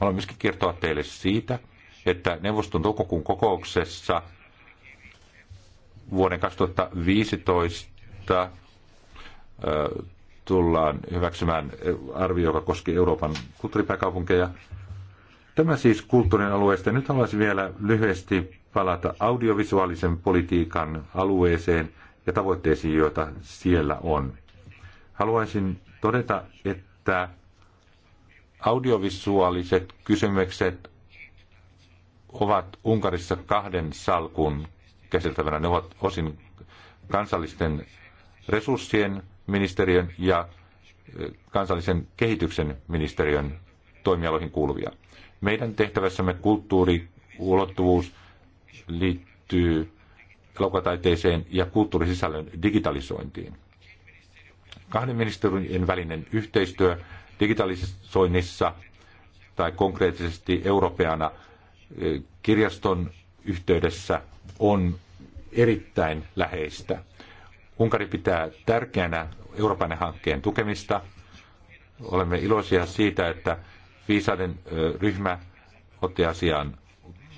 Haluan myöskin kertoa teille siitä, että neuvoston toukokuun kokouksessa vuoden 2015 tullaan hyväksymään arvio, joka koski Euroopan kulttuuripääkaupunkeja. Tämä siis kulttuurin alueesta. Nyt haluaisin vielä lyhyesti palata audiovisuaalisen politiikan alueeseen ja tavoitteisiin, joita siellä on. Haluaisin todeta, että audiovisuaaliset kysymykset ovat Unkarissa kahden salkun käsiteltävänä. Ne ovat osin kansallisten resurssien ministeriön ja kansallisen kehityksen ministeriön toimialoihin kuuluvia. Meidän tehtävässämme kulttuuriulottuvuus liittyy elokuvataiteeseen ja kulttuurisisällön digitalisointiin. Kahden ministeriön välinen yhteistyö digitalisoinnissa tai konkreettisesti europeana – kirjaston yhteydessä on erittäin läheistä. Unkari pitää tärkeänä Euroopan hankkeen tukemista. Olemme iloisia siitä, että viisaiden ryhmä otti asiaan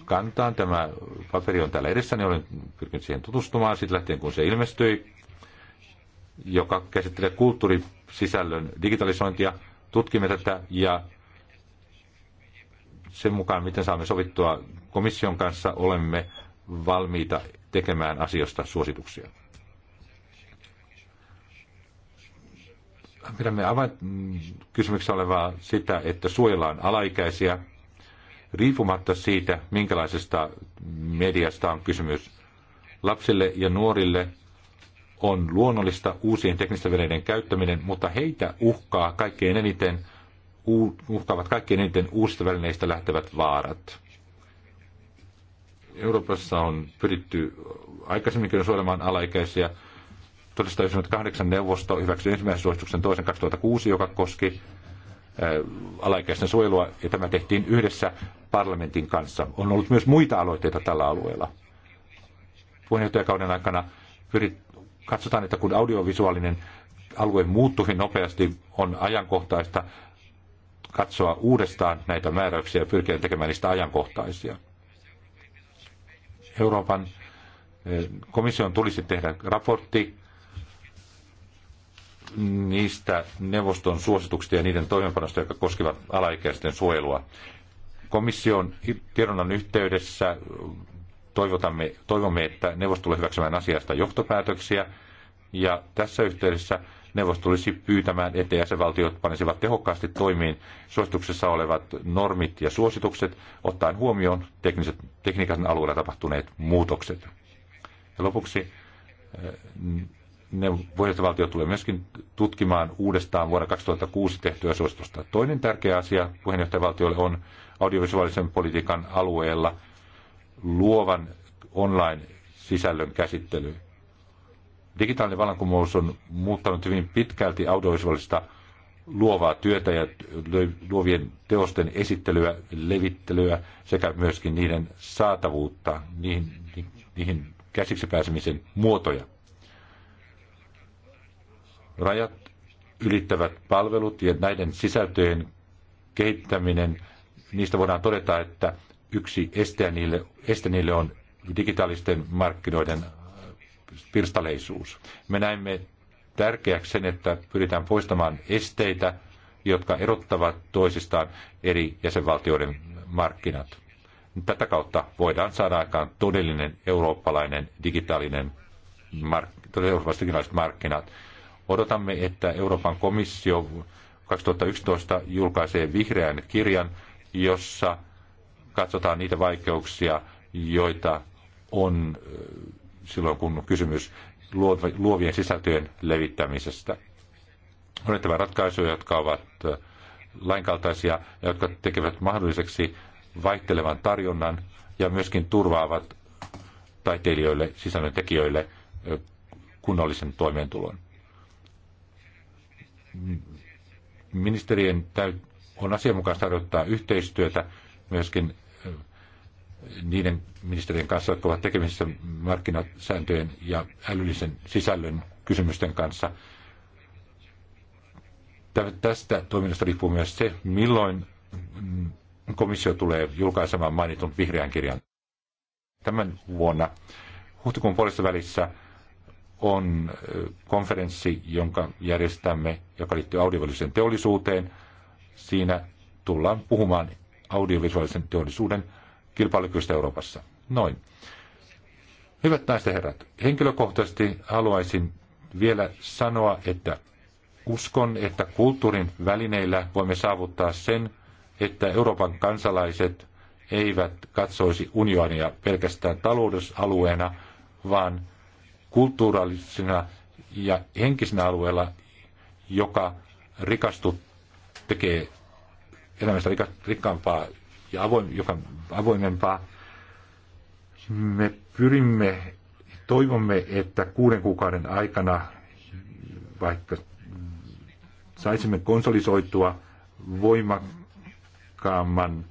kantaan. Tämä paperi on täällä edessäni, niin olen pyrkinyt siihen tutustumaan siitä lähtien, kun se ilmestyi, joka käsittelee kulttuurisisällön digitalisointia. Tutkimme tätä ja sen mukaan, miten saamme sovittua komission kanssa, olemme valmiita tekemään asiasta suosituksia. Pidämme avainkysymyksessä olevaa sitä, että suojellaan alaikäisiä, riippumatta siitä, minkälaisesta mediasta on kysymys. Lapsille ja nuorille on luonnollista uusien teknisten välineiden käyttäminen, mutta heitä uhkaa kaikkein eniten uhkaavat kaikkien eniten uusista välineistä lähtevät vaarat. Euroopassa on pyritty aikaisemminkin suojelemaan alaikäisiä. 1998 neuvosto hyväksyi ensimmäisen suosituksen toisen 2006, joka koski alaikäisten suojelua, ja tämä tehtiin yhdessä parlamentin kanssa. On ollut myös muita aloitteita tällä alueella. Puheenjohtajakauden aikana pyrit, katsotaan, että kun audiovisuaalinen alue muuttuu nopeasti, on ajankohtaista katsoa uudestaan näitä määräyksiä ja pyrkiä tekemään niistä ajankohtaisia. Euroopan eh, komission tulisi tehdä raportti niistä neuvoston suosituksista ja niiden toimenpanosta, jotka koskevat alaikäisten suojelua. Komission tiedonnan yhteydessä toivotamme, toivomme, että neuvosto tulee hyväksymään asiasta johtopäätöksiä. Ja tässä yhteydessä neuvosto tulisi pyytämään, että jäsenvaltiot panisivat tehokkaasti toimiin suosituksessa olevat normit ja suositukset, ottaen huomioon tekniset, tekniikan alueella tapahtuneet muutokset. Ja lopuksi eh, ne puheenjohtajavaltio tulee myöskin tutkimaan uudestaan vuonna 2006 tehtyä suositusta. Toinen tärkeä asia puheenjohtajavaltiolle on audiovisuaalisen politiikan alueella luovan online-sisällön käsittely. Digitaalinen vallankumous on muuttanut hyvin pitkälti audiovisuaalista luovaa työtä ja luovien teosten esittelyä, levittelyä sekä myöskin niiden saatavuutta, niihin, niihin käsiksi pääsemisen muotoja. Rajat ylittävät palvelut ja näiden sisältöjen kehittäminen, niistä voidaan todeta, että yksi este niille, este niille on digitaalisten markkinoiden pirstaleisuus. Me näemme tärkeäksi sen, että pyritään poistamaan esteitä, jotka erottavat toisistaan eri jäsenvaltioiden markkinat. Tätä kautta voidaan saada aikaan todellinen eurooppalainen digitaalinen mark- digitaaliset markkinat. Odotamme, että Euroopan komissio 2011 julkaisee vihreän kirjan, jossa katsotaan niitä vaikeuksia, joita on silloin, kun on kysymys luovien sisältöjen levittämisestä. On ettävä ratkaisuja, jotka ovat äh, lainkaltaisia ja jotka tekevät mahdolliseksi vaihtelevan tarjonnan ja myöskin turvaavat taiteilijoille, sisällön tekijöille äh, kunnollisen toimeentulon. Ministerien on asianmukaista harjoittaa yhteistyötä myöskin äh, niiden ministerien kanssa, jotka ovat tekemisissä markkinasääntöjen ja älyllisen sisällön kysymysten kanssa. Tästä toiminnasta riippuu myös se, milloin komissio tulee julkaisemaan mainitun vihreän kirjan. Tämän vuonna huhtikuun puolessa välissä on konferenssi, jonka järjestämme, joka liittyy audiovisuaaliseen teollisuuteen. Siinä tullaan puhumaan audiovisuaalisen teollisuuden kilpailukyvystä Euroopassa. Noin. Hyvät naiset ja herrat, henkilökohtaisesti haluaisin vielä sanoa, että uskon, että kulttuurin välineillä voimme saavuttaa sen, että Euroopan kansalaiset eivät katsoisi unionia pelkästään taloudellisalueena, vaan kulttuurallisena ja henkisenä alueella, joka rikastu, tekee elämästä rikkaampaa ja avoin, joka avoimempaa. Me pyrimme, toivomme, että kuuden kuukauden aikana, vaikka saisimme konsolisoitua voimakkaamman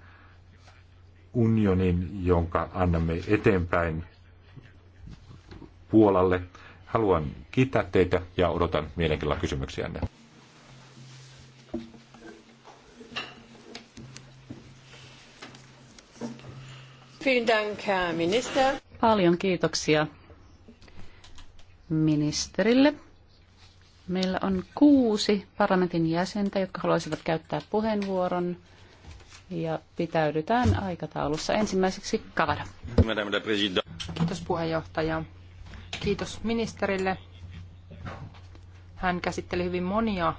unionin, jonka annamme eteenpäin Puolalle. Haluan kiittää teitä ja odotan mielenkiinnolla kysymyksiänne. Paljon kiitoksia ministerille. Meillä on kuusi parlamentin jäsentä, jotka haluaisivat käyttää puheenvuoron. Ja pitäydytään aikataulussa. Ensimmäiseksi Kavada. Kiitos puheenjohtaja. Kiitos ministerille. Hän käsitteli hyvin monia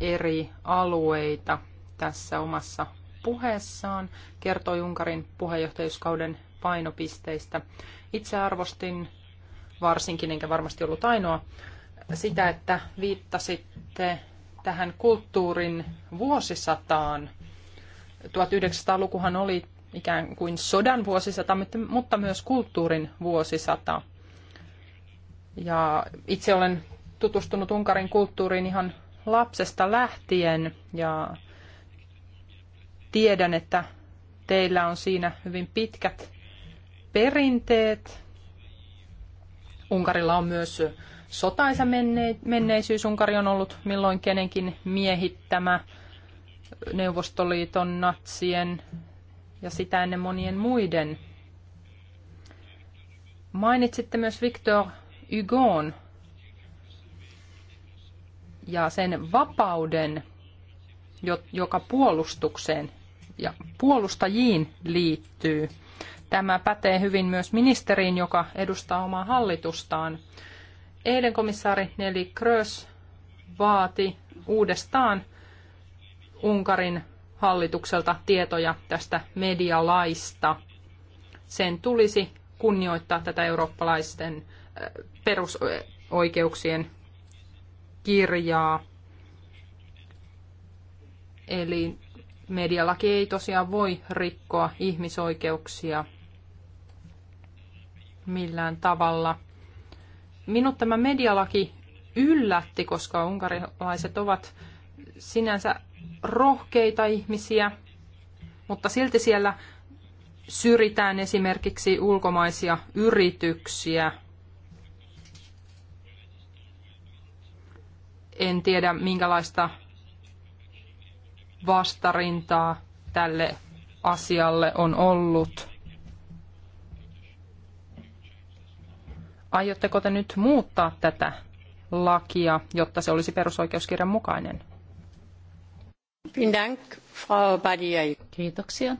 eri alueita tässä omassa puheessaan kertoi Unkarin puheenjohtajuuskauden painopisteistä. Itse arvostin varsinkin, enkä varmasti ollut ainoa, sitä, että viittasitte tähän kulttuurin vuosisataan. 1900-lukuhan oli ikään kuin sodan vuosisata, mutta myös kulttuurin vuosisata. Ja itse olen tutustunut Unkarin kulttuuriin ihan lapsesta lähtien ja Tiedän, että teillä on siinä hyvin pitkät perinteet. Unkarilla on myös sotaisa menneisyys. Unkari on ollut milloin kenenkin miehittämä Neuvostoliiton, natsien ja sitä ennen monien muiden. Mainitsitte myös Victor Hugon ja sen vapauden, joka puolustukseen ja puolustajiin liittyy. Tämä pätee hyvin myös ministeriin, joka edustaa omaa hallitustaan. Eilen komissaari Neli Krös vaati uudestaan Unkarin hallitukselta tietoja tästä medialaista. Sen tulisi kunnioittaa tätä eurooppalaisten äh, perusoikeuksien kirjaa. Eli medialaki ei tosiaan voi rikkoa ihmisoikeuksia millään tavalla. Minut tämä medialaki yllätti, koska unkarilaiset ovat sinänsä rohkeita ihmisiä, mutta silti siellä syrjitään esimerkiksi ulkomaisia yrityksiä. En tiedä, minkälaista vastarintaa tälle asialle on ollut. Aiotteko te nyt muuttaa tätä lakia, jotta se olisi perusoikeuskirjan mukainen? Dank, Frau Kiitoksia.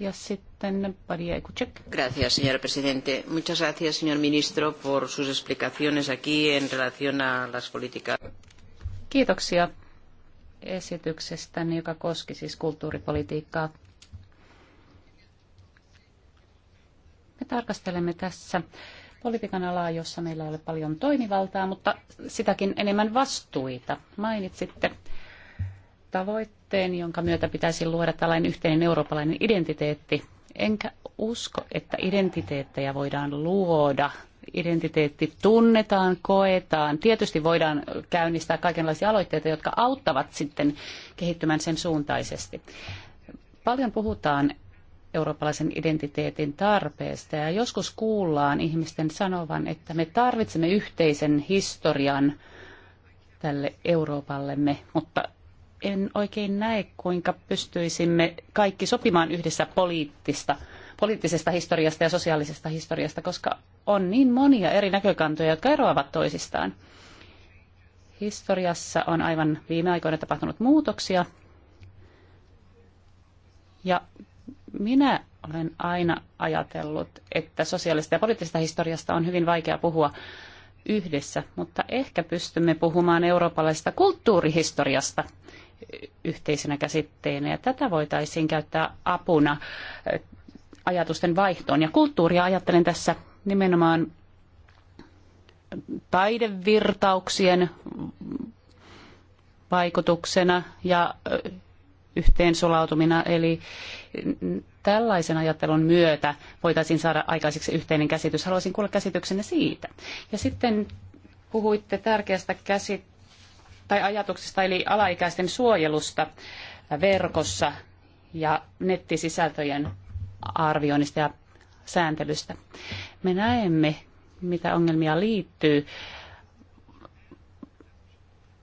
Ja sitten Badia Ikucek. Gracias, señor presidente. Muchas gracias, señor ministro, por sus explicaciones aquí en relación a las políticas. Kiitoksia, esityksestäni, joka koski siis kulttuuripolitiikkaa. Me tarkastelemme tässä politiikan alaa, jossa meillä ei ole paljon toimivaltaa, mutta sitäkin enemmän vastuita. Mainitsitte tavoitteen, jonka myötä pitäisi luoda tällainen yhteinen eurooppalainen identiteetti. Enkä usko, että identiteettejä voidaan luoda identiteetti tunnetaan, koetaan. Tietysti voidaan käynnistää kaikenlaisia aloitteita, jotka auttavat sitten kehittymään sen suuntaisesti. Paljon puhutaan eurooppalaisen identiteetin tarpeesta ja joskus kuullaan ihmisten sanovan, että me tarvitsemme yhteisen historian tälle Euroopallemme, mutta en oikein näe, kuinka pystyisimme kaikki sopimaan yhdessä poliittista poliittisesta historiasta ja sosiaalisesta historiasta, koska on niin monia eri näkökantoja, jotka eroavat toisistaan. Historiassa on aivan viime aikoina tapahtunut muutoksia. Ja minä olen aina ajatellut, että sosiaalista ja poliittisesta historiasta on hyvin vaikea puhua yhdessä, mutta ehkä pystymme puhumaan eurooppalaisesta kulttuurihistoriasta yhteisenä käsitteenä. Ja tätä voitaisiin käyttää apuna eh, ajatusten vaihtoon. Ja kulttuuria ajattelen tässä nimenomaan taidevirtauksien vaikutuksena ja yhteensulautumina. Eli tällaisen ajattelun myötä voitaisiin saada aikaiseksi yhteinen käsitys. Haluaisin kuulla käsityksenne siitä. Ja sitten puhuitte tärkeästä käsi- tai ajatuksesta, eli alaikäisten suojelusta verkossa ja nettisisältöjen arvioinnista ja sääntelystä. Me näemme, mitä ongelmia liittyy,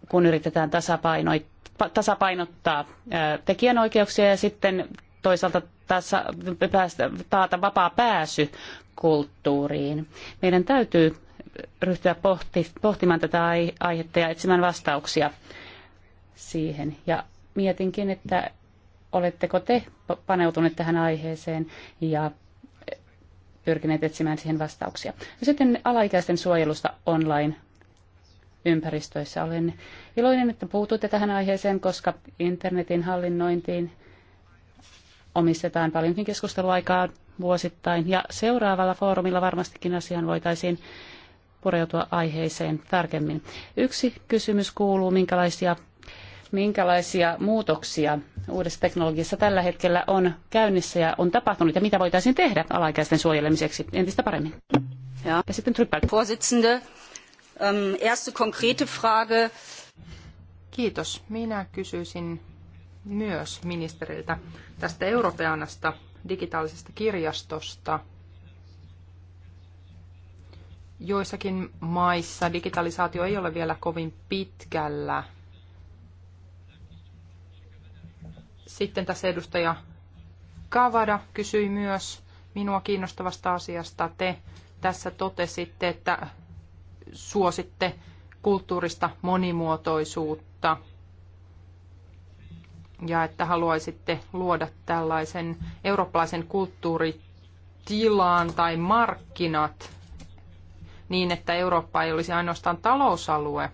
kun yritetään tasapainottaa tekijänoikeuksia ja sitten toisaalta tasa, päästä, taata vapaa pääsy kulttuuriin. Meidän täytyy ryhtyä pohti, pohtimaan tätä aihetta ja etsimään vastauksia siihen. Ja mietinkin, että oletteko te paneutuneet tähän aiheeseen ja pyrkineet etsimään siihen vastauksia. Ja no sitten alaikäisten suojelusta online ympäristöissä. Olen iloinen, että puututte tähän aiheeseen, koska internetin hallinnointiin omistetaan paljonkin keskusteluaikaa vuosittain. Ja seuraavalla foorumilla varmastikin asiaan voitaisiin pureutua aiheeseen tarkemmin. Yksi kysymys kuuluu, minkälaisia minkälaisia muutoksia uudessa teknologiassa tällä hetkellä on käynnissä ja on tapahtunut ja mitä voitaisiin tehdä alaikäisten suojelemiseksi entistä paremmin. Ja, ja sitten Tryppel. Vorsitzende, ähm, erste konkrete Frage. Kiitos. Minä kysyisin myös ministeriltä tästä Europeanasta digitaalisesta kirjastosta. Joissakin maissa digitalisaatio ei ole vielä kovin pitkällä Sitten tässä edustaja Kavada kysyi myös minua kiinnostavasta asiasta. Te tässä totesitte, että suositte kulttuurista monimuotoisuutta ja että haluaisitte luoda tällaisen eurooppalaisen kulttuuritilaan tai markkinat niin, että Eurooppa ei olisi ainoastaan talousalue,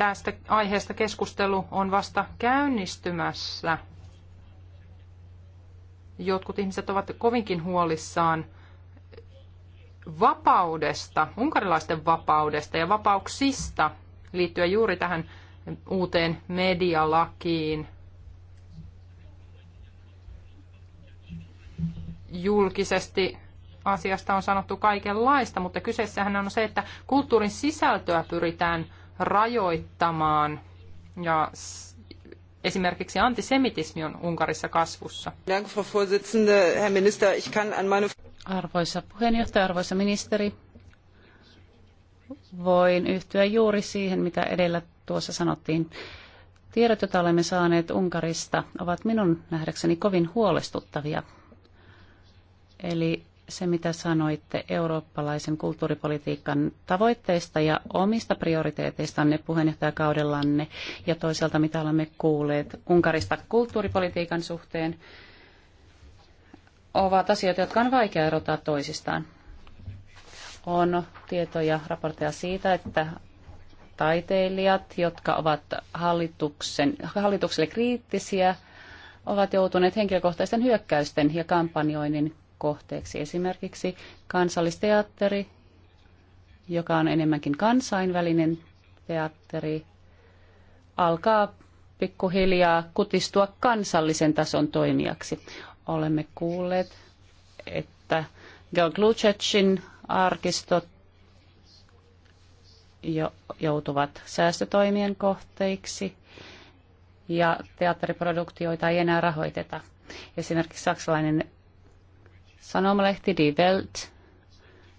tästä aiheesta keskustelu on vasta käynnistymässä. Jotkut ihmiset ovat kovinkin huolissaan vapaudesta, unkarilaisten vapaudesta ja vapauksista liittyen juuri tähän uuteen medialakiin. Julkisesti asiasta on sanottu kaikenlaista, mutta kyseessähän on se, että kulttuurin sisältöä pyritään rajoittamaan ja Esimerkiksi antisemitismi on Unkarissa kasvussa. Arvoisa puheenjohtaja, arvoisa ministeri, voin yhtyä juuri siihen, mitä edellä tuossa sanottiin. Tiedot, joita olemme saaneet Unkarista, ovat minun nähdäkseni kovin huolestuttavia. Eli se, mitä sanoitte eurooppalaisen kulttuuripolitiikan tavoitteista ja omista prioriteeteistanne puheenjohtajakaudellanne ja toisaalta, mitä olemme kuulleet Unkarista kulttuuripolitiikan suhteen, ovat asioita, jotka on vaikea erottaa toisistaan. On tietoja, raportteja siitä, että taiteilijat, jotka ovat hallituksen, hallitukselle kriittisiä, ovat joutuneet henkilökohtaisten hyökkäysten ja kampanjoinnin kohteeksi. Esimerkiksi kansallisteatteri, joka on enemmänkin kansainvälinen teatteri, alkaa pikkuhiljaa kutistua kansallisen tason toimijaksi. Olemme kuulleet, että Georg arkistot jo, joutuvat säästötoimien kohteiksi ja teatteriproduktioita ei enää rahoiteta. Esimerkiksi saksalainen Sanomalehti Die Welt,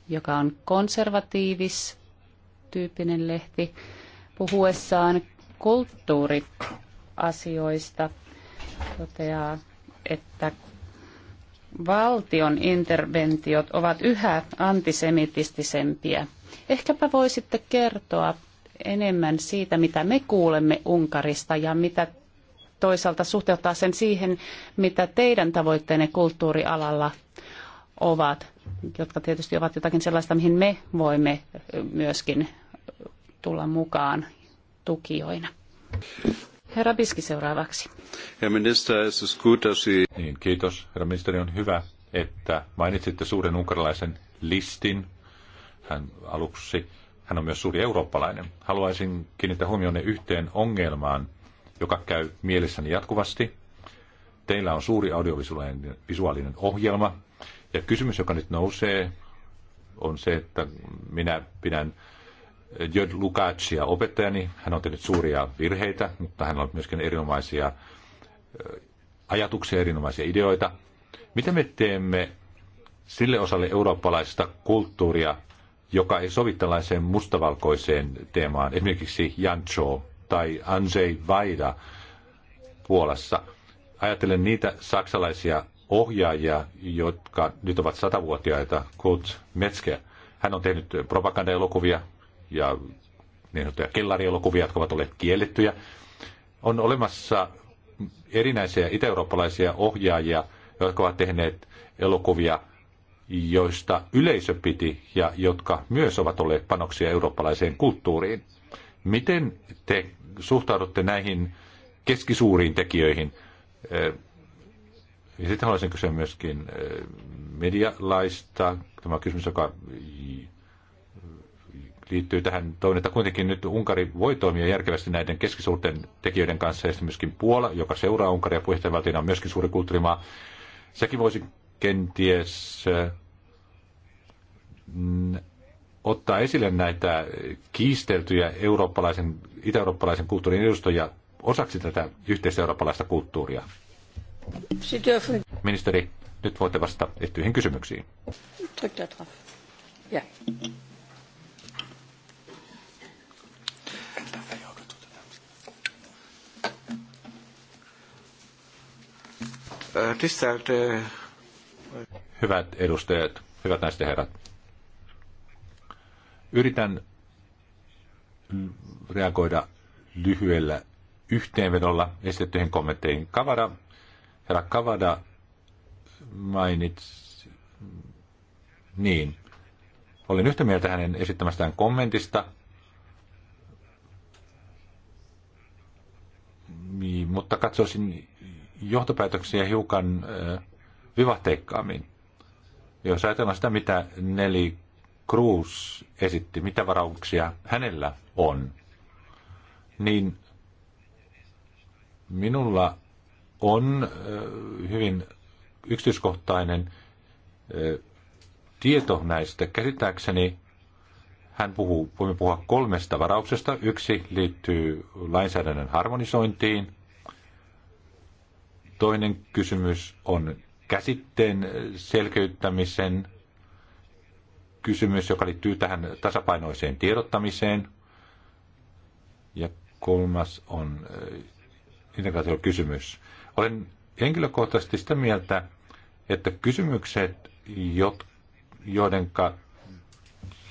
joka on konservatiivis tyyppinen lehti, puhuessaan kulttuuriasioista toteaa, että valtion interventiot ovat yhä antisemitistisempiä. Ehkäpä voisitte kertoa enemmän siitä, mitä me kuulemme Unkarista ja mitä toisaalta suhteuttaa sen siihen, mitä teidän tavoitteenne kulttuurialalla ovat, jotka tietysti ovat jotakin sellaista, mihin me voimme myöskin tulla mukaan tukijoina. Herra Biski seuraavaksi. Herr Minister, es ist gut, dass Sie... Niin, kiitos. Herra ministeri, on hyvä, että mainitsitte suuren unkarilaisen listin. Hän aluksi, hän on myös suuri eurooppalainen. Haluaisin kiinnittää huomionne yhteen ongelmaan, joka käy mielessäni jatkuvasti. Teillä on suuri audiovisuaalinen ohjelma, ja kysymys, joka nyt nousee, on se, että minä pidän Jod Lukácsia opettajani. Hän on tehnyt suuria virheitä, mutta hän on myöskin erinomaisia ajatuksia, erinomaisia ideoita. Mitä me teemme sille osalle eurooppalaista kulttuuria, joka ei sovi tällaiseen mustavalkoiseen teemaan, esimerkiksi Jan Jancho tai Andrzej Vaida Puolassa. Ajattelen niitä saksalaisia ohjaajia, jotka nyt ovat satavuotiaita, Kurt Metzger. Hän on tehnyt propagandaelokuvia ja niin sanottuja kellarielokuvia, jotka ovat olleet kiellettyjä. On olemassa erinäisiä itä-eurooppalaisia ohjaajia, jotka ovat tehneet elokuvia, joista yleisö piti ja jotka myös ovat olleet panoksia eurooppalaiseen kulttuuriin. Miten te suhtaudutte näihin keskisuuriin tekijöihin? Äh, ja sitten haluaisin kysyä myöskin äh, medialaista. Tämä on kysymys, joka liittyy tähän että Kuitenkin nyt Unkari voi toimia järkevästi näiden keskisuurten tekijöiden kanssa, ja myöskin Puola, joka seuraa Unkaria puheenjohtajavaltiona, on myöskin suuri kulttuurimaa. Sekin voisi kenties äh, ottaa esille näitä kiisteltyjä eurooppalaisen, itä-eurooppalaisen kulttuurin edustajia osaksi tätä yhteiseurooppalaista kulttuuria? Ministeri, nyt voitte vastata tehtyihin kysymyksiin. Eh, hyvät edustajat, hyvät naiset ja herrat. Yritän reagoida lyhyellä yhteenvedolla esitettyihin kommentteihin. Kavada, herra Kavada mainitsi, niin, olin yhtä mieltä hänen esittämästään kommentista, niin, mutta katsoisin johtopäätöksiä hiukan vivahteikkaammin. Jos ajatellaan sitä, mitä Neli Cruz esitti, mitä varauksia hänellä on, niin minulla on hyvin yksityiskohtainen tieto näistä. Käsittääkseni hän puhuu, voimme puhua kolmesta varauksesta. Yksi liittyy lainsäädännön harmonisointiin. Toinen kysymys on käsitteen selkeyttämisen kysymys, joka liittyy tähän tasapainoiseen tiedottamiseen. Ja kolmas on äh, integraatiokysymys. Olen henkilökohtaisesti sitä mieltä, että kysymykset, joidenka,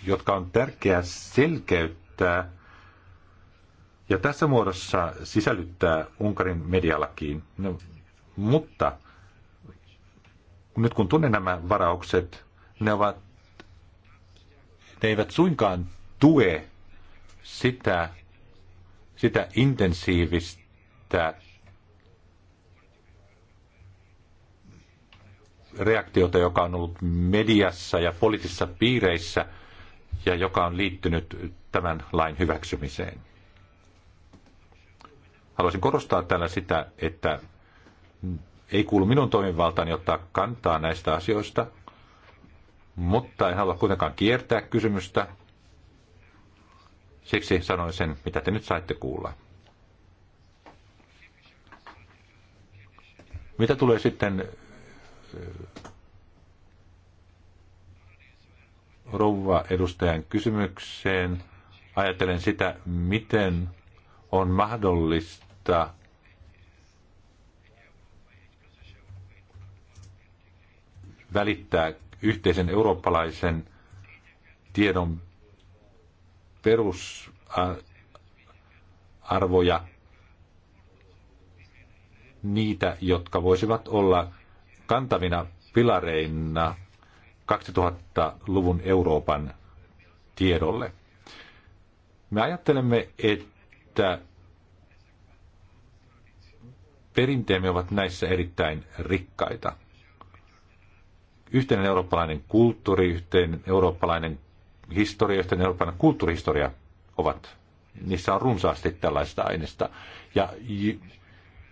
jotka on tärkeää selkeyttää ja tässä muodossa sisällyttää Unkarin medialakiin, no, mutta nyt kun tunnen nämä varaukset, ne ovat ne eivät suinkaan tue sitä, sitä intensiivistä reaktiota, joka on ollut mediassa ja poliittisissa piireissä ja joka on liittynyt tämän lain hyväksymiseen. Haluaisin korostaa tällä sitä, että ei kuulu minun toimivaltaani ottaa kantaa näistä asioista – mutta en halua kuitenkaan kiertää kysymystä. Siksi sanoin sen, mitä te nyt saitte kuulla. Mitä tulee sitten rouva edustajan kysymykseen, ajattelen sitä, miten on mahdollista välittää yhteisen eurooppalaisen tiedon perusarvoja, niitä, jotka voisivat olla kantavina pilareina 2000-luvun Euroopan tiedolle. Me ajattelemme, että perinteemme ovat näissä erittäin rikkaita yhteinen eurooppalainen kulttuuri, yhteinen eurooppalainen historia, yhteinen eurooppalainen kulttuurihistoria ovat, niissä on runsaasti tällaista aineista. Ja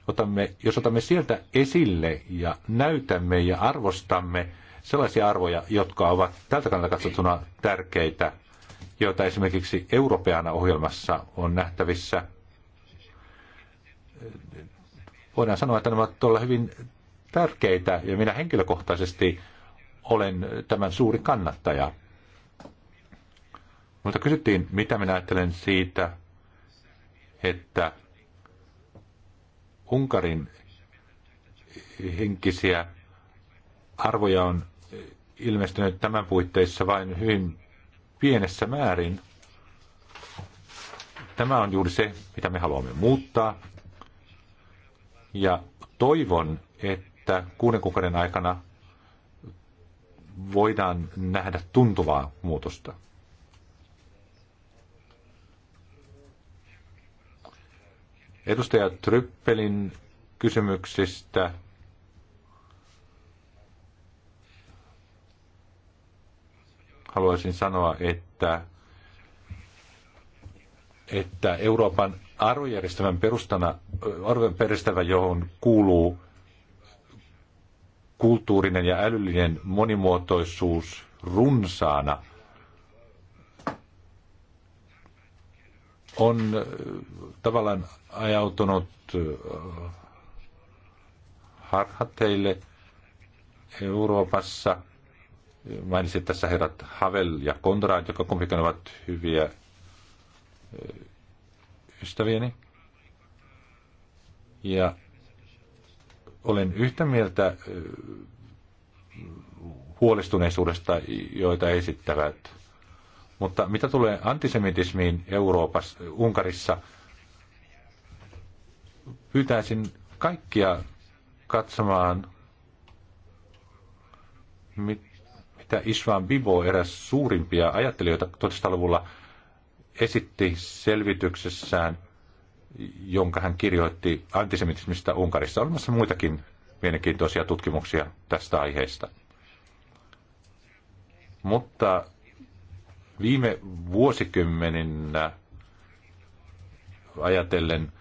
otamme, jos otamme sieltä esille ja näytämme ja arvostamme sellaisia arvoja, jotka ovat tältä kannalta katsottuna tärkeitä, joita esimerkiksi Europeana ohjelmassa on nähtävissä. Voidaan sanoa, että nämä ovat hyvin tärkeitä ja minä henkilökohtaisesti olen tämän suuri kannattaja. Mutta kysyttiin, mitä minä ajattelen siitä, että Unkarin henkisiä arvoja on ilmestynyt tämän puitteissa vain hyvin pienessä määrin. Tämä on juuri se, mitä me haluamme muuttaa. Ja toivon, että kuuden kuukauden aikana voidaan nähdä tuntuvaa muutosta. Edustaja Tryppelin kysymyksistä haluaisin sanoa, että, että Euroopan arvojärjestelmän perustana, arvojärjestelmä, johon kuuluu kulttuurinen ja älyllinen monimuotoisuus runsaana on äh, tavallaan ajautunut äh, harhateille Euroopassa. Mainitsin tässä herrat Havel ja Kondraat, jotka kumpikin ovat hyviä äh, ystävieni. Ja olen yhtä mieltä huolestuneisuudesta, joita esittävät. Mutta mitä tulee antisemitismiin Euroopassa, Unkarissa, pyytäisin kaikkia katsomaan, mit, mitä Isvan Bibo, eräs suurimpia ajattelijoita 1900-luvulla, esitti selvityksessään jonka hän kirjoitti antisemitismistä Unkarissa. On olemassa muitakin mielenkiintoisia tutkimuksia tästä aiheesta. Mutta viime vuosikymmeninä ajatellen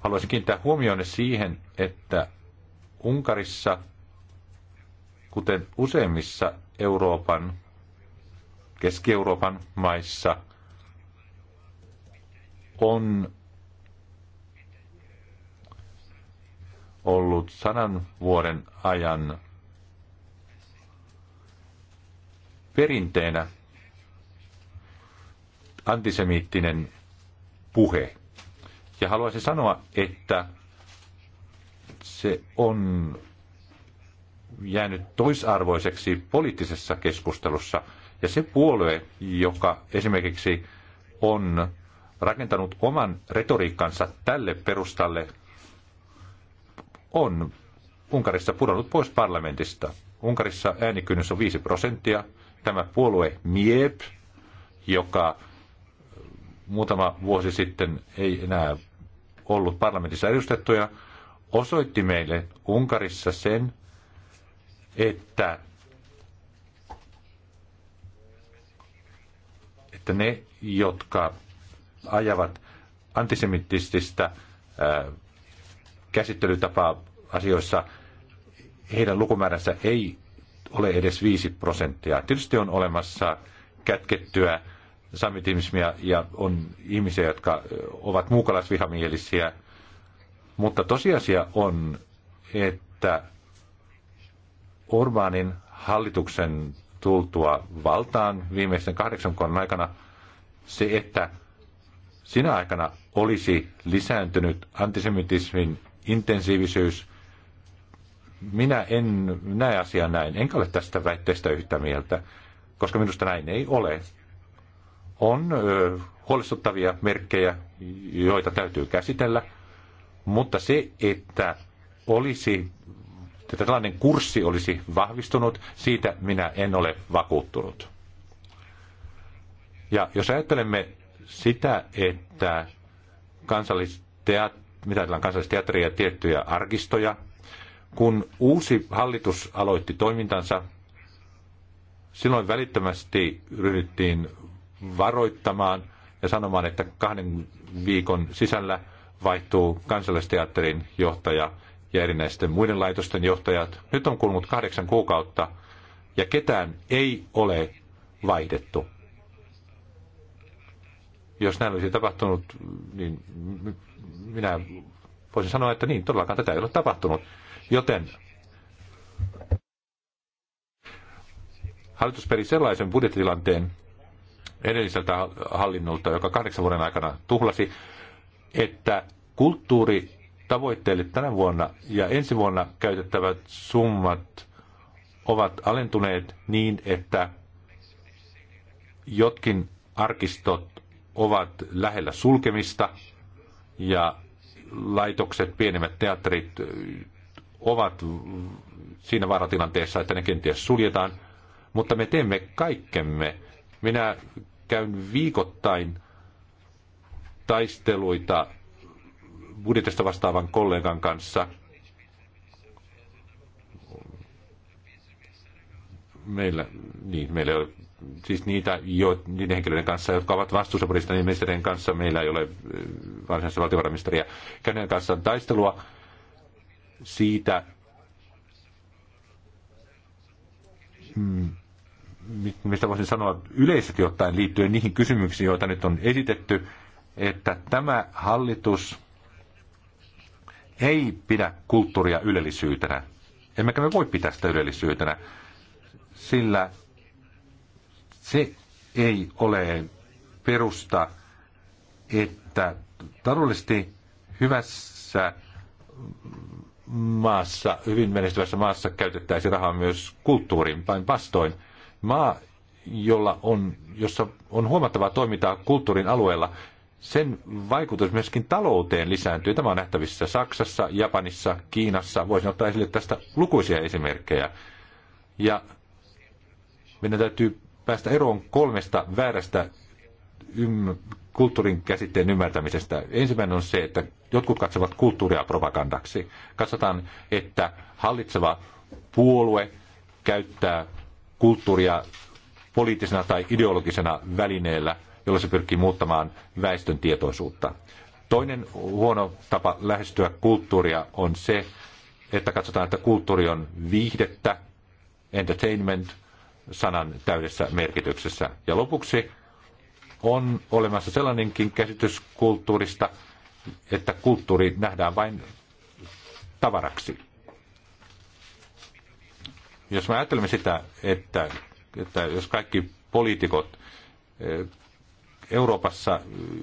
haluaisin kiinnittää huomioon siihen, että Unkarissa, kuten useimmissa Euroopan, Keski-Euroopan maissa, on ollut sadan vuoden ajan perinteenä antisemiittinen puhe. Ja haluaisin sanoa, että se on jäänyt toisarvoiseksi poliittisessa keskustelussa. Ja se puolue, joka esimerkiksi on rakentanut oman retoriikkansa tälle perustalle, on Unkarissa pudonnut pois parlamentista. Unkarissa äänikynnys on 5 prosenttia. Tämä puolue MIEP, joka muutama vuosi sitten ei enää ollut parlamentissa edustettuja, osoitti meille Unkarissa sen, että, että ne, jotka ajavat antisemitististä käsittelytapa asioissa, heidän lukumääränsä ei ole edes 5 prosenttia. Tietysti on olemassa kätkettyä samitismia ja on ihmisiä, jotka ovat muukalaisvihamielisiä, mutta tosiasia on, että Orbanin hallituksen tultua valtaan viimeisen kahdeksan vuoden aikana se, että sinä aikana olisi lisääntynyt antisemitismin intensiivisyys. Minä en näe asiaa näin, enkä ole tästä väitteestä yhtä mieltä, koska minusta näin ei ole. On ö, huolestuttavia merkkejä, joita täytyy käsitellä, mutta se, että olisi että tällainen kurssi olisi vahvistunut, siitä minä en ole vakuuttunut. Ja jos ajattelemme sitä, että kansallisteatteri mitä ajatellaan kansallisteatteria, tiettyjä arkistoja. Kun uusi hallitus aloitti toimintansa, silloin välittömästi ryhdyttiin varoittamaan ja sanomaan, että kahden viikon sisällä vaihtuu kansallisteatterin johtaja ja erinäisten muiden laitosten johtajat. Nyt on kulunut kahdeksan kuukautta ja ketään ei ole vaihdettu. Jos näin olisi tapahtunut, niin minä voisin sanoa, että niin, todellakaan tätä ei ole tapahtunut. Joten hallitus peri sellaisen budjettitilanteen edelliseltä hallinnolta, joka kahdeksan vuoden aikana tuhlasi, että kulttuuri tavoitteille tänä vuonna ja ensi vuonna käytettävät summat ovat alentuneet niin, että jotkin arkistot ovat lähellä sulkemista ja laitokset, pienemmät teatterit ovat siinä vaaratilanteessa, että ne kenties suljetaan, mutta me teemme kaikkemme. Minä käyn viikoittain taisteluita budjetista vastaavan kollegan kanssa. Meillä, niin, meillä ei ole siis niitä, jo, niiden henkilöiden kanssa, jotka ovat vastuussa budjetista, niin ministerien kanssa, meillä ei ole äh, varsinaisessa valtiovarainministeriä, kenen kanssa taistelua siitä, mm, mistä voisin sanoa yleisesti ottaen liittyen niihin kysymyksiin, joita nyt on esitetty, että tämä hallitus ei pidä kulttuuria ylellisyytenä. Emmekä me voi pitää sitä ylellisyytenä, sillä se ei ole perusta, että taloudellisesti hyvässä maassa, hyvin menestyvässä maassa käytettäisiin rahaa myös kulttuuriin, päinvastoin. Maa, jolla on, jossa on huomattavaa toimintaa kulttuurin alueella, sen vaikutus myöskin talouteen lisääntyy. Tämä on nähtävissä Saksassa, Japanissa, Kiinassa. Voisin ottaa esille tästä lukuisia esimerkkejä. Ja meidän täytyy päästä eroon kolmesta väärästä kulttuurin käsitteen ymmärtämisestä. Ensimmäinen on se, että jotkut katsovat kulttuuria propagandaksi. Katsotaan, että hallitseva puolue käyttää kulttuuria poliittisena tai ideologisena välineellä, jolla se pyrkii muuttamaan väestön tietoisuutta. Toinen huono tapa lähestyä kulttuuria on se, että katsotaan, että kulttuuri on viihdettä, entertainment, sanan täydessä merkityksessä. Ja lopuksi on olemassa sellainenkin käsitys kulttuurista, että kulttuuri nähdään vain tavaraksi. Jos me ajattelemme sitä, että, että jos kaikki poliitikot eh, Euroopassa eh,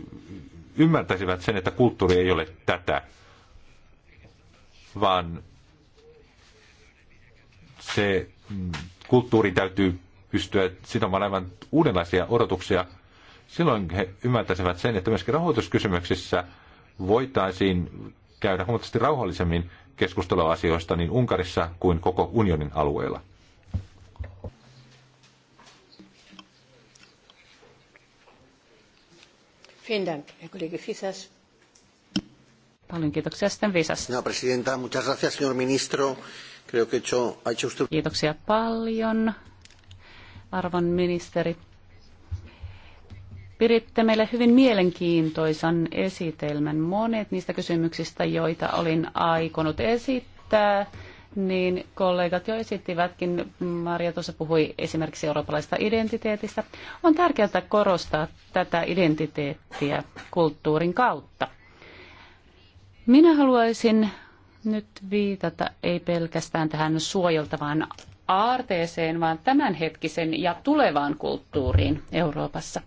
ymmärtäisivät sen, että kulttuuri ei ole tätä, vaan se mm, kulttuuriin täytyy pystyä sitomaan aivan uudenlaisia odotuksia. Silloin he ymmärtäisivät sen, että myöskin rahoituskysymyksissä voitaisiin käydä huomattavasti rauhallisemmin keskustelua asioista niin Unkarissa kuin koko unionin alueella. Paljon kiitoksia sitten Visas. Señora presidenta, muchas gracias, señor ministro. Kiitoksia paljon, arvon ministeri. Piritte meille hyvin mielenkiintoisan esitelmän. Monet niistä kysymyksistä, joita olin aikonut esittää, niin kollegat jo esittivätkin. Maria tuossa puhui esimerkiksi eurooppalaisesta identiteetistä. On tärkeää korostaa tätä identiteettiä kulttuurin kautta. Minä haluaisin nyt viitata ei pelkästään tähän suojeltavaan aarteeseen, vaan tämänhetkisen ja tulevaan kulttuuriin Euroopassa.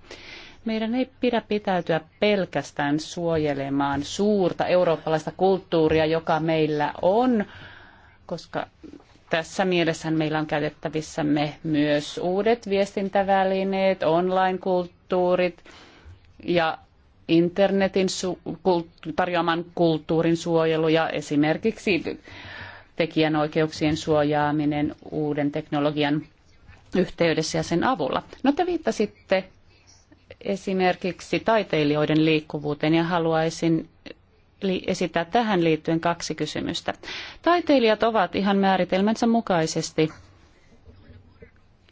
Meidän ei pidä pitäytyä pelkästään suojelemaan suurta eurooppalaista kulttuuria, joka meillä on, koska tässä mielessä meillä on käytettävissämme myös uudet viestintävälineet, online-kulttuurit ja internetin tarjoaman kulttuurin suojelu ja esimerkiksi tekijänoikeuksien suojaaminen uuden teknologian yhteydessä ja sen avulla. No te viittasitte esimerkiksi taiteilijoiden liikkuvuuteen ja haluaisin esittää tähän liittyen kaksi kysymystä. Taiteilijat ovat ihan määritelmänsä mukaisesti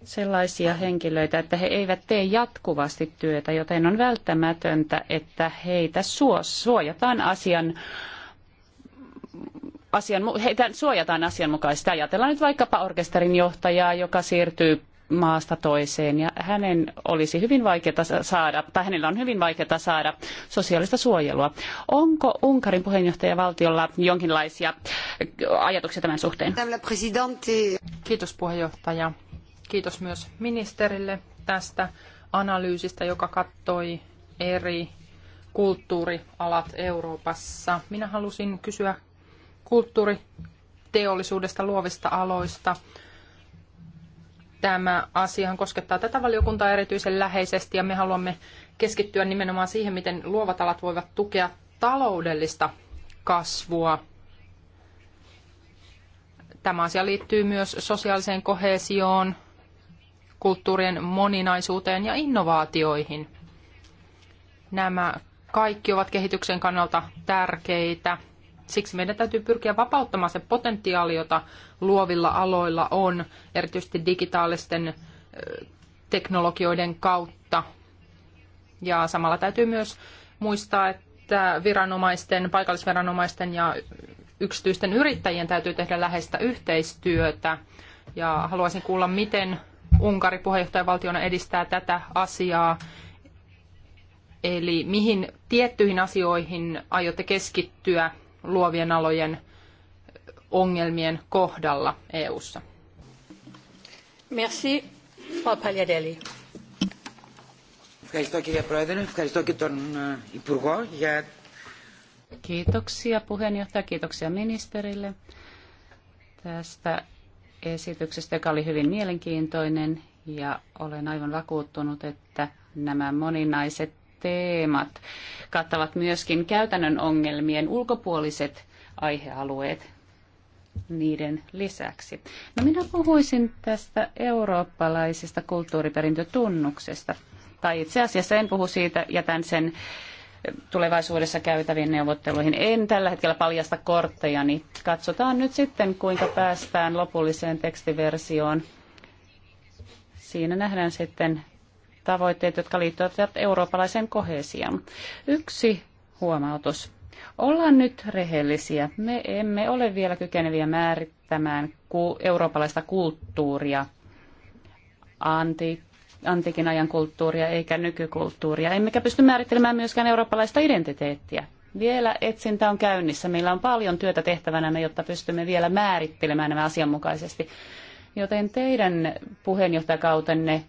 sellaisia henkilöitä, että he eivät tee jatkuvasti työtä, joten on välttämätöntä, että heitä suojataan asian asian, heitä suojataan asianmukaisesti. Ajatellaan nyt vaikkapa orkesterin johtajaa, joka siirtyy maasta toiseen ja hänen olisi hyvin vaikeata saada, tai hänellä on hyvin vaikeaa saada sosiaalista suojelua. Onko Unkarin puheenjohtajavaltiolla jonkinlaisia ajatuksia tämän suhteen? Kiitos puheenjohtaja. Kiitos myös ministerille tästä analyysistä, joka kattoi eri kulttuurialat Euroopassa. Minä halusin kysyä kulttuuriteollisuudesta, luovista aloista. Tämä asia koskettaa tätä valiokuntaa erityisen läheisesti ja me haluamme keskittyä nimenomaan siihen, miten luovat alat voivat tukea taloudellista kasvua. Tämä asia liittyy myös sosiaaliseen kohesioon, kulttuurien moninaisuuteen ja innovaatioihin. Nämä kaikki ovat kehityksen kannalta tärkeitä. Siksi meidän täytyy pyrkiä vapauttamaan se potentiaali, jota luovilla aloilla on, erityisesti digitaalisten teknologioiden kautta. Ja samalla täytyy myös muistaa, että viranomaisten, paikallisviranomaisten ja yksityisten yrittäjien täytyy tehdä läheistä yhteistyötä. Ja haluaisin kuulla, miten Unkari puheenjohtajavaltiona edistää tätä asiaa? Eli mihin tiettyihin asioihin aiotte keskittyä luovien alojen ongelmien kohdalla EU:ssa? Merci, Frau Pagliadelli. Ευχαριστώ κύριε Πρόεδρε, ευχαριστώ και τον Kiitoksia puheenjohtaja, kiitoksia ministerille tästä esityksestä, joka oli hyvin mielenkiintoinen ja olen aivan vakuuttunut, että nämä moninaiset teemat kattavat myöskin käytännön ongelmien ulkopuoliset aihealueet niiden lisäksi. No minä puhuisin tästä eurooppalaisesta kulttuuriperintötunnuksesta. Tai itse asiassa en puhu siitä, jätän sen tulevaisuudessa käytäviin neuvotteluihin. En tällä hetkellä paljasta kortteja, niin katsotaan nyt sitten, kuinka päästään lopulliseen tekstiversioon. Siinä nähdään sitten tavoitteet, jotka liittyvät eurooppalaiseen koheesioon. Yksi huomautus. Ollaan nyt rehellisiä. Me emme ole vielä kykeneviä määrittämään eurooppalaista kulttuuria antiikki antiikin ajan kulttuuria eikä nykykulttuuria, emmekä pysty määrittelemään myöskään eurooppalaista identiteettiä. Vielä etsintä on käynnissä. Meillä on paljon työtä tehtävänämme, jotta pystymme vielä määrittelemään nämä asianmukaisesti. Joten teidän puheenjohtajakautenne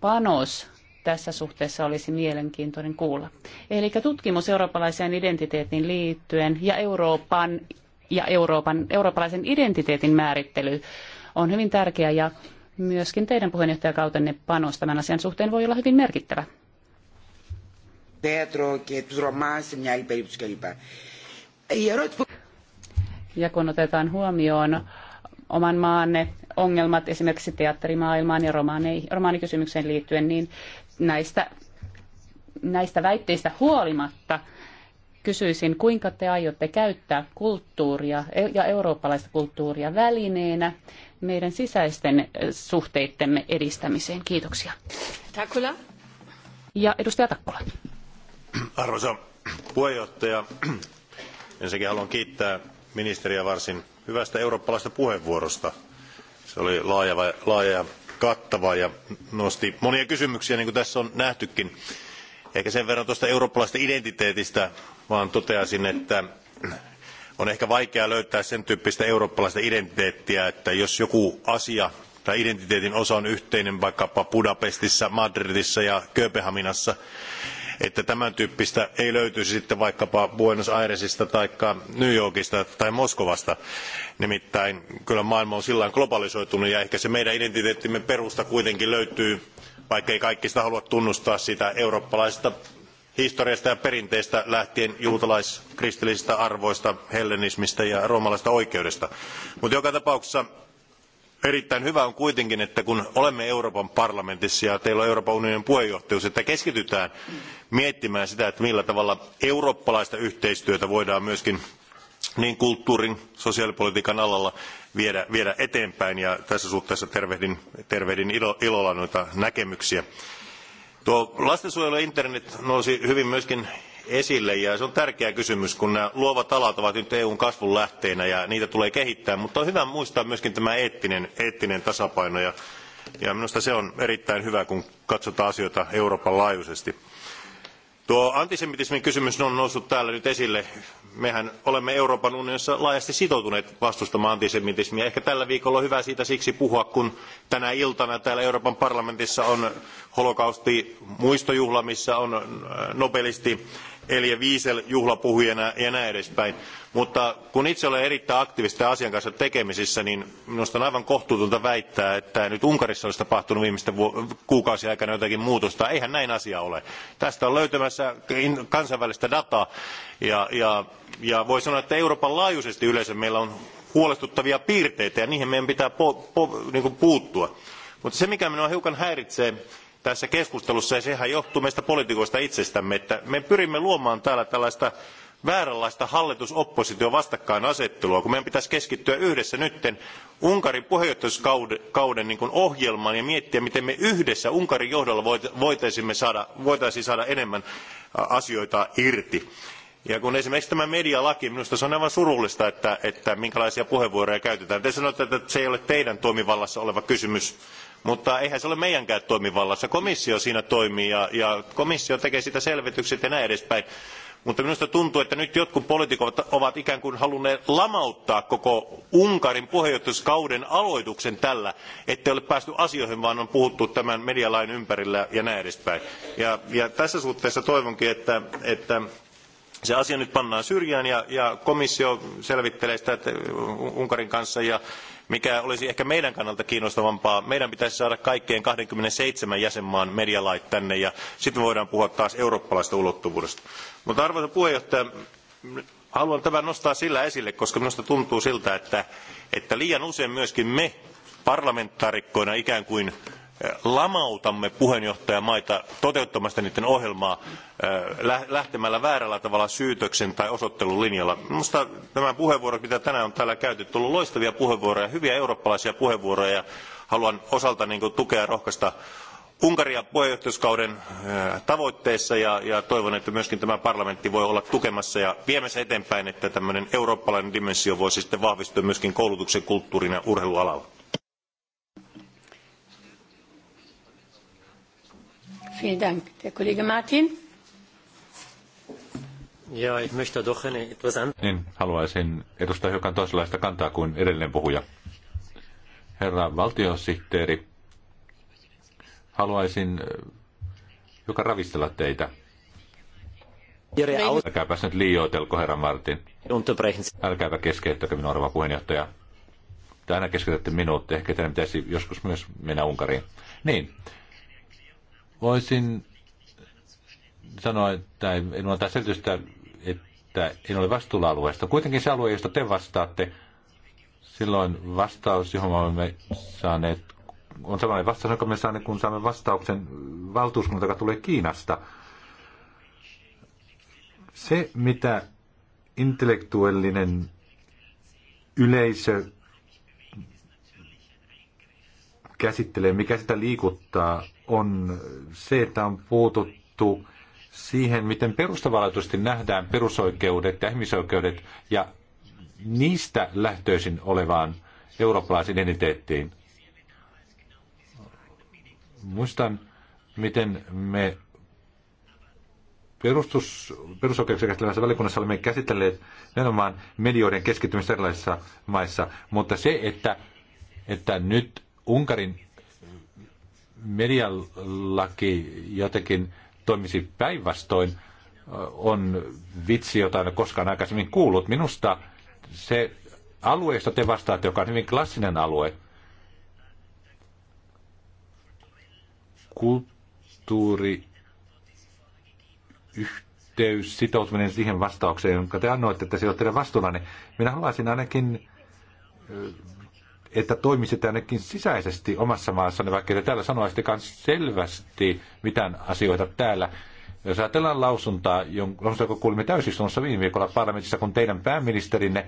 panos tässä suhteessa olisi mielenkiintoinen kuulla. Eli tutkimus eurooppalaiseen identiteettiin liittyen ja Euroopan ja Euroopan, eurooppalaisen identiteetin määrittely on hyvin tärkeä ja myöskin teidän puheenjohtajakautenne panos tämän asian suhteen voi olla hyvin merkittävä. Ja kun otetaan huomioon oman maanne ongelmat esimerkiksi teatterimaailmaan ja romaanikysymykseen liittyen, niin näistä, näistä väitteistä huolimatta kysyisin, kuinka te aiotte käyttää kulttuuria e- ja eurooppalaista kulttuuria välineenä meidän sisäisten suhteittemme edistämiseen. Kiitoksia. Takula. Ja edustaja Takkula. Arvoisa puheenjohtaja, ensinnäkin haluan kiittää ministeriä varsin hyvästä eurooppalaista puheenvuorosta. Se oli laaja, laaja ja kattava ja nosti monia kysymyksiä, niin kuin tässä on nähtykin. Ehkä sen verran tuosta eurooppalaisesta identiteetistä vaan toteaisin, että on ehkä vaikea löytää sen tyyppistä eurooppalaista identiteettiä että jos joku asia tai identiteetin osa on yhteinen vaikkapa budapestissa madridissa ja kööpenhaminassa että tämän tyyppistä ei löytyisi sitten vaikkapa buenos airesista tai new yorkista tai moskovasta. nimittäin kyllä maailma on sillä globalisoitunut ja ehkä se meidän identiteettimme perusta kuitenkin löytyy vaikkei kaikki sitä halua tunnustaa siitä eurooppalaisesta historiasta ja perinteistä lähtien kristillisistä arvoista hellenismistä ja roomalaisesta oikeudesta. mutta joka tapauksessa erittäin hyvä on kuitenkin että kun olemme euroopan parlamentissa ja teillä on euroopan unionin puheenjohtajuus että keskitytään miettimään sitä että millä tavalla eurooppalaista yhteistyötä voidaan myös niin kulttuurin kuin sosiaalipolitiikan alalla viedä, viedä eteenpäin ja tässä suhteessa tervehdin, tervehdin ilo, ilolla noita näkemyksiä Tuo lastensuojelu ja internet nousi hyvin myöskin esille ja se on tärkeä kysymys, kun nämä luovat alat ovat nyt EUn kasvun lähteenä ja niitä tulee kehittää, mutta on hyvä muistaa myöskin tämä eettinen, eettinen tasapaino ja, ja minusta se on erittäin hyvä, kun katsotaan asioita Euroopan laajuisesti. Tuo antisemitismin kysymys on noussut täällä nyt esille mehän olemme Euroopan unionissa laajasti sitoutuneet vastustamaan antisemitismiä. Ehkä tällä viikolla on hyvä siitä siksi puhua, kun tänä iltana täällä Euroopan parlamentissa on holokausti muistojuhla, missä on äh, nobelisti Elie Viisel juhlapuhujana ja näin edespäin. Mutta kun itse olen erittäin aktiivisesti asian kanssa tekemisissä, niin minusta on aivan kohtuutonta väittää, että nyt Unkarissa olisi tapahtunut viimeisten kuukausien aikana jotakin muutosta. Eihän näin asia ole. Tästä on löytämässä kansainvälistä dataa ja, ja, ja voi sanoa, että Euroopan laajuisesti yleensä meillä on huolestuttavia piirteitä ja niihin meidän pitää po, po, niin puuttua. Mutta se, mikä minua hiukan häiritsee, tässä keskustelussa ja sehän johtuu meistä poliitikoista itsestämme että me pyrimme luomaan täällä tällaista vääränlaista hallitus oppositio vastakkainasettelua kun meidän pitäisi keskittyä yhdessä nyt unkarin puheenjohtajuuskauden niin ohjelmaan ja miettiä miten me yhdessä unkarin johdolla voitaisiin saada, voitaisiin saada enemmän asioita irti. Ja kun esimerkiksi tämä medialaki, minusta se on aivan surullista, että, että minkälaisia puheenvuoroja käytetään. Te sanotte, että se ei ole teidän toimivallassa oleva kysymys mutta eihän se ole meidänkään toimivallassa. Komissio siinä toimii ja, ja komissio tekee sitä selvitykset ja näin edespäin mutta minusta tuntuu että nyt jotkut poliitikot ovat ikään kuin halunneet lamauttaa koko unkarin puheenjohtajuuskauden aloituksen tällä ettei ole päästy asioihin vaan on puhuttu tämän medialain ympärillä ja näin edespäin. Ja, ja tässä suhteessa toivonkin että, että se asia nyt pannaan syrjään ja, ja komissio selvittelee sitä Unkarin kanssa ja mikä olisi ehkä meidän kannalta kiinnostavampaa meidän pitäisi saada kaikkien kaksikymmentäseitsemän jäsenmaan medialait tänne ja sitten voidaan puhua taas eurooppalaisesta ulottuvuudesta. mutta arvoisa puheenjohtaja haluan tämän nostaa sillä esille koska minusta tuntuu siltä että, että liian usein myöskin me parlamentaarikkoina ikään kuin lamautamme puheenjohtajamaita toteuttamasta niiden ohjelmaa äh, lähtemällä väärällä tavalla syytöksen tai osoittelun linjalla. Minusta nämä puheenvuorot, mitä tänään on täällä käytetty, on ollut loistavia puheenvuoroja, hyviä eurooppalaisia puheenvuoroja ja haluan osaltani niin tukea ja rohkaista Unkaria puheenjohtajuuskauden äh, tavoitteissa ja, ja toivon, että myöskin tämä parlamentti voi olla tukemassa ja viemässä eteenpäin, että tämmöinen eurooppalainen dimensio voisi sitten vahvistua myöskin koulutuksen, kulttuurin ja urheilualalla. Vielen Dank. Der Kollege Martin. Ja, ich möchte doch eine etwas niin, haluaisin edustaa hiukan toisenlaista kantaa kuin edellinen puhuja. Herra valtiosihteeri, haluaisin äh, hiukan ravistella teitä. Älkääpäs nyt liioitelko, herra Martin. Älkääpä keskeyttäkö minun arvoa puheenjohtaja. Te aina keskitätte minut, ehkä teidän pitäisi joskus myös mennä Unkariin. Niin, Voisin sanoa, että en, ole tässä selitystä, että en ole vastuulla alueesta. Kuitenkin se alue, josta te vastaatte, silloin vastaus, johon me olemme saaneet, on sellainen vastaus, jonka me saaneet, kun saamme vastauksen valtuuskunnalta, joka tulee Kiinasta. Se, mitä intellektuellinen yleisö käsittelee, mikä sitä liikuttaa, on se, että on puututtu siihen, miten perustavanlaatuisesti nähdään perusoikeudet ja ihmisoikeudet ja niistä lähtöisin olevaan eurooppalaisen identiteettiin. Muistan, miten me perustus, perusoikeuksia käsittelevässä valikunnassa olemme käsitelleet nimenomaan medioiden keskittymistä erilaisissa maissa, mutta se, että, että nyt Unkarin medialaki jotenkin toimisi päinvastoin, on vitsi, jota en ole koskaan aikaisemmin kuullut. Minusta se alue, josta te vastaatte, joka on hyvin klassinen alue, kulttuuri, yhteys, sitoutuminen siihen vastaukseen, jonka te annoitte, että se on teidän vastuullanne. Minä haluaisin ainakin että toimisit ainakin sisäisesti omassa maassanne, vaikka te täällä sanoisittekaan selvästi mitään asioita täällä. Jos ajatellaan lausuntaa, jonka kuulimme täysistunnossa viime viikolla parlamentissa, kun teidän pääministerinne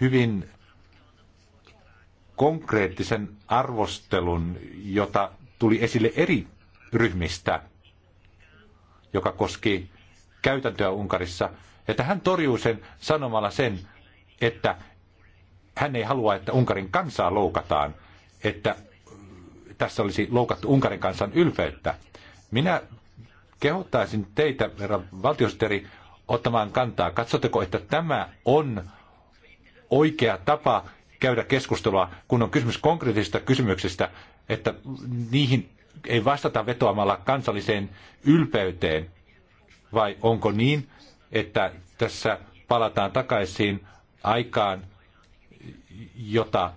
hyvin konkreettisen arvostelun, jota tuli esille eri ryhmistä, joka koski käytäntöä Unkarissa, että hän torjuu sen sanomalla sen, että hän ei halua, että Unkarin kansaa loukataan, että tässä olisi loukattu Unkarin kansan ylpeyttä. Minä kehottaisin teitä, herra valtiosihteeri, ottamaan kantaa. Katsotteko, että tämä on oikea tapa käydä keskustelua, kun on kysymys konkreettisista kysymyksistä, että niihin ei vastata vetoamalla kansalliseen ylpeyteen, vai onko niin, että tässä palataan takaisin aikaan, jota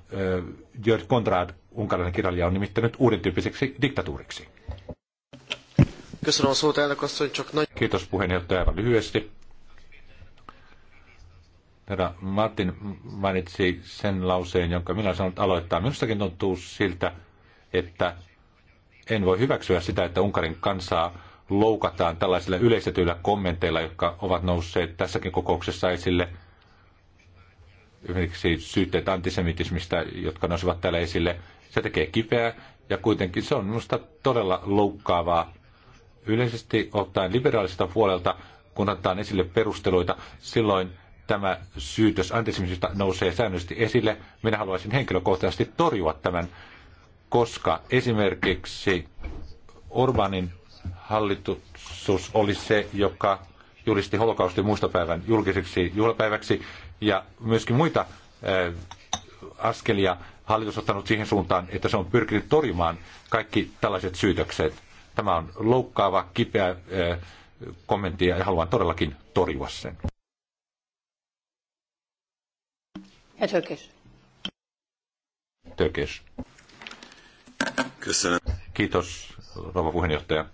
Jörg Konrad, unkarilainen kirjailija, on nimittänyt uuden tyyppiseksi diktatuuriksi. Kiitos puheenjohtaja aivan lyhyesti. Herra Martin mainitsi sen lauseen, jonka minä sanon aloittaa. Minustakin tuntuu siltä, että en voi hyväksyä sitä, että Unkarin kansaa loukataan tällaisilla yleistetyillä kommenteilla, jotka ovat nousseet tässäkin kokouksessa esille – esimerkiksi syytteet antisemitismistä, jotka nousivat täällä esille, se tekee kipeää ja kuitenkin se on minusta todella loukkaavaa. Yleisesti ottaen liberaalista puolelta, kun otetaan esille perusteluita, silloin tämä syytös antisemitismista nousee säännöllisesti esille. Minä haluaisin henkilökohtaisesti torjua tämän, koska esimerkiksi Orbanin hallitus oli se, joka julisti holokaustin muistopäivän julkiseksi juhlapäiväksi ja myöskin muita askelia hallitus on ottanut siihen suuntaan, että se on pyrkinyt torjumaan kaikki tällaiset syytökset. Tämä on loukkaava, kipeä kommentti ja haluan todellakin torjua sen. Ja tökes. Tökes. Kiitos, rouva puheenjohtaja.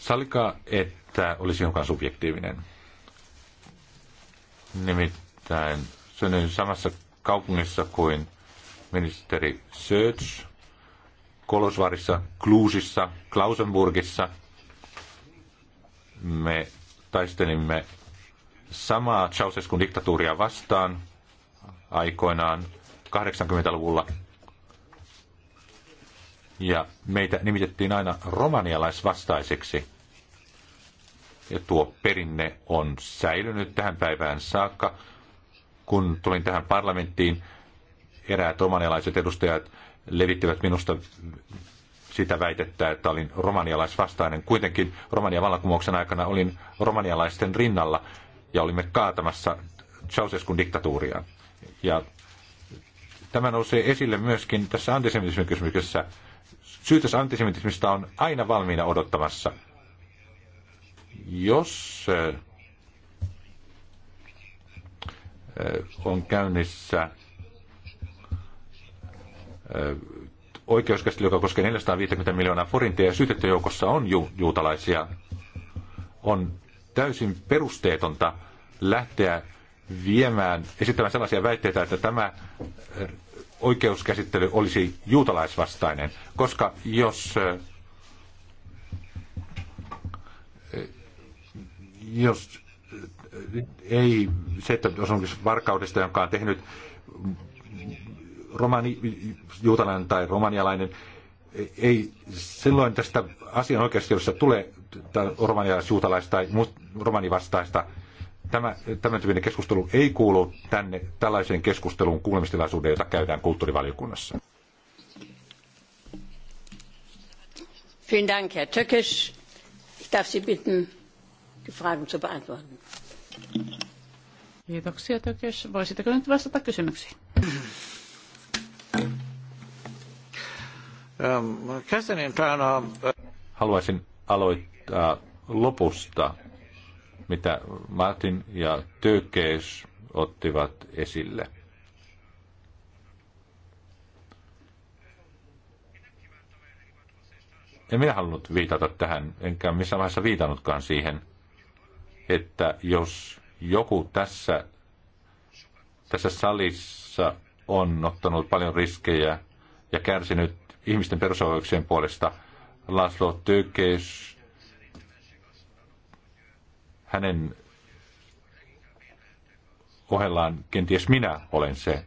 Sallikaa, että olisi jonkaan subjektiivinen. Nimittäin synnyin samassa kaupungissa kuin ministeri Söts, Kolosvarissa, Kluusissa, Klausenburgissa. Me taistelimme samaa Ceausescun diktatuuria vastaan aikoinaan 80-luvulla. Ja meitä nimitettiin aina romanialaisvastaiseksi – ja tuo perinne on säilynyt tähän päivään saakka. Kun tulin tähän parlamenttiin, eräät romanialaiset edustajat levittivät minusta sitä väitettä, että olin romanialaisvastainen. Kuitenkin Romanian vallankumouksen aikana olin romanialaisten rinnalla ja olimme kaatamassa Ceausescun diktatuuria. Ja tämä nousee esille myöskin tässä antisemitismikysymyksessä. Syytös antisemitismista on aina valmiina odottamassa. Jos on käynnissä oikeuskäsittely, joka koskee 450 miljoonaa forintia ja syytettyjoukossa on ju- juutalaisia, on täysin perusteetonta lähteä viemään, esittämään sellaisia väitteitä, että tämä oikeuskäsittely olisi juutalaisvastainen, koska jos jos ei se, että jos on varkaudesta, jonka on tehnyt romani, juutalainen tai romanialainen, ei silloin tästä asian oikeuskielossa tule romanialaisjuutalais- tai romanivastaista. Tämä, tämän tyyppinen keskustelu ei kuulu tänne tällaiseen keskusteluun kuulemistilaisuuteen, jota käydään kulttuurivaliokunnassa. Vielen Dank, Herr Tökes. Ich darf Sie bitten, Fragen zu beantworten. Kiitoksia, Tökes. Voisitteko nyt vastata kysymyksiin? Ähm, ähm, Haluaisin aloittaa lopusta, mitä Martin ja Tökes ottivat esille. En minä halunnut viitata tähän, enkä missään vaiheessa viitannutkaan siihen – että jos joku tässä, tässä salissa on ottanut paljon riskejä ja kärsinyt ihmisten perusoikeuksien puolesta, Laszlo Tökes, hänen ohellaan kenties minä olen se.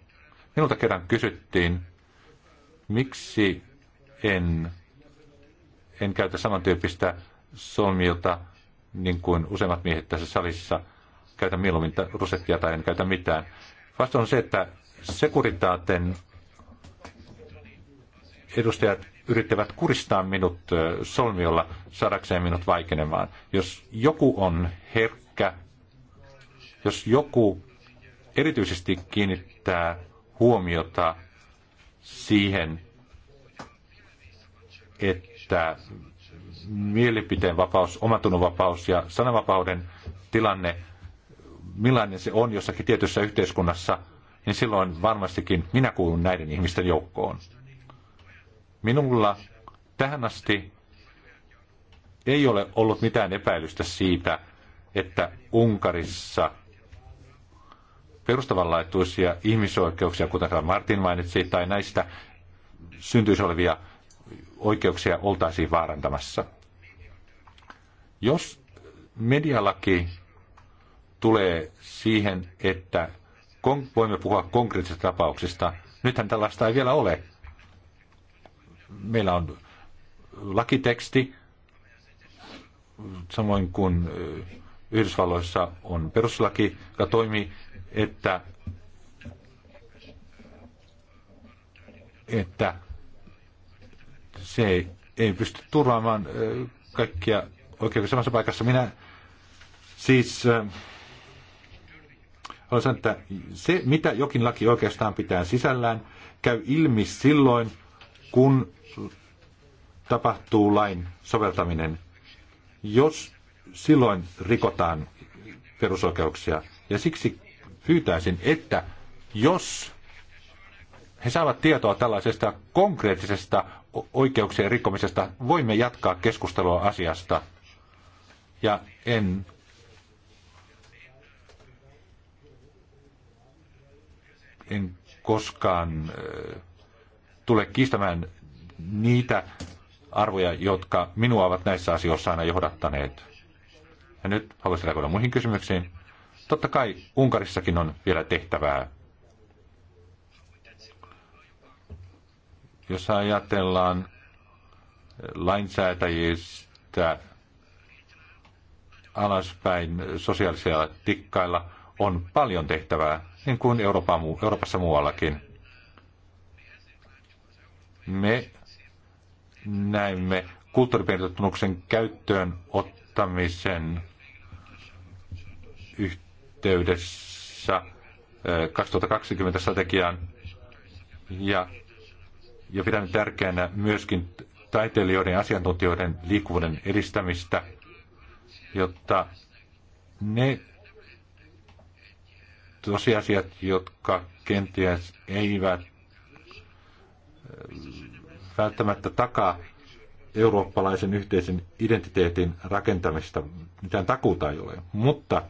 Minulta kerran kysyttiin, miksi en, en käytä samantyyppistä solmiota niin kuin useimmat miehet tässä salissa, käytä mieluummin rusettia tai en käytä mitään. Vastaus on se, että sekuritaaten edustajat yrittävät kuristaa minut solmiolla saadakseen minut vaikenemaan. Jos joku on herkkä, jos joku erityisesti kiinnittää huomiota siihen, että mielipiteenvapaus, omantunnonvapaus ja sananvapauden tilanne, millainen se on jossakin tietyssä yhteiskunnassa, niin silloin varmastikin minä kuulun näiden ihmisten joukkoon. Minulla tähän asti ei ole ollut mitään epäilystä siitä, että Unkarissa perustavanlaatuisia ihmisoikeuksia, kuten Martin mainitsi, tai näistä syntyisi olevia oikeuksia oltaisiin vaarantamassa. Jos medialaki tulee siihen, että voimme puhua konkreettisista tapauksista, nythän tällaista ei vielä ole. Meillä on lakiteksti, samoin kuin Yhdysvalloissa on peruslaki, joka toimii, että, että se ei, ei pysty turvaamaan kaikkia oikein samassa paikassa. Minä siis äh, olen sanonut, että se, mitä jokin laki oikeastaan pitää sisällään, käy ilmi silloin, kun tapahtuu lain soveltaminen. Jos silloin rikotaan perusoikeuksia. Ja siksi pyytäisin, että jos he saavat tietoa tällaisesta konkreettisesta oikeuksien rikkomisesta, voimme jatkaa keskustelua asiasta ja en en koskaan äh, tule kiistämään niitä arvoja, jotka minua ovat näissä asioissa aina johdattaneet. Ja nyt haluaisin reagoida muihin kysymyksiin. Totta kai Unkarissakin on vielä tehtävää. Jos ajatellaan lainsäätäjistä alaspäin sosiaalisia tikkailla on paljon tehtävää, niin kuin Euroopan, Euroopassa muuallakin. Me näemme kulttuuriperintötunnuksen käyttöön ottamisen yhteydessä 2020 eh, strategiaan ja, ja pidän tärkeänä myöskin taiteilijoiden ja asiantuntijoiden liikkuvuuden edistämistä – jotta ne tosiasiat, jotka kenties eivät eh, välttämättä takaa eurooppalaisen yhteisen identiteetin rakentamista, mitään takuuta ei ole. Mutta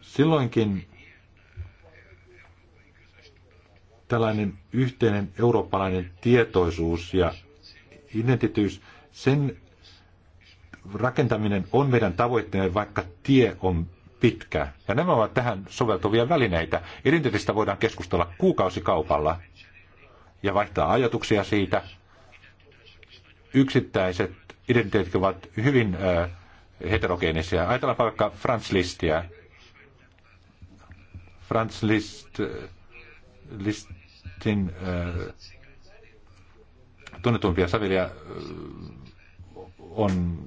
silloinkin tällainen yhteinen eurooppalainen tietoisuus ja identityys, sen rakentaminen on meidän tavoitteemme, vaikka tie on pitkä. Ja nämä ovat tähän soveltuvia välineitä. Identiteetistä voidaan keskustella kuukausikaupalla ja vaihtaa ajatuksia siitä. Yksittäiset identiteetit ovat hyvin heterogeenisia. Ajatellaan vaikka Franz Listiä. Franz List, Listin tunnetumpia säveliä on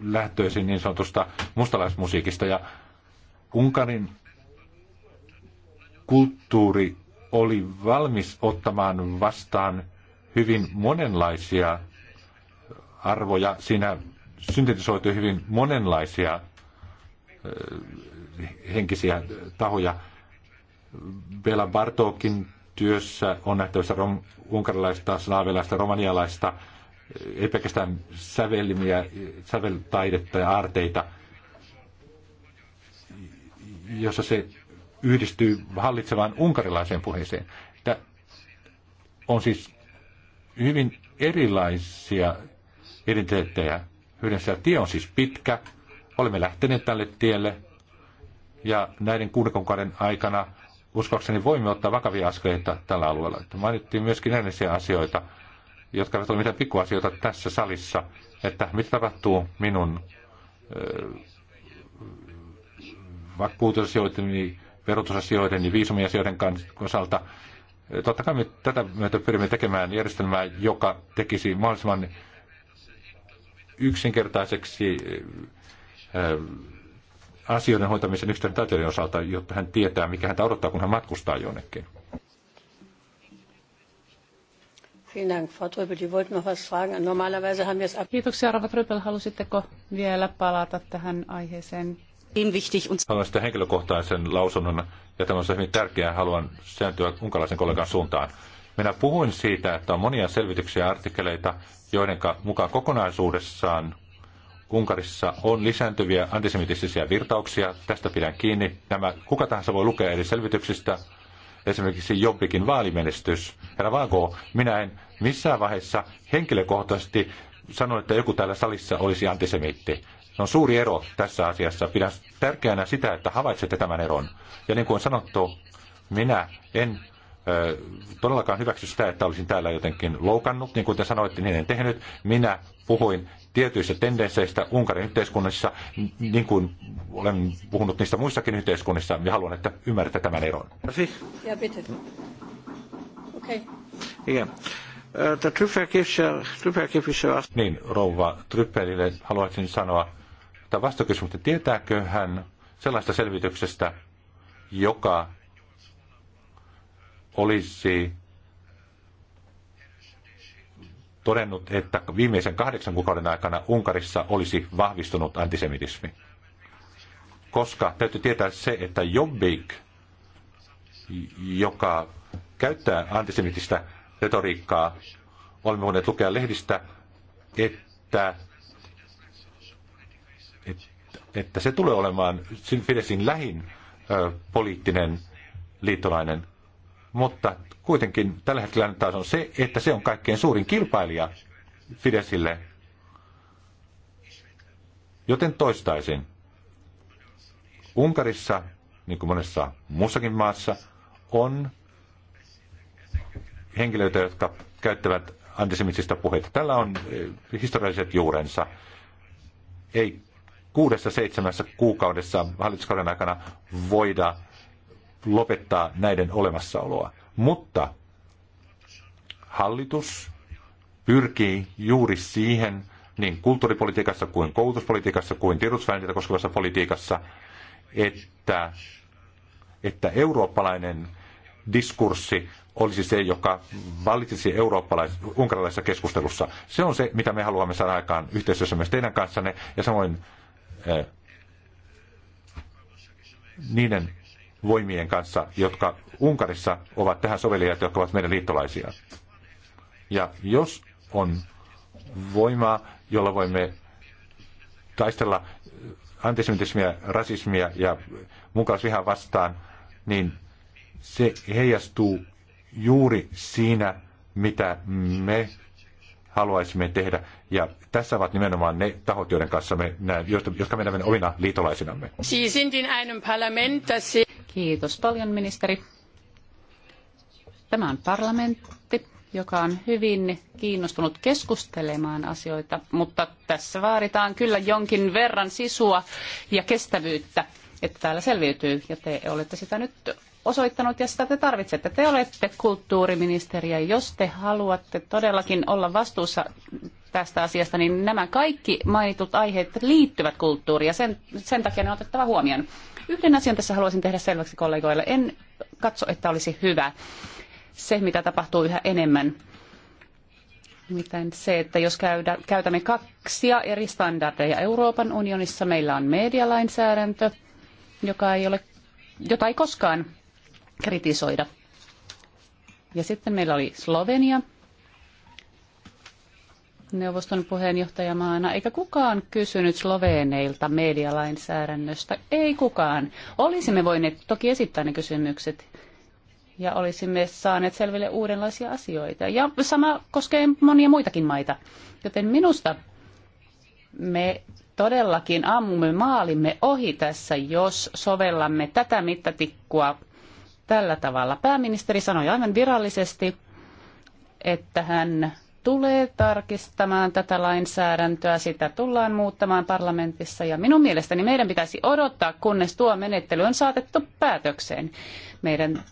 lähtöisin niin sanotusta mustalaismusiikista. Ja Unkarin kulttuuri oli valmis ottamaan vastaan hyvin monenlaisia arvoja. Siinä syntetisoitui hyvin monenlaisia eh, henkisiä tahoja. Bela Bartokin työssä on nähtävissä rom- unkarilaista, slaavilaista, romanialaista ei pelkästään sävellimiä, säveltaidetta ja aarteita, jossa se yhdistyy hallitsevaan unkarilaiseen puheeseen. Tämä on siis hyvin erilaisia identiteettejä. Yhdessä tie on siis pitkä. Olemme lähteneet tälle tielle. Ja näiden kuuden kuukauden aikana uskoakseni voimme ottaa vakavia askeleita tällä alueella. Mainittiin myöskin erilaisia asioita jotka eivät ole mitään pikkuasioita tässä salissa, että mitä tapahtuu minun äh, verotusasioiden ja viisumiasioiden osalta. Totta kai me tätä myötä pyrimme tekemään järjestelmää, joka tekisi mahdollisimman yksinkertaiseksi äh, asioiden hoitamisen yksittäisen taiteilijan osalta, jotta hän tietää, mikä häntä odottaa, kun hän matkustaa jonnekin. Kiitoksia, Rova Tröpel. Halusitteko vielä palata tähän aiheeseen? Niin haluan sitä henkilökohtaisen lausunnon, ja tämä on hyvin tärkeää, haluan sääntyä unkalaisen kollegan suuntaan. Minä puhuin siitä, että on monia selvityksiä ja artikkeleita, joiden mukaan kokonaisuudessaan Unkarissa on lisääntyviä antisemitistisiä virtauksia. Tästä pidän kiinni. Nämä kuka tahansa voi lukea eri selvityksistä. Esimerkiksi Jobbikin vaalimenestys. Herra Vago, minä en missään vaiheessa henkilökohtaisesti sanoin, että joku täällä salissa olisi antisemitti. Se no, on suuri ero tässä asiassa. Pidän tärkeänä sitä, että havaitsette tämän eron. Ja niin kuin on sanottu, minä en ö, todellakaan hyväksy sitä, että olisin täällä jotenkin loukannut. Niin kuin te sanoitte, niin en tehnyt. Minä puhuin tietyistä tendensseistä Unkarin yhteiskunnassa, niin kuin olen puhunut niistä muissakin yhteiskunnissa, ja haluan, että ymmärrätte tämän eron. Ja, bitte. Okay. Yeah. Äh, niin, rouva Tryppelille haluaisin sanoa, että vastakysymys, että tietääkö hän sellaista selvityksestä, joka olisi todennut, että viimeisen kahdeksan kuukauden aikana Unkarissa olisi vahvistunut antisemitismi. Koska täytyy tietää se, että Jobbik, joka käyttää antisemitistä retoriikkaa olemme voineet lukea lehdistä, että, että, että se tulee olemaan Fidesin lähin ö, poliittinen liittolainen. Mutta kuitenkin tällä hetkellä taas on se, että se on kaikkein suurin kilpailija Fidesille. Joten toistaisin. Unkarissa, niin kuin monessa muussakin maassa, on henkilöitä, jotka käyttävät antisemitsistä puheita. Tällä on eh, historialliset juurensa. Ei kuudessa seitsemässä kuukaudessa hallituskauden aikana voida lopettaa näiden olemassaoloa. Mutta hallitus pyrkii juuri siihen, niin kulttuuripolitiikassa kuin koulutuspolitiikassa kuin tiedotusvälineitä koskevassa politiikassa, että, että eurooppalainen diskurssi olisi se, joka valitsisi eurooppalais- unkarilaisessa keskustelussa. Se on se, mitä me haluamme saada aikaan yhteistyössä myös teidän kanssanne ja samoin eh, niiden voimien kanssa, jotka Unkarissa ovat tähän sovelijat, jotka ovat meidän liittolaisia. Ja jos on voimaa, jolla voimme taistella antisemitismiä, rasismia ja mukaisvihaa vastaan, niin se heijastuu juuri siinä, mitä me haluaisimme tehdä. Ja tässä ovat nimenomaan ne tahot, joiden kanssa me näen, jotka me näemme omina liitolaisinamme. Kiitos paljon, ministeri. Tämä on parlamentti, joka on hyvin kiinnostunut keskustelemaan asioita, mutta tässä vaaditaan kyllä jonkin verran sisua ja kestävyyttä, että täällä selviytyy, ja te olette sitä nyt osoittanut ja sitä te tarvitsette. Te olette kulttuuriministeriä. Jos te haluatte todellakin olla vastuussa tästä asiasta, niin nämä kaikki mainitut aiheet liittyvät kulttuuriin ja sen, sen takia ne on otettava huomioon. Yhden asian tässä haluaisin tehdä selväksi kollegoille. En katso, että olisi hyvä se, mitä tapahtuu yhä enemmän. Miten se, että jos käydä, käytämme kaksia eri standardeja Euroopan unionissa, meillä on medialainsäädäntö, joka ei ole, jota ei koskaan kritisoida. Ja sitten meillä oli Slovenia neuvoston puheenjohtajamaana, eikä kukaan kysynyt Sloveneilta medialainsäädännöstä. Ei kukaan. Olisimme voineet toki esittää ne kysymykset ja olisimme saaneet selville uudenlaisia asioita. Ja sama koskee monia muitakin maita. Joten minusta me todellakin ammumme maalimme ohi tässä, jos sovellamme tätä mittatikkua tällä tavalla. Pääministeri sanoi aivan virallisesti, että hän tulee tarkistamaan tätä lainsäädäntöä, sitä tullaan muuttamaan parlamentissa ja minun mielestäni meidän pitäisi odottaa, kunnes tuo menettely on saatettu päätökseen. Meidän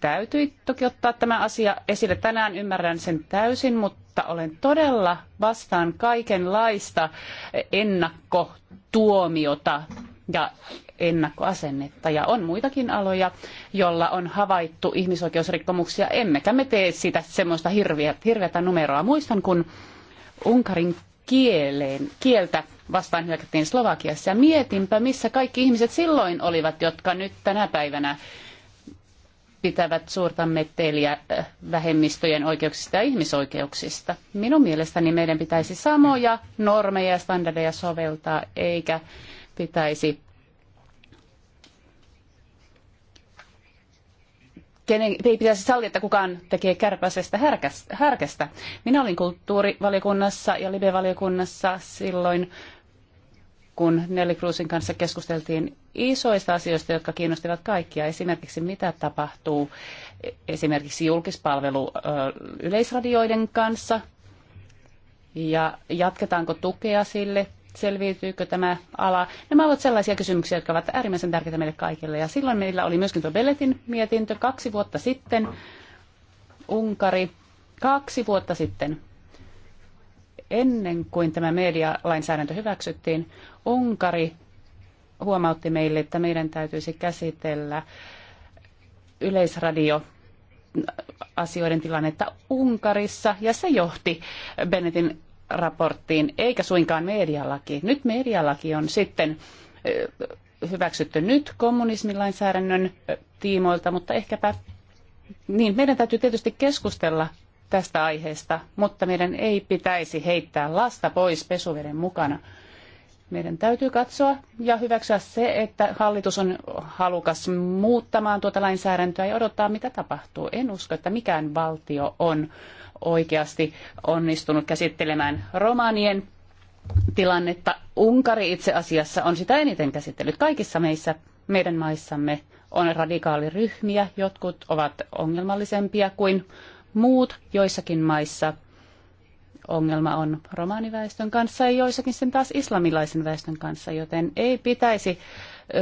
täytyi toki ottaa tämä asia esille tänään, ymmärrän sen täysin, mutta olen todella vastaan kaikenlaista ennakkotuomiota ja ennakkoasennetta. Ja on muitakin aloja, jolla on havaittu ihmisoikeusrikkomuksia, emmekä me tee sitä semmoista hirviä, hirveätä numeroa. Muistan, kun Unkarin kieleen, kieltä vastaan hyökättiin Slovakiassa ja mietinpä, missä kaikki ihmiset silloin olivat, jotka nyt tänä päivänä pitävät suurta metteliä äh, vähemmistöjen oikeuksista ja ihmisoikeuksista. Minun mielestäni meidän pitäisi samoja normeja ja standardeja soveltaa, eikä pitäisi kenen, ei pitäisi sallia, että kukaan tekee kärpäsestä härkästä. Minä olin kulttuurivaliokunnassa ja live-valiokunnassa silloin, kun Nelly Cruzin kanssa keskusteltiin isoista asioista, jotka kiinnostivat kaikkia. Esimerkiksi mitä tapahtuu esimerkiksi julkispalvelu yleisradioiden kanssa ja jatketaanko tukea sille selviytyykö tämä ala. Nämä ovat sellaisia kysymyksiä, jotka ovat äärimmäisen tärkeitä meille kaikille. Ja silloin meillä oli myöskin tuo Belletin mietintö kaksi vuotta sitten. Unkari kaksi vuotta sitten ennen kuin tämä medialainsäädäntö hyväksyttiin, Unkari huomautti meille, että meidän täytyisi käsitellä yleisradio asioiden tilannetta Unkarissa, ja se johti Bennetin raporttiin, eikä suinkaan medialaki. Nyt medialaki on sitten hyväksytty nyt kommunismilainsäädännön tiimoilta, mutta ehkäpä niin meidän täytyy tietysti keskustella tästä aiheesta, mutta meidän ei pitäisi heittää lasta pois pesuveden mukana. Meidän täytyy katsoa ja hyväksyä se, että hallitus on halukas muuttamaan tuota lainsäädäntöä ja odottaa, mitä tapahtuu. En usko, että mikään valtio on oikeasti onnistunut käsittelemään romanien tilannetta. Unkari itse asiassa on sitä eniten käsitellyt. Kaikissa meissä, meidän maissamme on radikaaliryhmiä. Jotkut ovat ongelmallisempia kuin muut joissakin maissa – ongelma on romaaniväestön kanssa ja joissakin sen taas islamilaisen väestön kanssa, joten ei pitäisi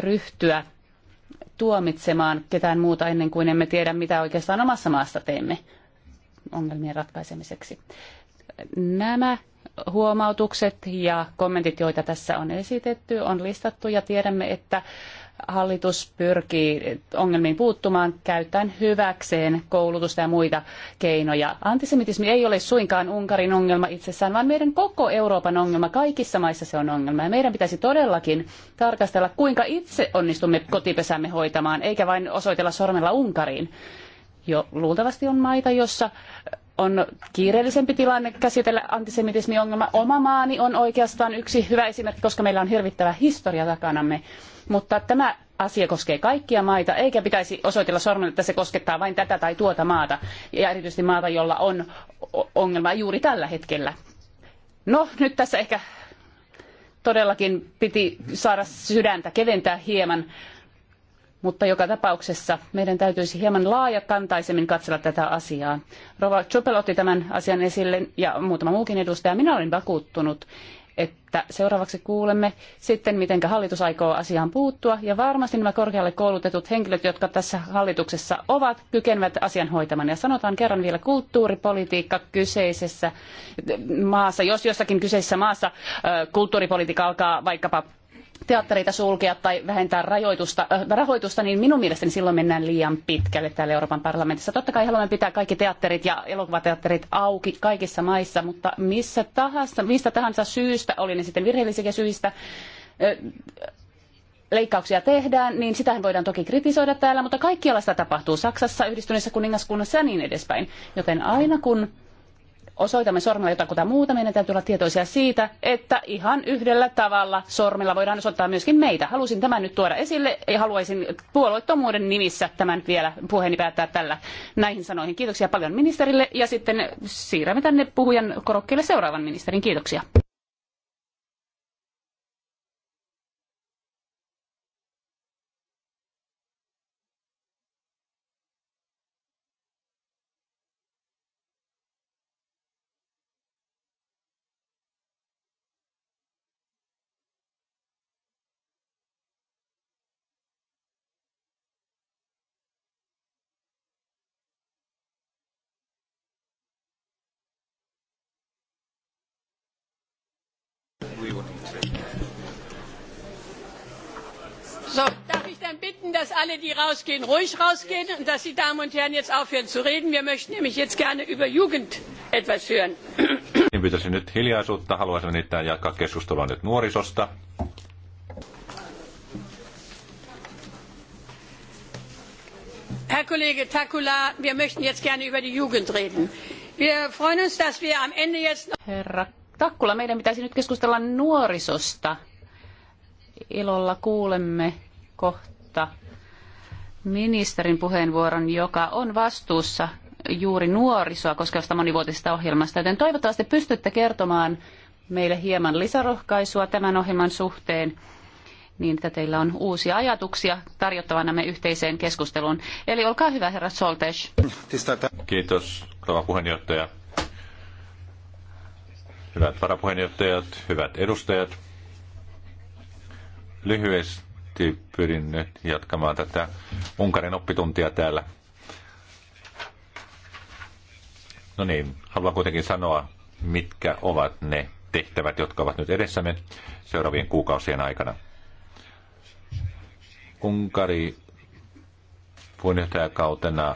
ryhtyä tuomitsemaan ketään muuta ennen kuin emme tiedä, mitä oikeastaan omassa maassa teemme ongelmien ratkaisemiseksi. Nämä huomautukset ja kommentit, joita tässä on esitetty, on listattu ja tiedämme, että hallitus pyrkii ongelmiin puuttumaan käyttäen hyväkseen koulutusta ja muita keinoja. Antisemitismi ei ole suinkaan Unkarin ongelma itsessään, vaan meidän koko Euroopan ongelma. Kaikissa maissa se on ongelma. Ja meidän pitäisi todellakin tarkastella, kuinka itse onnistumme kotipesämme hoitamaan, eikä vain osoitella sormella Unkariin. Jo luultavasti on maita, jossa on kiireellisempi tilanne käsitellä antisemitismiongelma. Oma maani on oikeastaan yksi hyvä esimerkki, koska meillä on hirvittävä historia takanamme. Mutta tämä asia koskee kaikkia maita, eikä pitäisi osoitella sormella, että se koskettaa vain tätä tai tuota maata, ja erityisesti maata, jolla on ongelma juuri tällä hetkellä. No, nyt tässä ehkä todellakin piti saada sydäntä keventää hieman, mutta joka tapauksessa meidän täytyisi hieman laajakantaisemmin katsella tätä asiaa. Rova Chopel otti tämän asian esille ja muutama muukin edustaja. Minä olen vakuuttunut, että seuraavaksi kuulemme sitten, miten hallitus aikoo asiaan puuttua. Ja varmasti nämä korkealle koulutetut henkilöt, jotka tässä hallituksessa ovat, kykenevät asian hoitamaan. Ja sanotaan kerran vielä kulttuuripolitiikka kyseisessä maassa. Jos jossakin kyseisessä maassa kulttuuripolitiikka alkaa vaikkapa teattereita sulkea tai vähentää rajoitusta, äh, rahoitusta, niin minun mielestäni silloin mennään liian pitkälle täällä Euroopan parlamentissa. Totta kai haluamme pitää kaikki teatterit ja elokuvateatterit auki kaikissa maissa, mutta missä tahansa, mistä tahansa syystä, oli ne sitten virheellisiä syistä, äh, leikkauksia tehdään, niin sitähän voidaan toki kritisoida täällä, mutta kaikkialla sitä tapahtuu Saksassa, yhdistyneessä kuningaskunnassa ja niin edespäin. Joten aina kun osoitamme sormella jotakuta muuta, meidän täytyy olla tietoisia siitä, että ihan yhdellä tavalla sormella voidaan osoittaa myöskin meitä. Halusin tämän nyt tuoda esille ja haluaisin puolueettomuuden nimissä tämän vielä puheeni päättää tällä näihin sanoihin. Kiitoksia paljon ministerille ja sitten siirrämme tänne puhujan korokkeelle seuraavan ministerin. Kiitoksia. darf ich dann bitten, dass alle, die rausgehen, ruhig rausgehen und dass die Damen und Herren jetzt aufhören zu reden. Wir möchten nämlich jetzt gerne über Jugend etwas hören. <clears throat> Niin pyytäisin nyt hiljaisuutta. Haluaisin nimittäin jatkaa keskustelua nyt nuorisosta. Herr Kollege Takula, wir möchten jetzt gerne über die Jugend reden. Wir freuen uns, dass wir am Ende jetzt... Herra Takkula, meidän pitäisi nyt keskustella nuorisosta ilolla kuulemme kohta ministerin puheenvuoron, joka on vastuussa juuri nuorisoa koskevasta monivuotisesta ohjelmasta, joten toivottavasti pystytte kertomaan meille hieman lisärohkaisua tämän ohjelman suhteen niin että teillä on uusia ajatuksia tarjottavanamme yhteiseen keskusteluun. Eli olkaa hyvä, herra Soltes. Kiitos, rouva puheenjohtaja. Hyvät varapuheenjohtajat, hyvät edustajat. Lyhyesti pyrin nyt jatkamaan tätä Unkarin oppituntia täällä. No niin, haluan kuitenkin sanoa, mitkä ovat ne tehtävät, jotka ovat nyt edessämme seuraavien kuukausien aikana. Unkari puheenjohtajakautena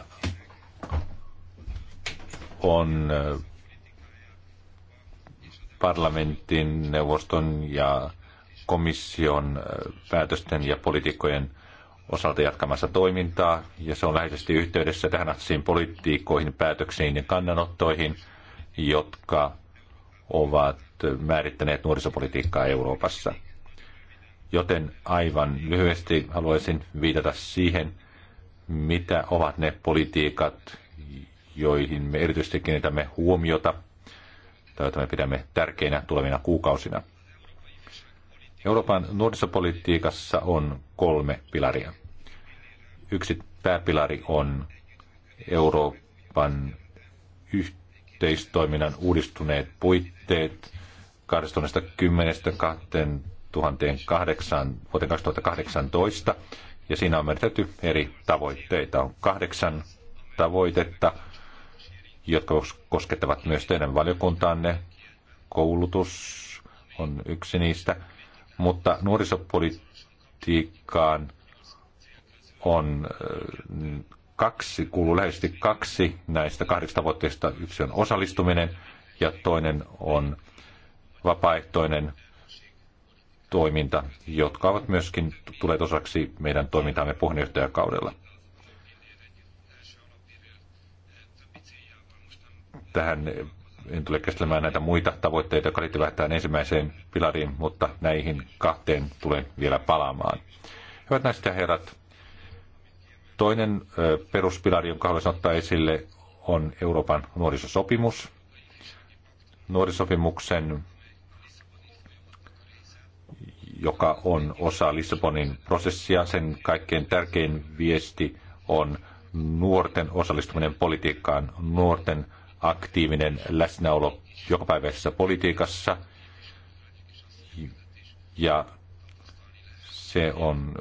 on eh, parlamentin, neuvoston ja komission päätösten ja poliitikkojen osalta jatkamassa toimintaa, ja se on läheisesti yhteydessä tähän asiin politiikkoihin, päätöksiin ja kannanottoihin, jotka ovat määrittäneet nuorisopolitiikkaa Euroopassa. Joten aivan lyhyesti haluaisin viitata siihen, mitä ovat ne politiikat, joihin me erityisesti kiinnitämme huomiota tai joita me pidämme tärkeinä tulevina kuukausina – Euroopan nuorisopolitiikassa on kolme pilaria. Yksi pääpilari on Euroopan yhteistoiminnan uudistuneet puitteet 2010 vuoteen 2018, ja siinä on määritelty eri tavoitteita. On kahdeksan tavoitetta, jotka koskettavat myös teidän valiokuntaanne. Koulutus on yksi niistä mutta nuorisopolitiikkaan on äh, kaksi, kuuluu läheisesti kaksi näistä kahdesta tavoitteista. Yksi on osallistuminen ja toinen on vapaaehtoinen toiminta, jotka ovat myöskin tulleet osaksi meidän toimintaamme puheenjohtajakaudella. Tähän en tule käsittelemään näitä muita tavoitteita, jotka liittyvät tähän ensimmäiseen pilariin, mutta näihin kahteen tulen vielä palaamaan. Hyvät naiset ja herrat, toinen peruspilari, jonka haluaisin ottaa esille, on Euroopan nuorisosopimus. Nuorisopimuksen, joka on osa Lissabonin prosessia, sen kaikkein tärkein viesti on nuorten osallistuminen politiikkaan, nuorten aktiivinen läsnäolo jokapäiväisessä politiikassa. Ja se on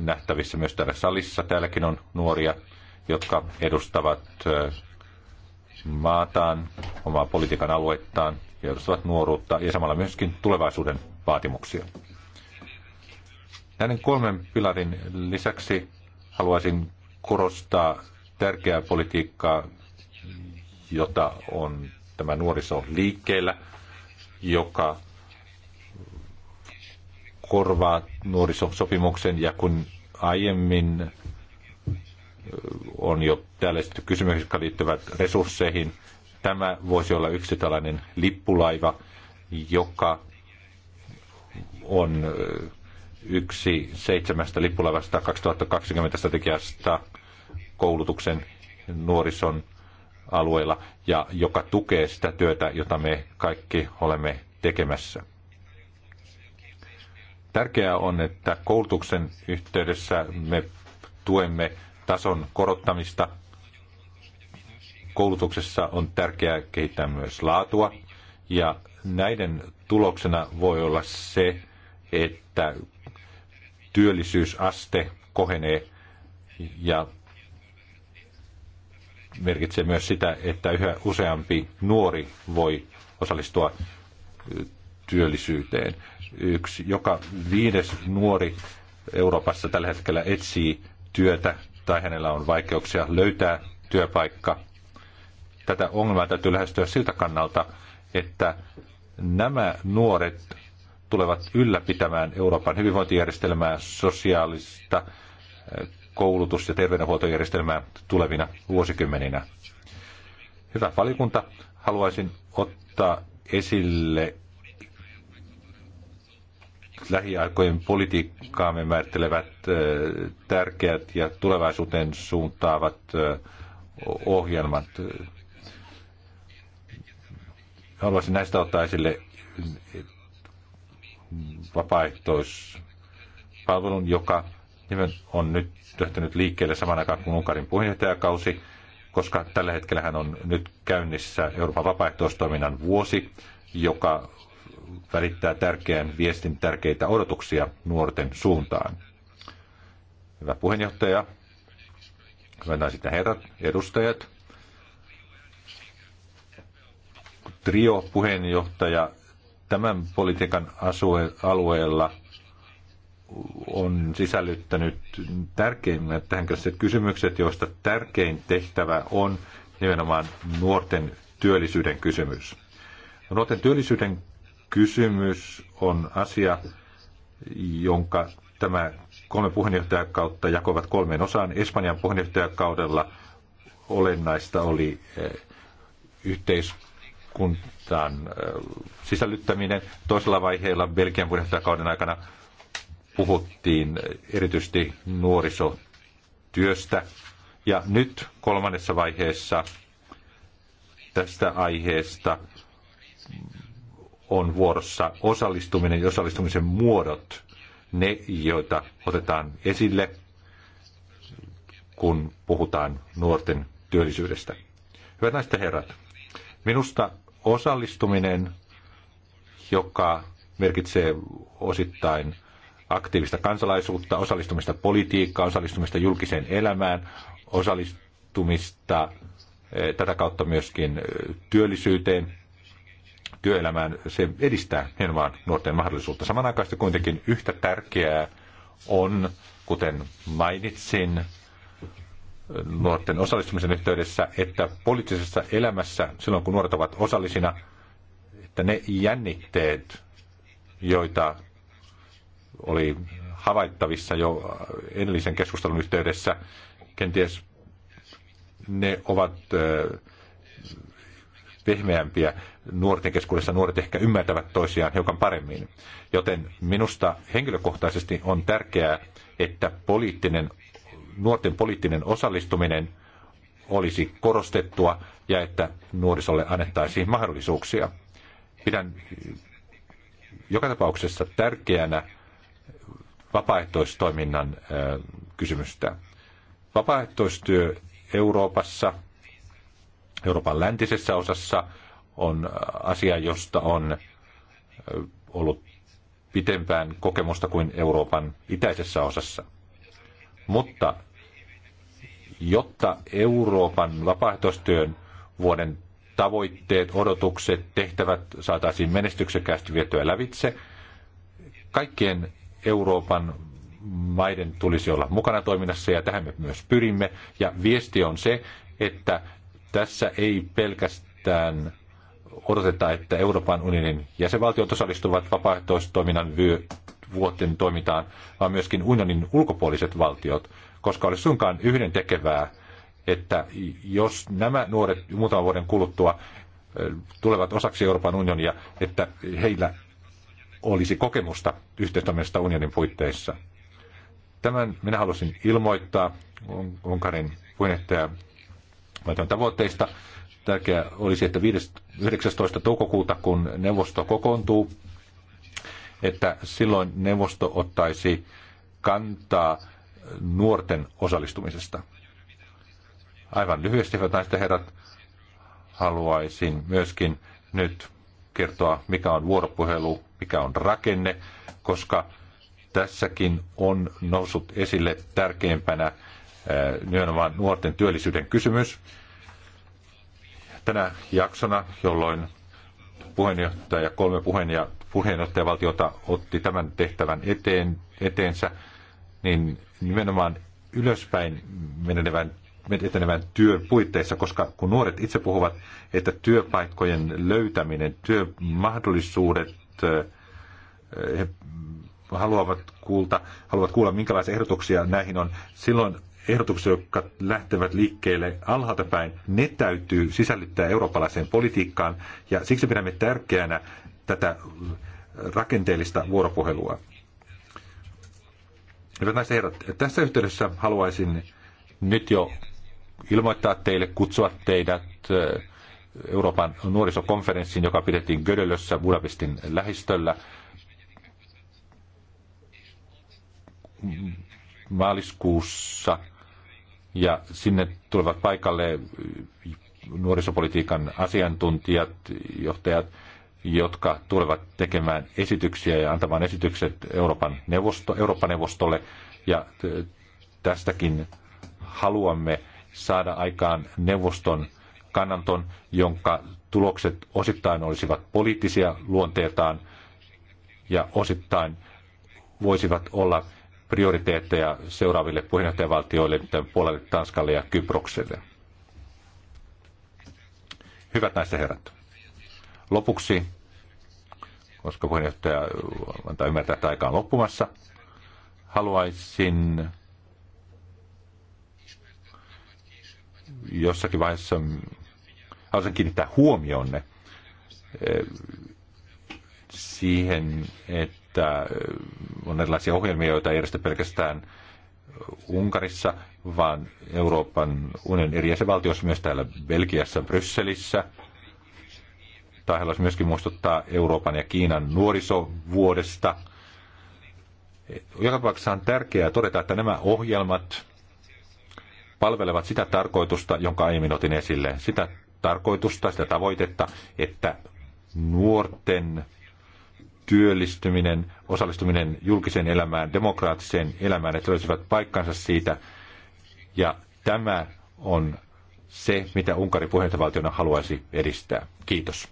nähtävissä myös täällä salissa. Täälläkin on nuoria, jotka edustavat maataan, omaa politiikan aluettaan ja edustavat nuoruutta ja samalla myöskin tulevaisuuden vaatimuksia. Näiden kolmen pilarin lisäksi haluaisin korostaa tärkeää politiikkaa, jota on tämä nuoriso liikkeellä, joka korvaa nuorisosopimuksen ja kun aiemmin on jo täällä kysymyksiä, jotka liittyvät resursseihin, tämä voisi olla yksi tällainen lippulaiva, joka on yksi seitsemästä lippulaivasta 2020 strategiasta koulutuksen, nuorison alueilla ja joka tukee sitä työtä, jota me kaikki olemme tekemässä. Tärkeää on, että koulutuksen yhteydessä me tuemme tason korottamista. Koulutuksessa on tärkeää kehittää myös laatua ja näiden tuloksena voi olla se, että työllisyysaste kohenee ja merkitsee myös sitä, että yhä useampi nuori voi osallistua työllisyyteen. Yksi joka viides nuori Euroopassa tällä hetkellä etsii työtä tai hänellä on vaikeuksia löytää työpaikka. Tätä ongelmaa täytyy lähestyä siltä kannalta, että nämä nuoret tulevat ylläpitämään Euroopan hyvinvointijärjestelmää, sosiaalista koulutus- ja terveydenhuoltojärjestelmää tulevina vuosikymmeninä. Hyvä valikunta, haluaisin ottaa esille lähiaikojen politiikkaamme määrittelevät tärkeät ja tulevaisuuteen suuntaavat ohjelmat. Haluaisin näistä ottaa esille vapaaehtoispalvelun, joka nimen on nyt lähtenyt liikkeelle saman aikaan kuin Unkarin puheenjohtajakausi, koska tällä hetkellä hän on nyt käynnissä Euroopan vapaaehtoistoiminnan vuosi, joka välittää tärkeän viestin tärkeitä odotuksia nuorten suuntaan. Hyvä puheenjohtaja, hyvät naiset ja herrat, edustajat. Trio puheenjohtaja tämän politiikan alueella – on sisällyttänyt tärkeimmät tähän kysymykset, joista tärkein tehtävä on nimenomaan nuorten työllisyyden kysymys. Nuorten työllisyyden kysymys on asia, jonka tämä kolme puheenjohtajakautta jakoivat kolmeen osaan. Espanjan puheenjohtajakaudella olennaista oli eh, yhteiskuntaan eh, sisällyttäminen. Toisella vaiheella Belgian puheenjohtajakauden aikana puhuttiin erityisesti nuorisotyöstä. Ja nyt kolmannessa vaiheessa tästä aiheesta on vuorossa osallistuminen ja osallistumisen muodot, ne joita otetaan esille, kun puhutaan nuorten työllisyydestä. Hyvät naiset ja herrat, minusta osallistuminen, joka merkitsee osittain aktiivista kansalaisuutta, osallistumista politiikkaan, osallistumista julkiseen elämään, osallistumista eh, tätä kautta myöskin eh, työllisyyteen, työelämään. Se edistää nimenomaan nuorten mahdollisuutta. Samanaikaisesti kuitenkin yhtä tärkeää on, kuten mainitsin, nuorten osallistumisen yhteydessä, että poliittisessa elämässä, silloin kun nuoret ovat osallisina, että ne jännitteet, joita oli havaittavissa jo edellisen keskustelun yhteydessä. Kenties ne ovat pehmeämpiä nuorten keskuudessa. Nuoret ehkä ymmärtävät toisiaan hiukan paremmin. Joten minusta henkilökohtaisesti on tärkeää, että poliittinen, nuorten poliittinen osallistuminen olisi korostettua ja että nuorisolle annettaisiin mahdollisuuksia. Pidän joka tapauksessa tärkeänä vapaaehtoistoiminnan kysymystä. Vapaaehtoistyö Euroopassa, Euroopan läntisessä osassa, on asia, josta on ollut pitempään kokemusta kuin Euroopan itäisessä osassa. Mutta jotta Euroopan vapaaehtoistyön vuoden tavoitteet, odotukset, tehtävät saataisiin menestyksekkäästi vietyä lävitse, kaikkien Euroopan maiden tulisi olla mukana toiminnassa ja tähän me myös pyrimme. Ja viesti on se, että tässä ei pelkästään odoteta, että Euroopan unionin jäsenvaltiot osallistuvat vapaaehtoistoiminnan vyö, vuoten toimintaan, vaan myöskin unionin ulkopuoliset valtiot, koska olisi suinkaan yhden tekevää, että jos nämä nuoret muutaman vuoden kuluttua tulevat osaksi Euroopan unionia, että heillä olisi kokemusta yhteistoiminnasta unionin puitteissa. Tämän minä halusin ilmoittaa Unkarin puheenjohtaja tavoitteista. Tärkeää olisi, että 19. toukokuuta, kun neuvosto kokoontuu, että silloin neuvosto ottaisi kantaa nuorten osallistumisesta. Aivan lyhyesti, hyvät naiset ja herrat, haluaisin myöskin nyt kertoa, mikä on vuoropuhelu, mikä on rakenne, koska tässäkin on noussut esille tärkeimpänä eh, nimenomaan nuorten työllisyyden kysymys. Tänä jaksona, jolloin puheenjohtaja, kolme puheenjohtaja, puheenjohtajavaltiota otti tämän tehtävän eteen, eteensä, niin nimenomaan ylöspäin menevän etenevän työn puitteissa, koska kun nuoret itse puhuvat, että työpaikkojen löytäminen, työmahdollisuudet, eh, he haluavat, kuulta, haluavat kuulla, minkälaisia ehdotuksia näihin on. Silloin ehdotuksia, jotka lähtevät liikkeelle alhaalta päin, ne täytyy sisällyttää eurooppalaiseen politiikkaan, ja siksi pidämme tärkeänä tätä rakenteellista vuoropuhelua. Hyvät naiset herrat, tässä yhteydessä haluaisin nyt jo ilmoittaa teille, kutsua teidät eh, Euroopan nuorisokonferenssiin, joka pidettiin Gödelössä Budapestin lähistöllä maaliskuussa. Ja sinne tulevat paikalle eh, nuorisopolitiikan asiantuntijat, johtajat, jotka tulevat tekemään esityksiä ja antamaan esitykset Euroopan neuvosto, Eurooppa-neuvostolle. Ja eh, tästäkin haluamme saada aikaan neuvoston kannanton, jonka tulokset osittain olisivat poliittisia luonteeltaan ja osittain voisivat olla prioriteetteja seuraaville puheenjohtajavaltioille, puolelle Tanskalle ja Kyprokselle. Hyvät näistä herrat. Lopuksi, koska puheenjohtaja antaa ymmärtää, että aika on loppumassa, haluaisin jossakin vaiheessa haluaisin kiinnittää huomionne eh, siihen, että eh, on erilaisia ohjelmia, joita ei järjestä pelkästään Unkarissa, vaan Euroopan unionin eri jäsenvaltioissa, myös täällä Belgiassa, Brysselissä. Tai haluaisin myöskin muistuttaa Euroopan ja Kiinan nuorisovuodesta. Eh, joka tapauksessa on tärkeää todeta, että nämä ohjelmat, palvelevat sitä tarkoitusta, jonka aiemmin otin esille. Sitä tarkoitusta, sitä tavoitetta, että nuorten työllistyminen, osallistuminen julkiseen elämään, demokraattiseen elämään, että löysivät paikkansa siitä. Ja tämä on se, mitä Unkari puheenjohtajavaltiona haluaisi edistää. Kiitos.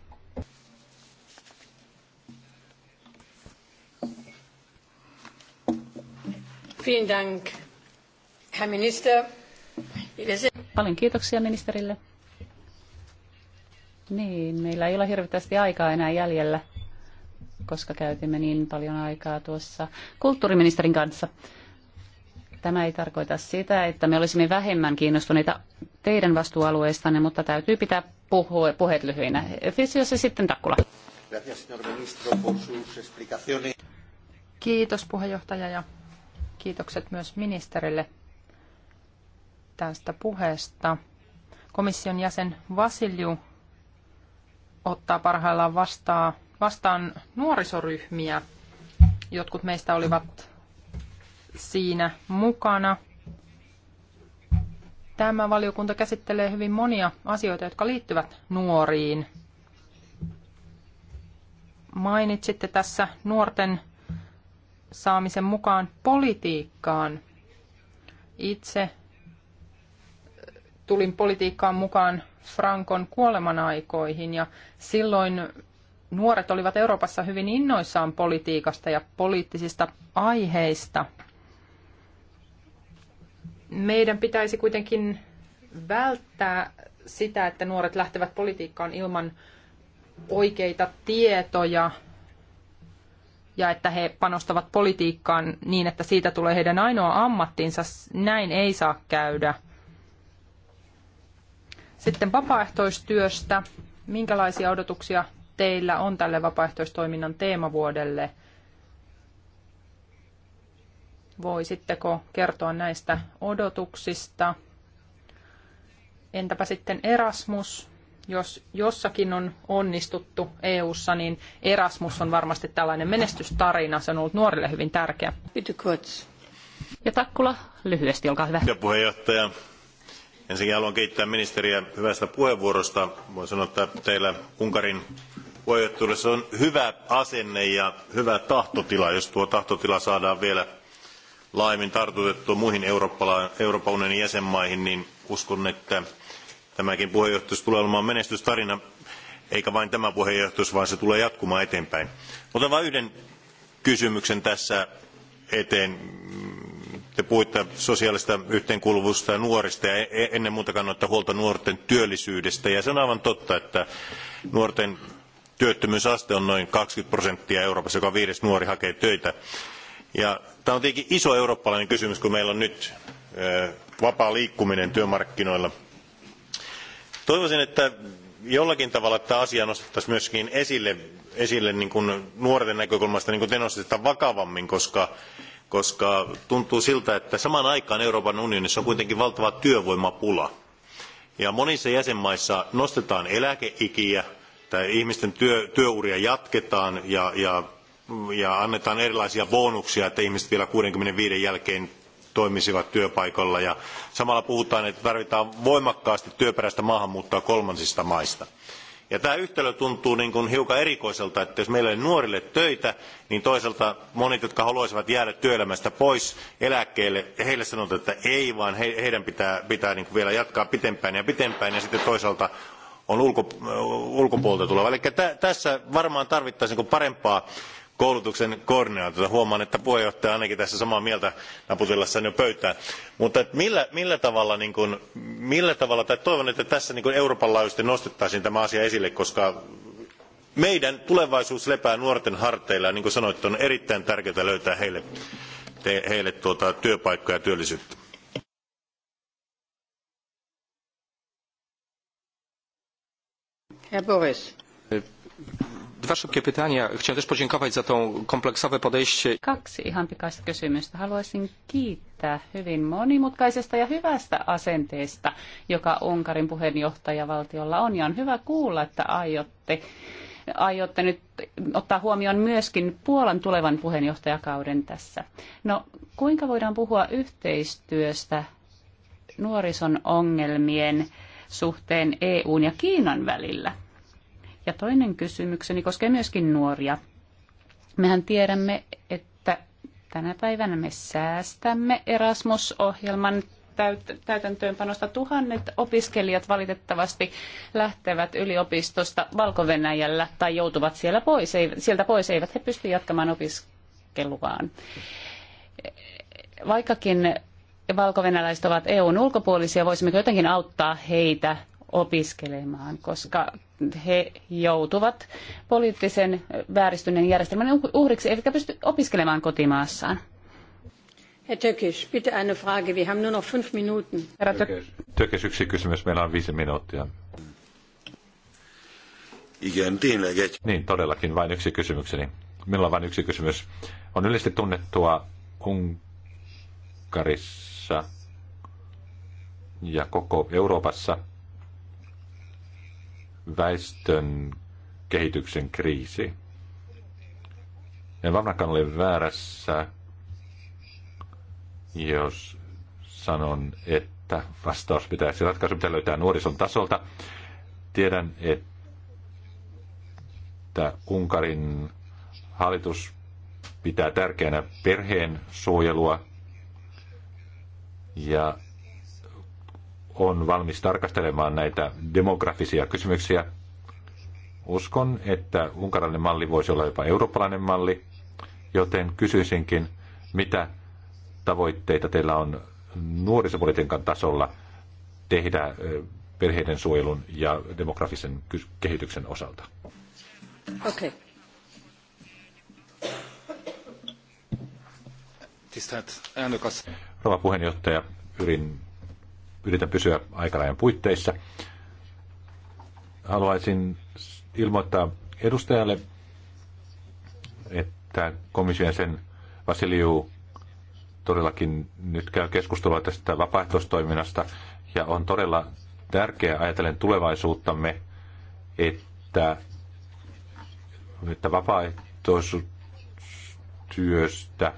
Vielen Dank, Herr Minister. Paljon kiitoksia ministerille. Niin, meillä ei ole hirveästi aikaa enää jäljellä, koska käytimme niin paljon aikaa tuossa kulttuuriministerin kanssa. Tämä ei tarkoita sitä, että me olisimme vähemmän kiinnostuneita teidän vastuualueistanne, mutta täytyy pitää puheet lyhyinä. Fisios ja sitten Takkula. Kiitos puheenjohtaja ja kiitokset myös ministerille tästä puheesta. Komission jäsen Vasilju ottaa parhaillaan vastaan, vastaan nuorisoryhmiä. Jotkut meistä olivat siinä mukana. Tämä valiokunta käsittelee hyvin monia asioita, jotka liittyvät nuoriin. Mainitsitte tässä nuorten saamisen mukaan politiikkaan. Itse tulin politiikkaan mukaan Frankon kuoleman aikoihin ja silloin nuoret olivat Euroopassa hyvin innoissaan politiikasta ja poliittisista aiheista. Meidän pitäisi kuitenkin välttää sitä, että nuoret lähtevät politiikkaan ilman oikeita tietoja ja että he panostavat politiikkaan niin, että siitä tulee heidän ainoa ammattinsa. Näin ei saa käydä. Sitten vapaaehtoistyöstä. Minkälaisia odotuksia teillä on tälle vapaaehtoistoiminnan teemavuodelle? Voisitteko kertoa näistä odotuksista? Entäpä sitten Erasmus? Jos jossakin on onnistuttu EU:ssa, niin Erasmus on varmasti tällainen menestystarina. Se on ollut nuorille hyvin tärkeä. Ja Takkula, lyhyesti, olkaa hyvä. Ja puheenjohtaja, Ensinnäkin haluan kiittää ministeriä hyvästä puheenvuorosta. Voin sanoa, että teillä Unkarin puheenjohtajuudessa on hyvä asenne ja hyvä tahtotila. Jos tuo tahtotila saadaan vielä laajemmin tartutettua muihin Euroopan unionin jäsenmaihin, niin uskon, että tämäkin puheenjohtajuus tulee olemaan menestystarina, eikä vain tämä puheenjohtajuus, vaan se tulee jatkumaan eteenpäin. Otan vain yhden kysymyksen tässä eteen, te puhuitte sosiaalista yhteenkuuluvuudesta ja nuorista ja e-, e-, ennen muuta kannoitte huolta nuorten työllisyydestä. Ja se on aivan totta, että nuorten työttömyysaste on noin 20 prosenttia Euroopassa, joka viides nuori hakee töitä. Ja tämä on tietenkin iso eurooppalainen kysymys, kun meillä on nyt vapaa liikkuminen työmarkkinoilla. Toivoisin, että jollakin tavalla tämä asia nostettaisiin myöskin esille, esille niin kuin nuorten näkökulmasta, niin kuin te nostitte vakavammin, koska koska tuntuu siltä, että samaan aikaan Euroopan unionissa on kuitenkin valtava työvoimapula. Ja monissa jäsenmaissa nostetaan eläkeikiä tai ihmisten työ, työuria jatketaan ja, ja, ja annetaan erilaisia bonuksia, että ihmiset vielä 65 jälkeen toimisivat työpaikalla. Ja samalla puhutaan, että tarvitaan voimakkaasti työperäistä maahanmuuttoa kolmansista maista ja tämä yhtälö tuntuu niin kuin hiukan erikoiselta, että jos meillä ei nuorille töitä, niin toisaalta monet, jotka haluaisivat jäädä työelämästä pois eläkkeelle, heille sanotaan, että ei, vaan he, heidän pitää, pitää niin kuin vielä jatkaa pitempään ja pitempään, ja sitten toisaalta on ulko, ulkopuolelta tuleva. Eli tä, tässä varmaan tarvittaisiin niin parempaa koulutuksen koordinaatiota. Huomaan, että puheenjohtaja ainakin tässä samaa mieltä naputellessaan jo pöytään. Mutta millä, millä, tavalla, niin kun, millä tavalla, tai toivon, että tässä niin Euroopan laajuisesti nostettaisiin tämä asia esille, koska meidän tulevaisuus lepää nuorten harteilla ja niin kuin sanoit, on erittäin tärkeää löytää heille, te, heille tuota, työpaikkoja ja työllisyyttä. Herr Boris. Äh, Dwa szybkie pytania. Chciałem też podziękować za to kompleksowe podejście. Kaksi ihan pikaista kysymystä. Haluaisin kiittää hyvin monimutkaisesta ja hyvästä asenteesta, joka Unkarin puheenjohtajavaltiolla on. Ja on hyvä kuulla, että aiotte, aiotte nyt ottaa huomioon myöskin Puolan tulevan puheenjohtajakauden tässä. No, kuinka voidaan puhua yhteistyöstä nuorison ongelmien suhteen EUn ja Kiinan välillä? Ja toinen kysymykseni koskee myöskin nuoria. Mehän tiedämme, että tänä päivänä me säästämme Erasmus-ohjelman täytäntöönpanosta tuhannet opiskelijat valitettavasti lähtevät yliopistosta valko tai joutuvat siellä pois, sieltä pois, eivät he pysty jatkamaan opiskeluaan. Vaikkakin valko ovat EUn ulkopuolisia, voisimmeko jotenkin auttaa heitä opiskelemaan, koska he joutuvat poliittisen vääristyneen järjestelmän uh- uhriksi, eivätkä pysty opiskelemaan kotimaassaan. Herr Tökes, bitte eine Frage. Wir haben nur noch fünf Minuten. Herra Tökes. yksi kysymys. Meillä on viisi minuuttia. Niin, todellakin vain yksi kysymykseni. Minulla on vain yksi kysymys. On yleisesti tunnettua Unkarissa ja koko Euroopassa – väestön kehityksen kriisi. En varmaankaan ole väärässä, jos sanon, että vastaus pitäisi, ratkaisu pitää löytää nuorison tasolta. Tiedän, että Unkarin hallitus pitää tärkeänä perheen suojelua ja on valmis tarkastelemaan näitä demografisia kysymyksiä. Uskon, että unkarallinen malli voisi olla jopa eurooppalainen malli, joten kysyisinkin, mitä tavoitteita teillä on nuorisopolitiikan tasolla tehdä perheiden suojelun ja demografisen kehityksen osalta? Okay. Rova puheenjohtaja, pyrin yritän pysyä aikarajan puitteissa. Haluaisin ilmoittaa edustajalle, että komission sen Vasiliu todellakin nyt käy keskustelua tästä vapaaehtoistoiminnasta ja on todella tärkeää ajatellen tulevaisuuttamme, että, että vapaaehtoistyöstä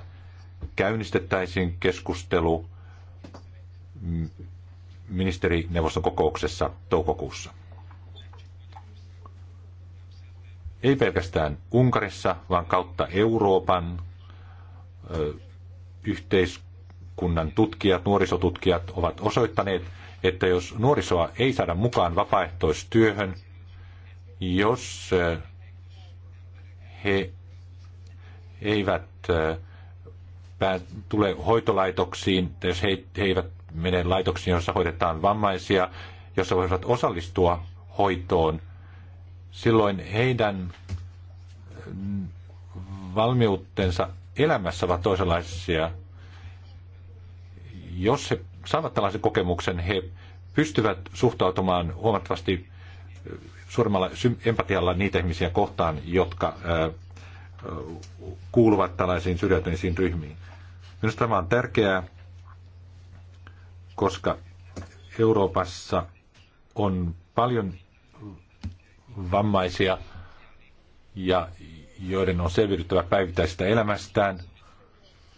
käynnistettäisiin keskustelu ministerineuvoston kokouksessa toukokuussa. Ei pelkästään Unkarissa, vaan kautta Euroopan ö, yhteiskunnan tutkijat, nuorisotutkijat ovat osoittaneet, että jos nuorisoa ei saada mukaan vapaaehtoistyöhön, jos he eivät tule hoitolaitoksiin, jos he, he eivät menen laitoksiin, jossa hoidetaan vammaisia, jossa voivat osallistua hoitoon. Silloin heidän mm, valmiutensa elämässä ovat toisenlaisia. Jos he saavat tällaisen kokemuksen, he pystyvät suhtautumaan huomattavasti mm, suuremmalla empatialla niitä ihmisiä kohtaan, jotka äh, kuuluvat tällaisiin syrjäytyneisiin ryhmiin. Minusta tämä on tärkeää koska Euroopassa on paljon vammaisia ja joiden on selviydyttävä päivittäisestä elämästään.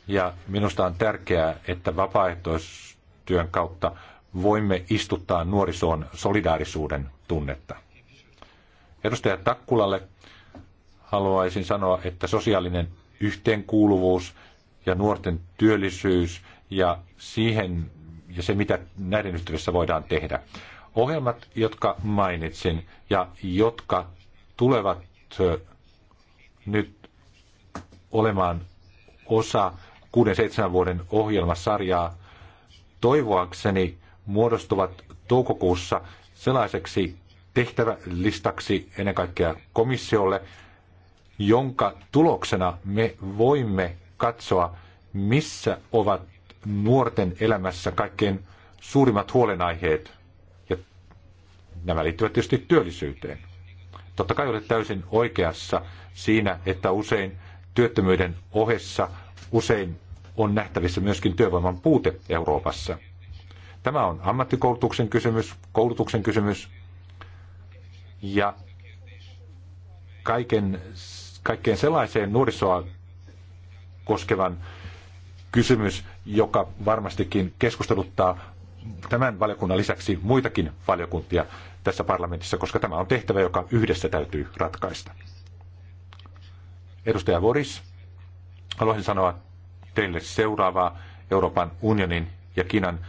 Ja minusta on tärkeää, että vapaaehtoistyön kautta voimme istuttaa nuorisoon solidaarisuuden tunnetta. Edustaja Takkulalle haluaisin sanoa, että sosiaalinen yhteenkuuluvuus ja nuorten työllisyys ja siihen ja se, mitä näiden yhteydessä voidaan tehdä. Ohjelmat, jotka mainitsin ja jotka tulevat nyt olemaan osa 6-7 vuoden ohjelmasarjaa, toivoakseni muodostuvat toukokuussa sellaiseksi tehtävälistaksi ennen kaikkea komissiolle, jonka tuloksena me voimme katsoa, missä ovat nuorten elämässä kaikkein suurimmat huolenaiheet, ja nämä liittyvät tietysti työllisyyteen. Totta kai olet täysin oikeassa siinä, että usein työttömyyden ohessa usein on nähtävissä myöskin työvoiman puute Euroopassa. Tämä on ammattikoulutuksen kysymys, koulutuksen kysymys ja kaiken, kaikkeen sellaiseen nuorisoa koskevan kysymys, joka varmastikin keskusteluttaa tämän valiokunnan lisäksi muitakin valiokuntia tässä parlamentissa, koska tämä on tehtävä, joka yhdessä täytyy ratkaista. Edustaja Boris, haluaisin sanoa teille seuraavaa Euroopan unionin ja Kiinan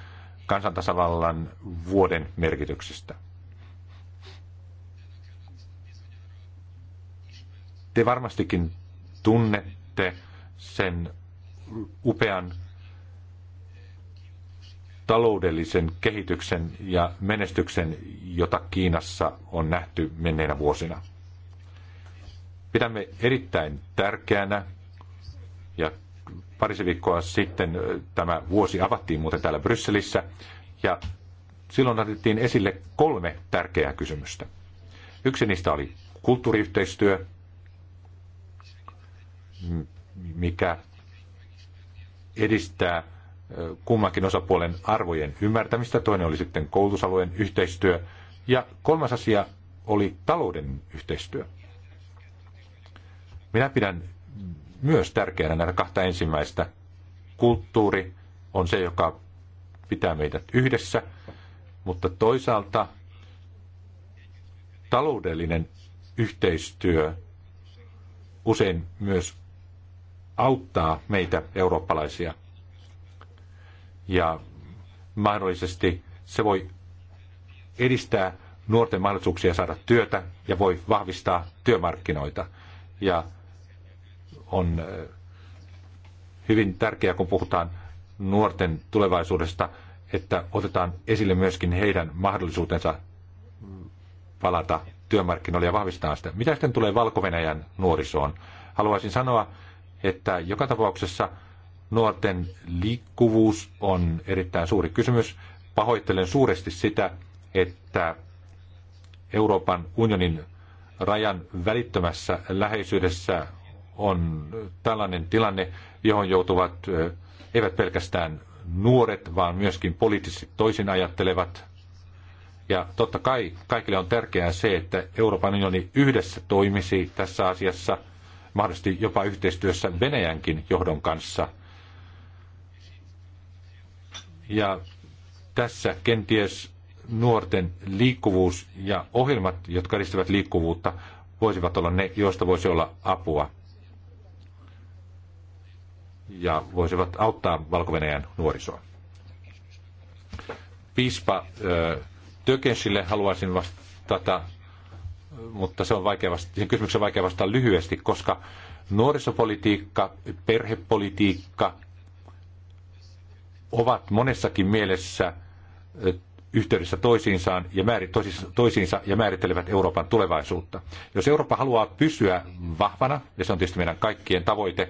kansantasavallan vuoden merkityksestä. Te varmastikin tunnette sen upean taloudellisen kehityksen ja menestyksen, jota Kiinassa on nähty menneinä vuosina. Pidämme erittäin tärkeänä, ja parisi viikkoa sitten tämä vuosi avattiin muuten täällä Brysselissä, ja silloin otettiin esille kolme tärkeää kysymystä. Yksi niistä oli kulttuuriyhteistyö, mikä edistää kummankin osapuolen arvojen ymmärtämistä, toinen oli sitten koulutusalueen yhteistyö ja kolmas asia oli talouden yhteistyö. Minä pidän myös tärkeänä näitä kahta ensimmäistä. Kulttuuri on se, joka pitää meidät yhdessä, mutta toisaalta taloudellinen yhteistyö usein myös auttaa meitä eurooppalaisia ja mahdollisesti se voi edistää nuorten mahdollisuuksia saada työtä ja voi vahvistaa työmarkkinoita. Ja on hyvin tärkeää, kun puhutaan nuorten tulevaisuudesta, että otetaan esille myöskin heidän mahdollisuutensa palata työmarkkinoille ja vahvistaa sitä. Mitä sitten tulee valko nuorisoon? Haluaisin sanoa, että joka tapauksessa – Nuorten liikkuvuus on erittäin suuri kysymys. Pahoittelen suuresti sitä, että Euroopan unionin rajan välittömässä läheisyydessä on tällainen tilanne, johon joutuvat eivät pelkästään nuoret, vaan myöskin poliittisesti toisin ajattelevat. Ja totta kai kaikille on tärkeää se, että Euroopan unioni yhdessä toimisi tässä asiassa, mahdollisesti jopa yhteistyössä Venäjänkin johdon kanssa – ja tässä kenties nuorten liikkuvuus ja ohjelmat, jotka edistävät liikkuvuutta, voisivat olla ne, joista voisi olla apua ja voisivat auttaa valko nuorisoa. Piispa Tökensille haluaisin vastata, mutta se on vaikea vastata, sen kysymyksen on vaikea vastata lyhyesti, koska nuorisopolitiikka, perhepolitiikka ovat monessakin mielessä yhteydessä toisiinsaan ja määrit, toisiinsa ja määrittelevät Euroopan tulevaisuutta. Jos Eurooppa haluaa pysyä vahvana, ja se on tietysti meidän kaikkien tavoite,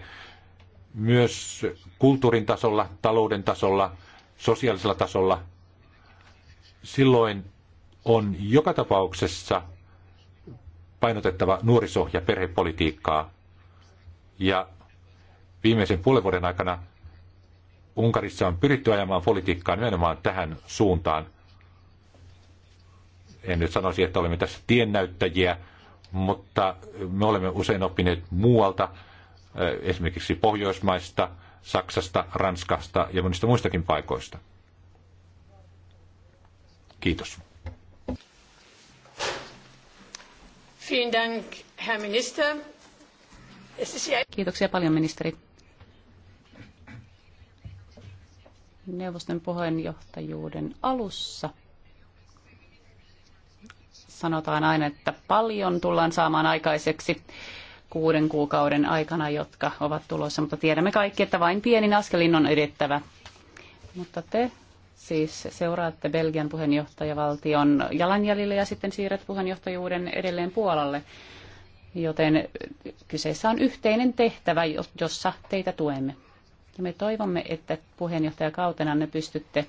myös kulttuurin tasolla, talouden tasolla, sosiaalisella tasolla, silloin on joka tapauksessa painotettava nuoriso- ja perhepolitiikkaa. Ja viimeisen puolen vuoden aikana Unkarissa on pyritty ajamaan politiikkaa nimenomaan tähän suuntaan. En nyt sanoisi, että olemme tässä tiennäyttäjiä, mutta me olemme usein oppineet muualta, eh, esimerkiksi Pohjoismaista, Saksasta, Ranskasta ja monista muistakin paikoista. Kiitos. Dank, Herr Minister. Kiitoksia paljon, ministeri. neuvoston puheenjohtajuuden alussa sanotaan aina, että paljon tullaan saamaan aikaiseksi kuuden kuukauden aikana, jotka ovat tulossa, mutta tiedämme kaikki, että vain pienin askelin on edettävä. Mutta te siis seuraatte Belgian puheenjohtajavaltion jalanjäljille ja sitten siirrät puheenjohtajuuden edelleen Puolalle. Joten kyseessä on yhteinen tehtävä, jossa teitä tuemme. Ja me toivomme, että puheenjohtajakautena ne pystytte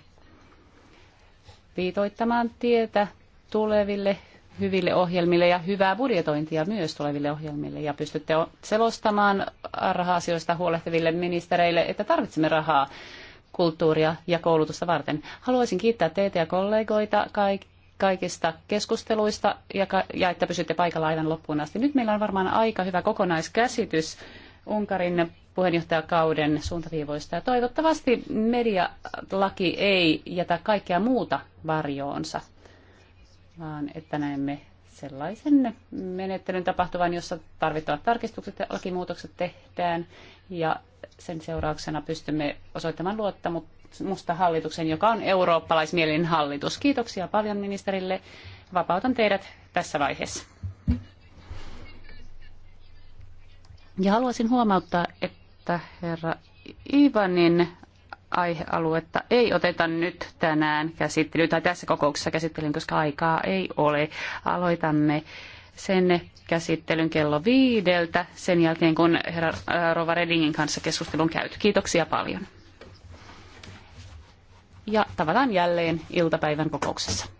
viitoittamaan tietä tuleville hyville ohjelmille ja hyvää budjetointia myös tuleville ohjelmille. Ja pystytte selostamaan raha-asioista huolehtiville ministereille, että tarvitsemme rahaa kulttuuria ja koulutusta varten. Haluaisin kiittää teitä ja kollegoita kaikki kaikista keskusteluista ja, ja että pysytte paikalla aivan loppuun asti. Nyt meillä on varmaan aika hyvä kokonaiskäsitys Unkarin puheenjohtajakauden suuntaviivoista. Ja toivottavasti medialaki ei jätä kaikkea muuta varjoonsa, vaan että näemme sellaisen menettelyn tapahtuvan, jossa tarvittavat tarkistukset ja lakimuutokset tehdään ja sen seurauksena pystymme osoittamaan luottamusta hallituksen, joka on eurooppalaismielinen hallitus. Kiitoksia paljon ministerille. Vapautan teidät tässä vaiheessa. Ja haluaisin huomauttaa, että herra Ivanin aihealuetta ei oteta nyt tänään käsittelyyn tai tässä kokouksessa käsittelyyn, koska aikaa ei ole. Aloitamme sen käsittelyn kello viideltä sen jälkeen, kun herra äh, Rova Redingin kanssa keskustelun käyty. Kiitoksia paljon. Ja tavataan jälleen iltapäivän kokouksessa.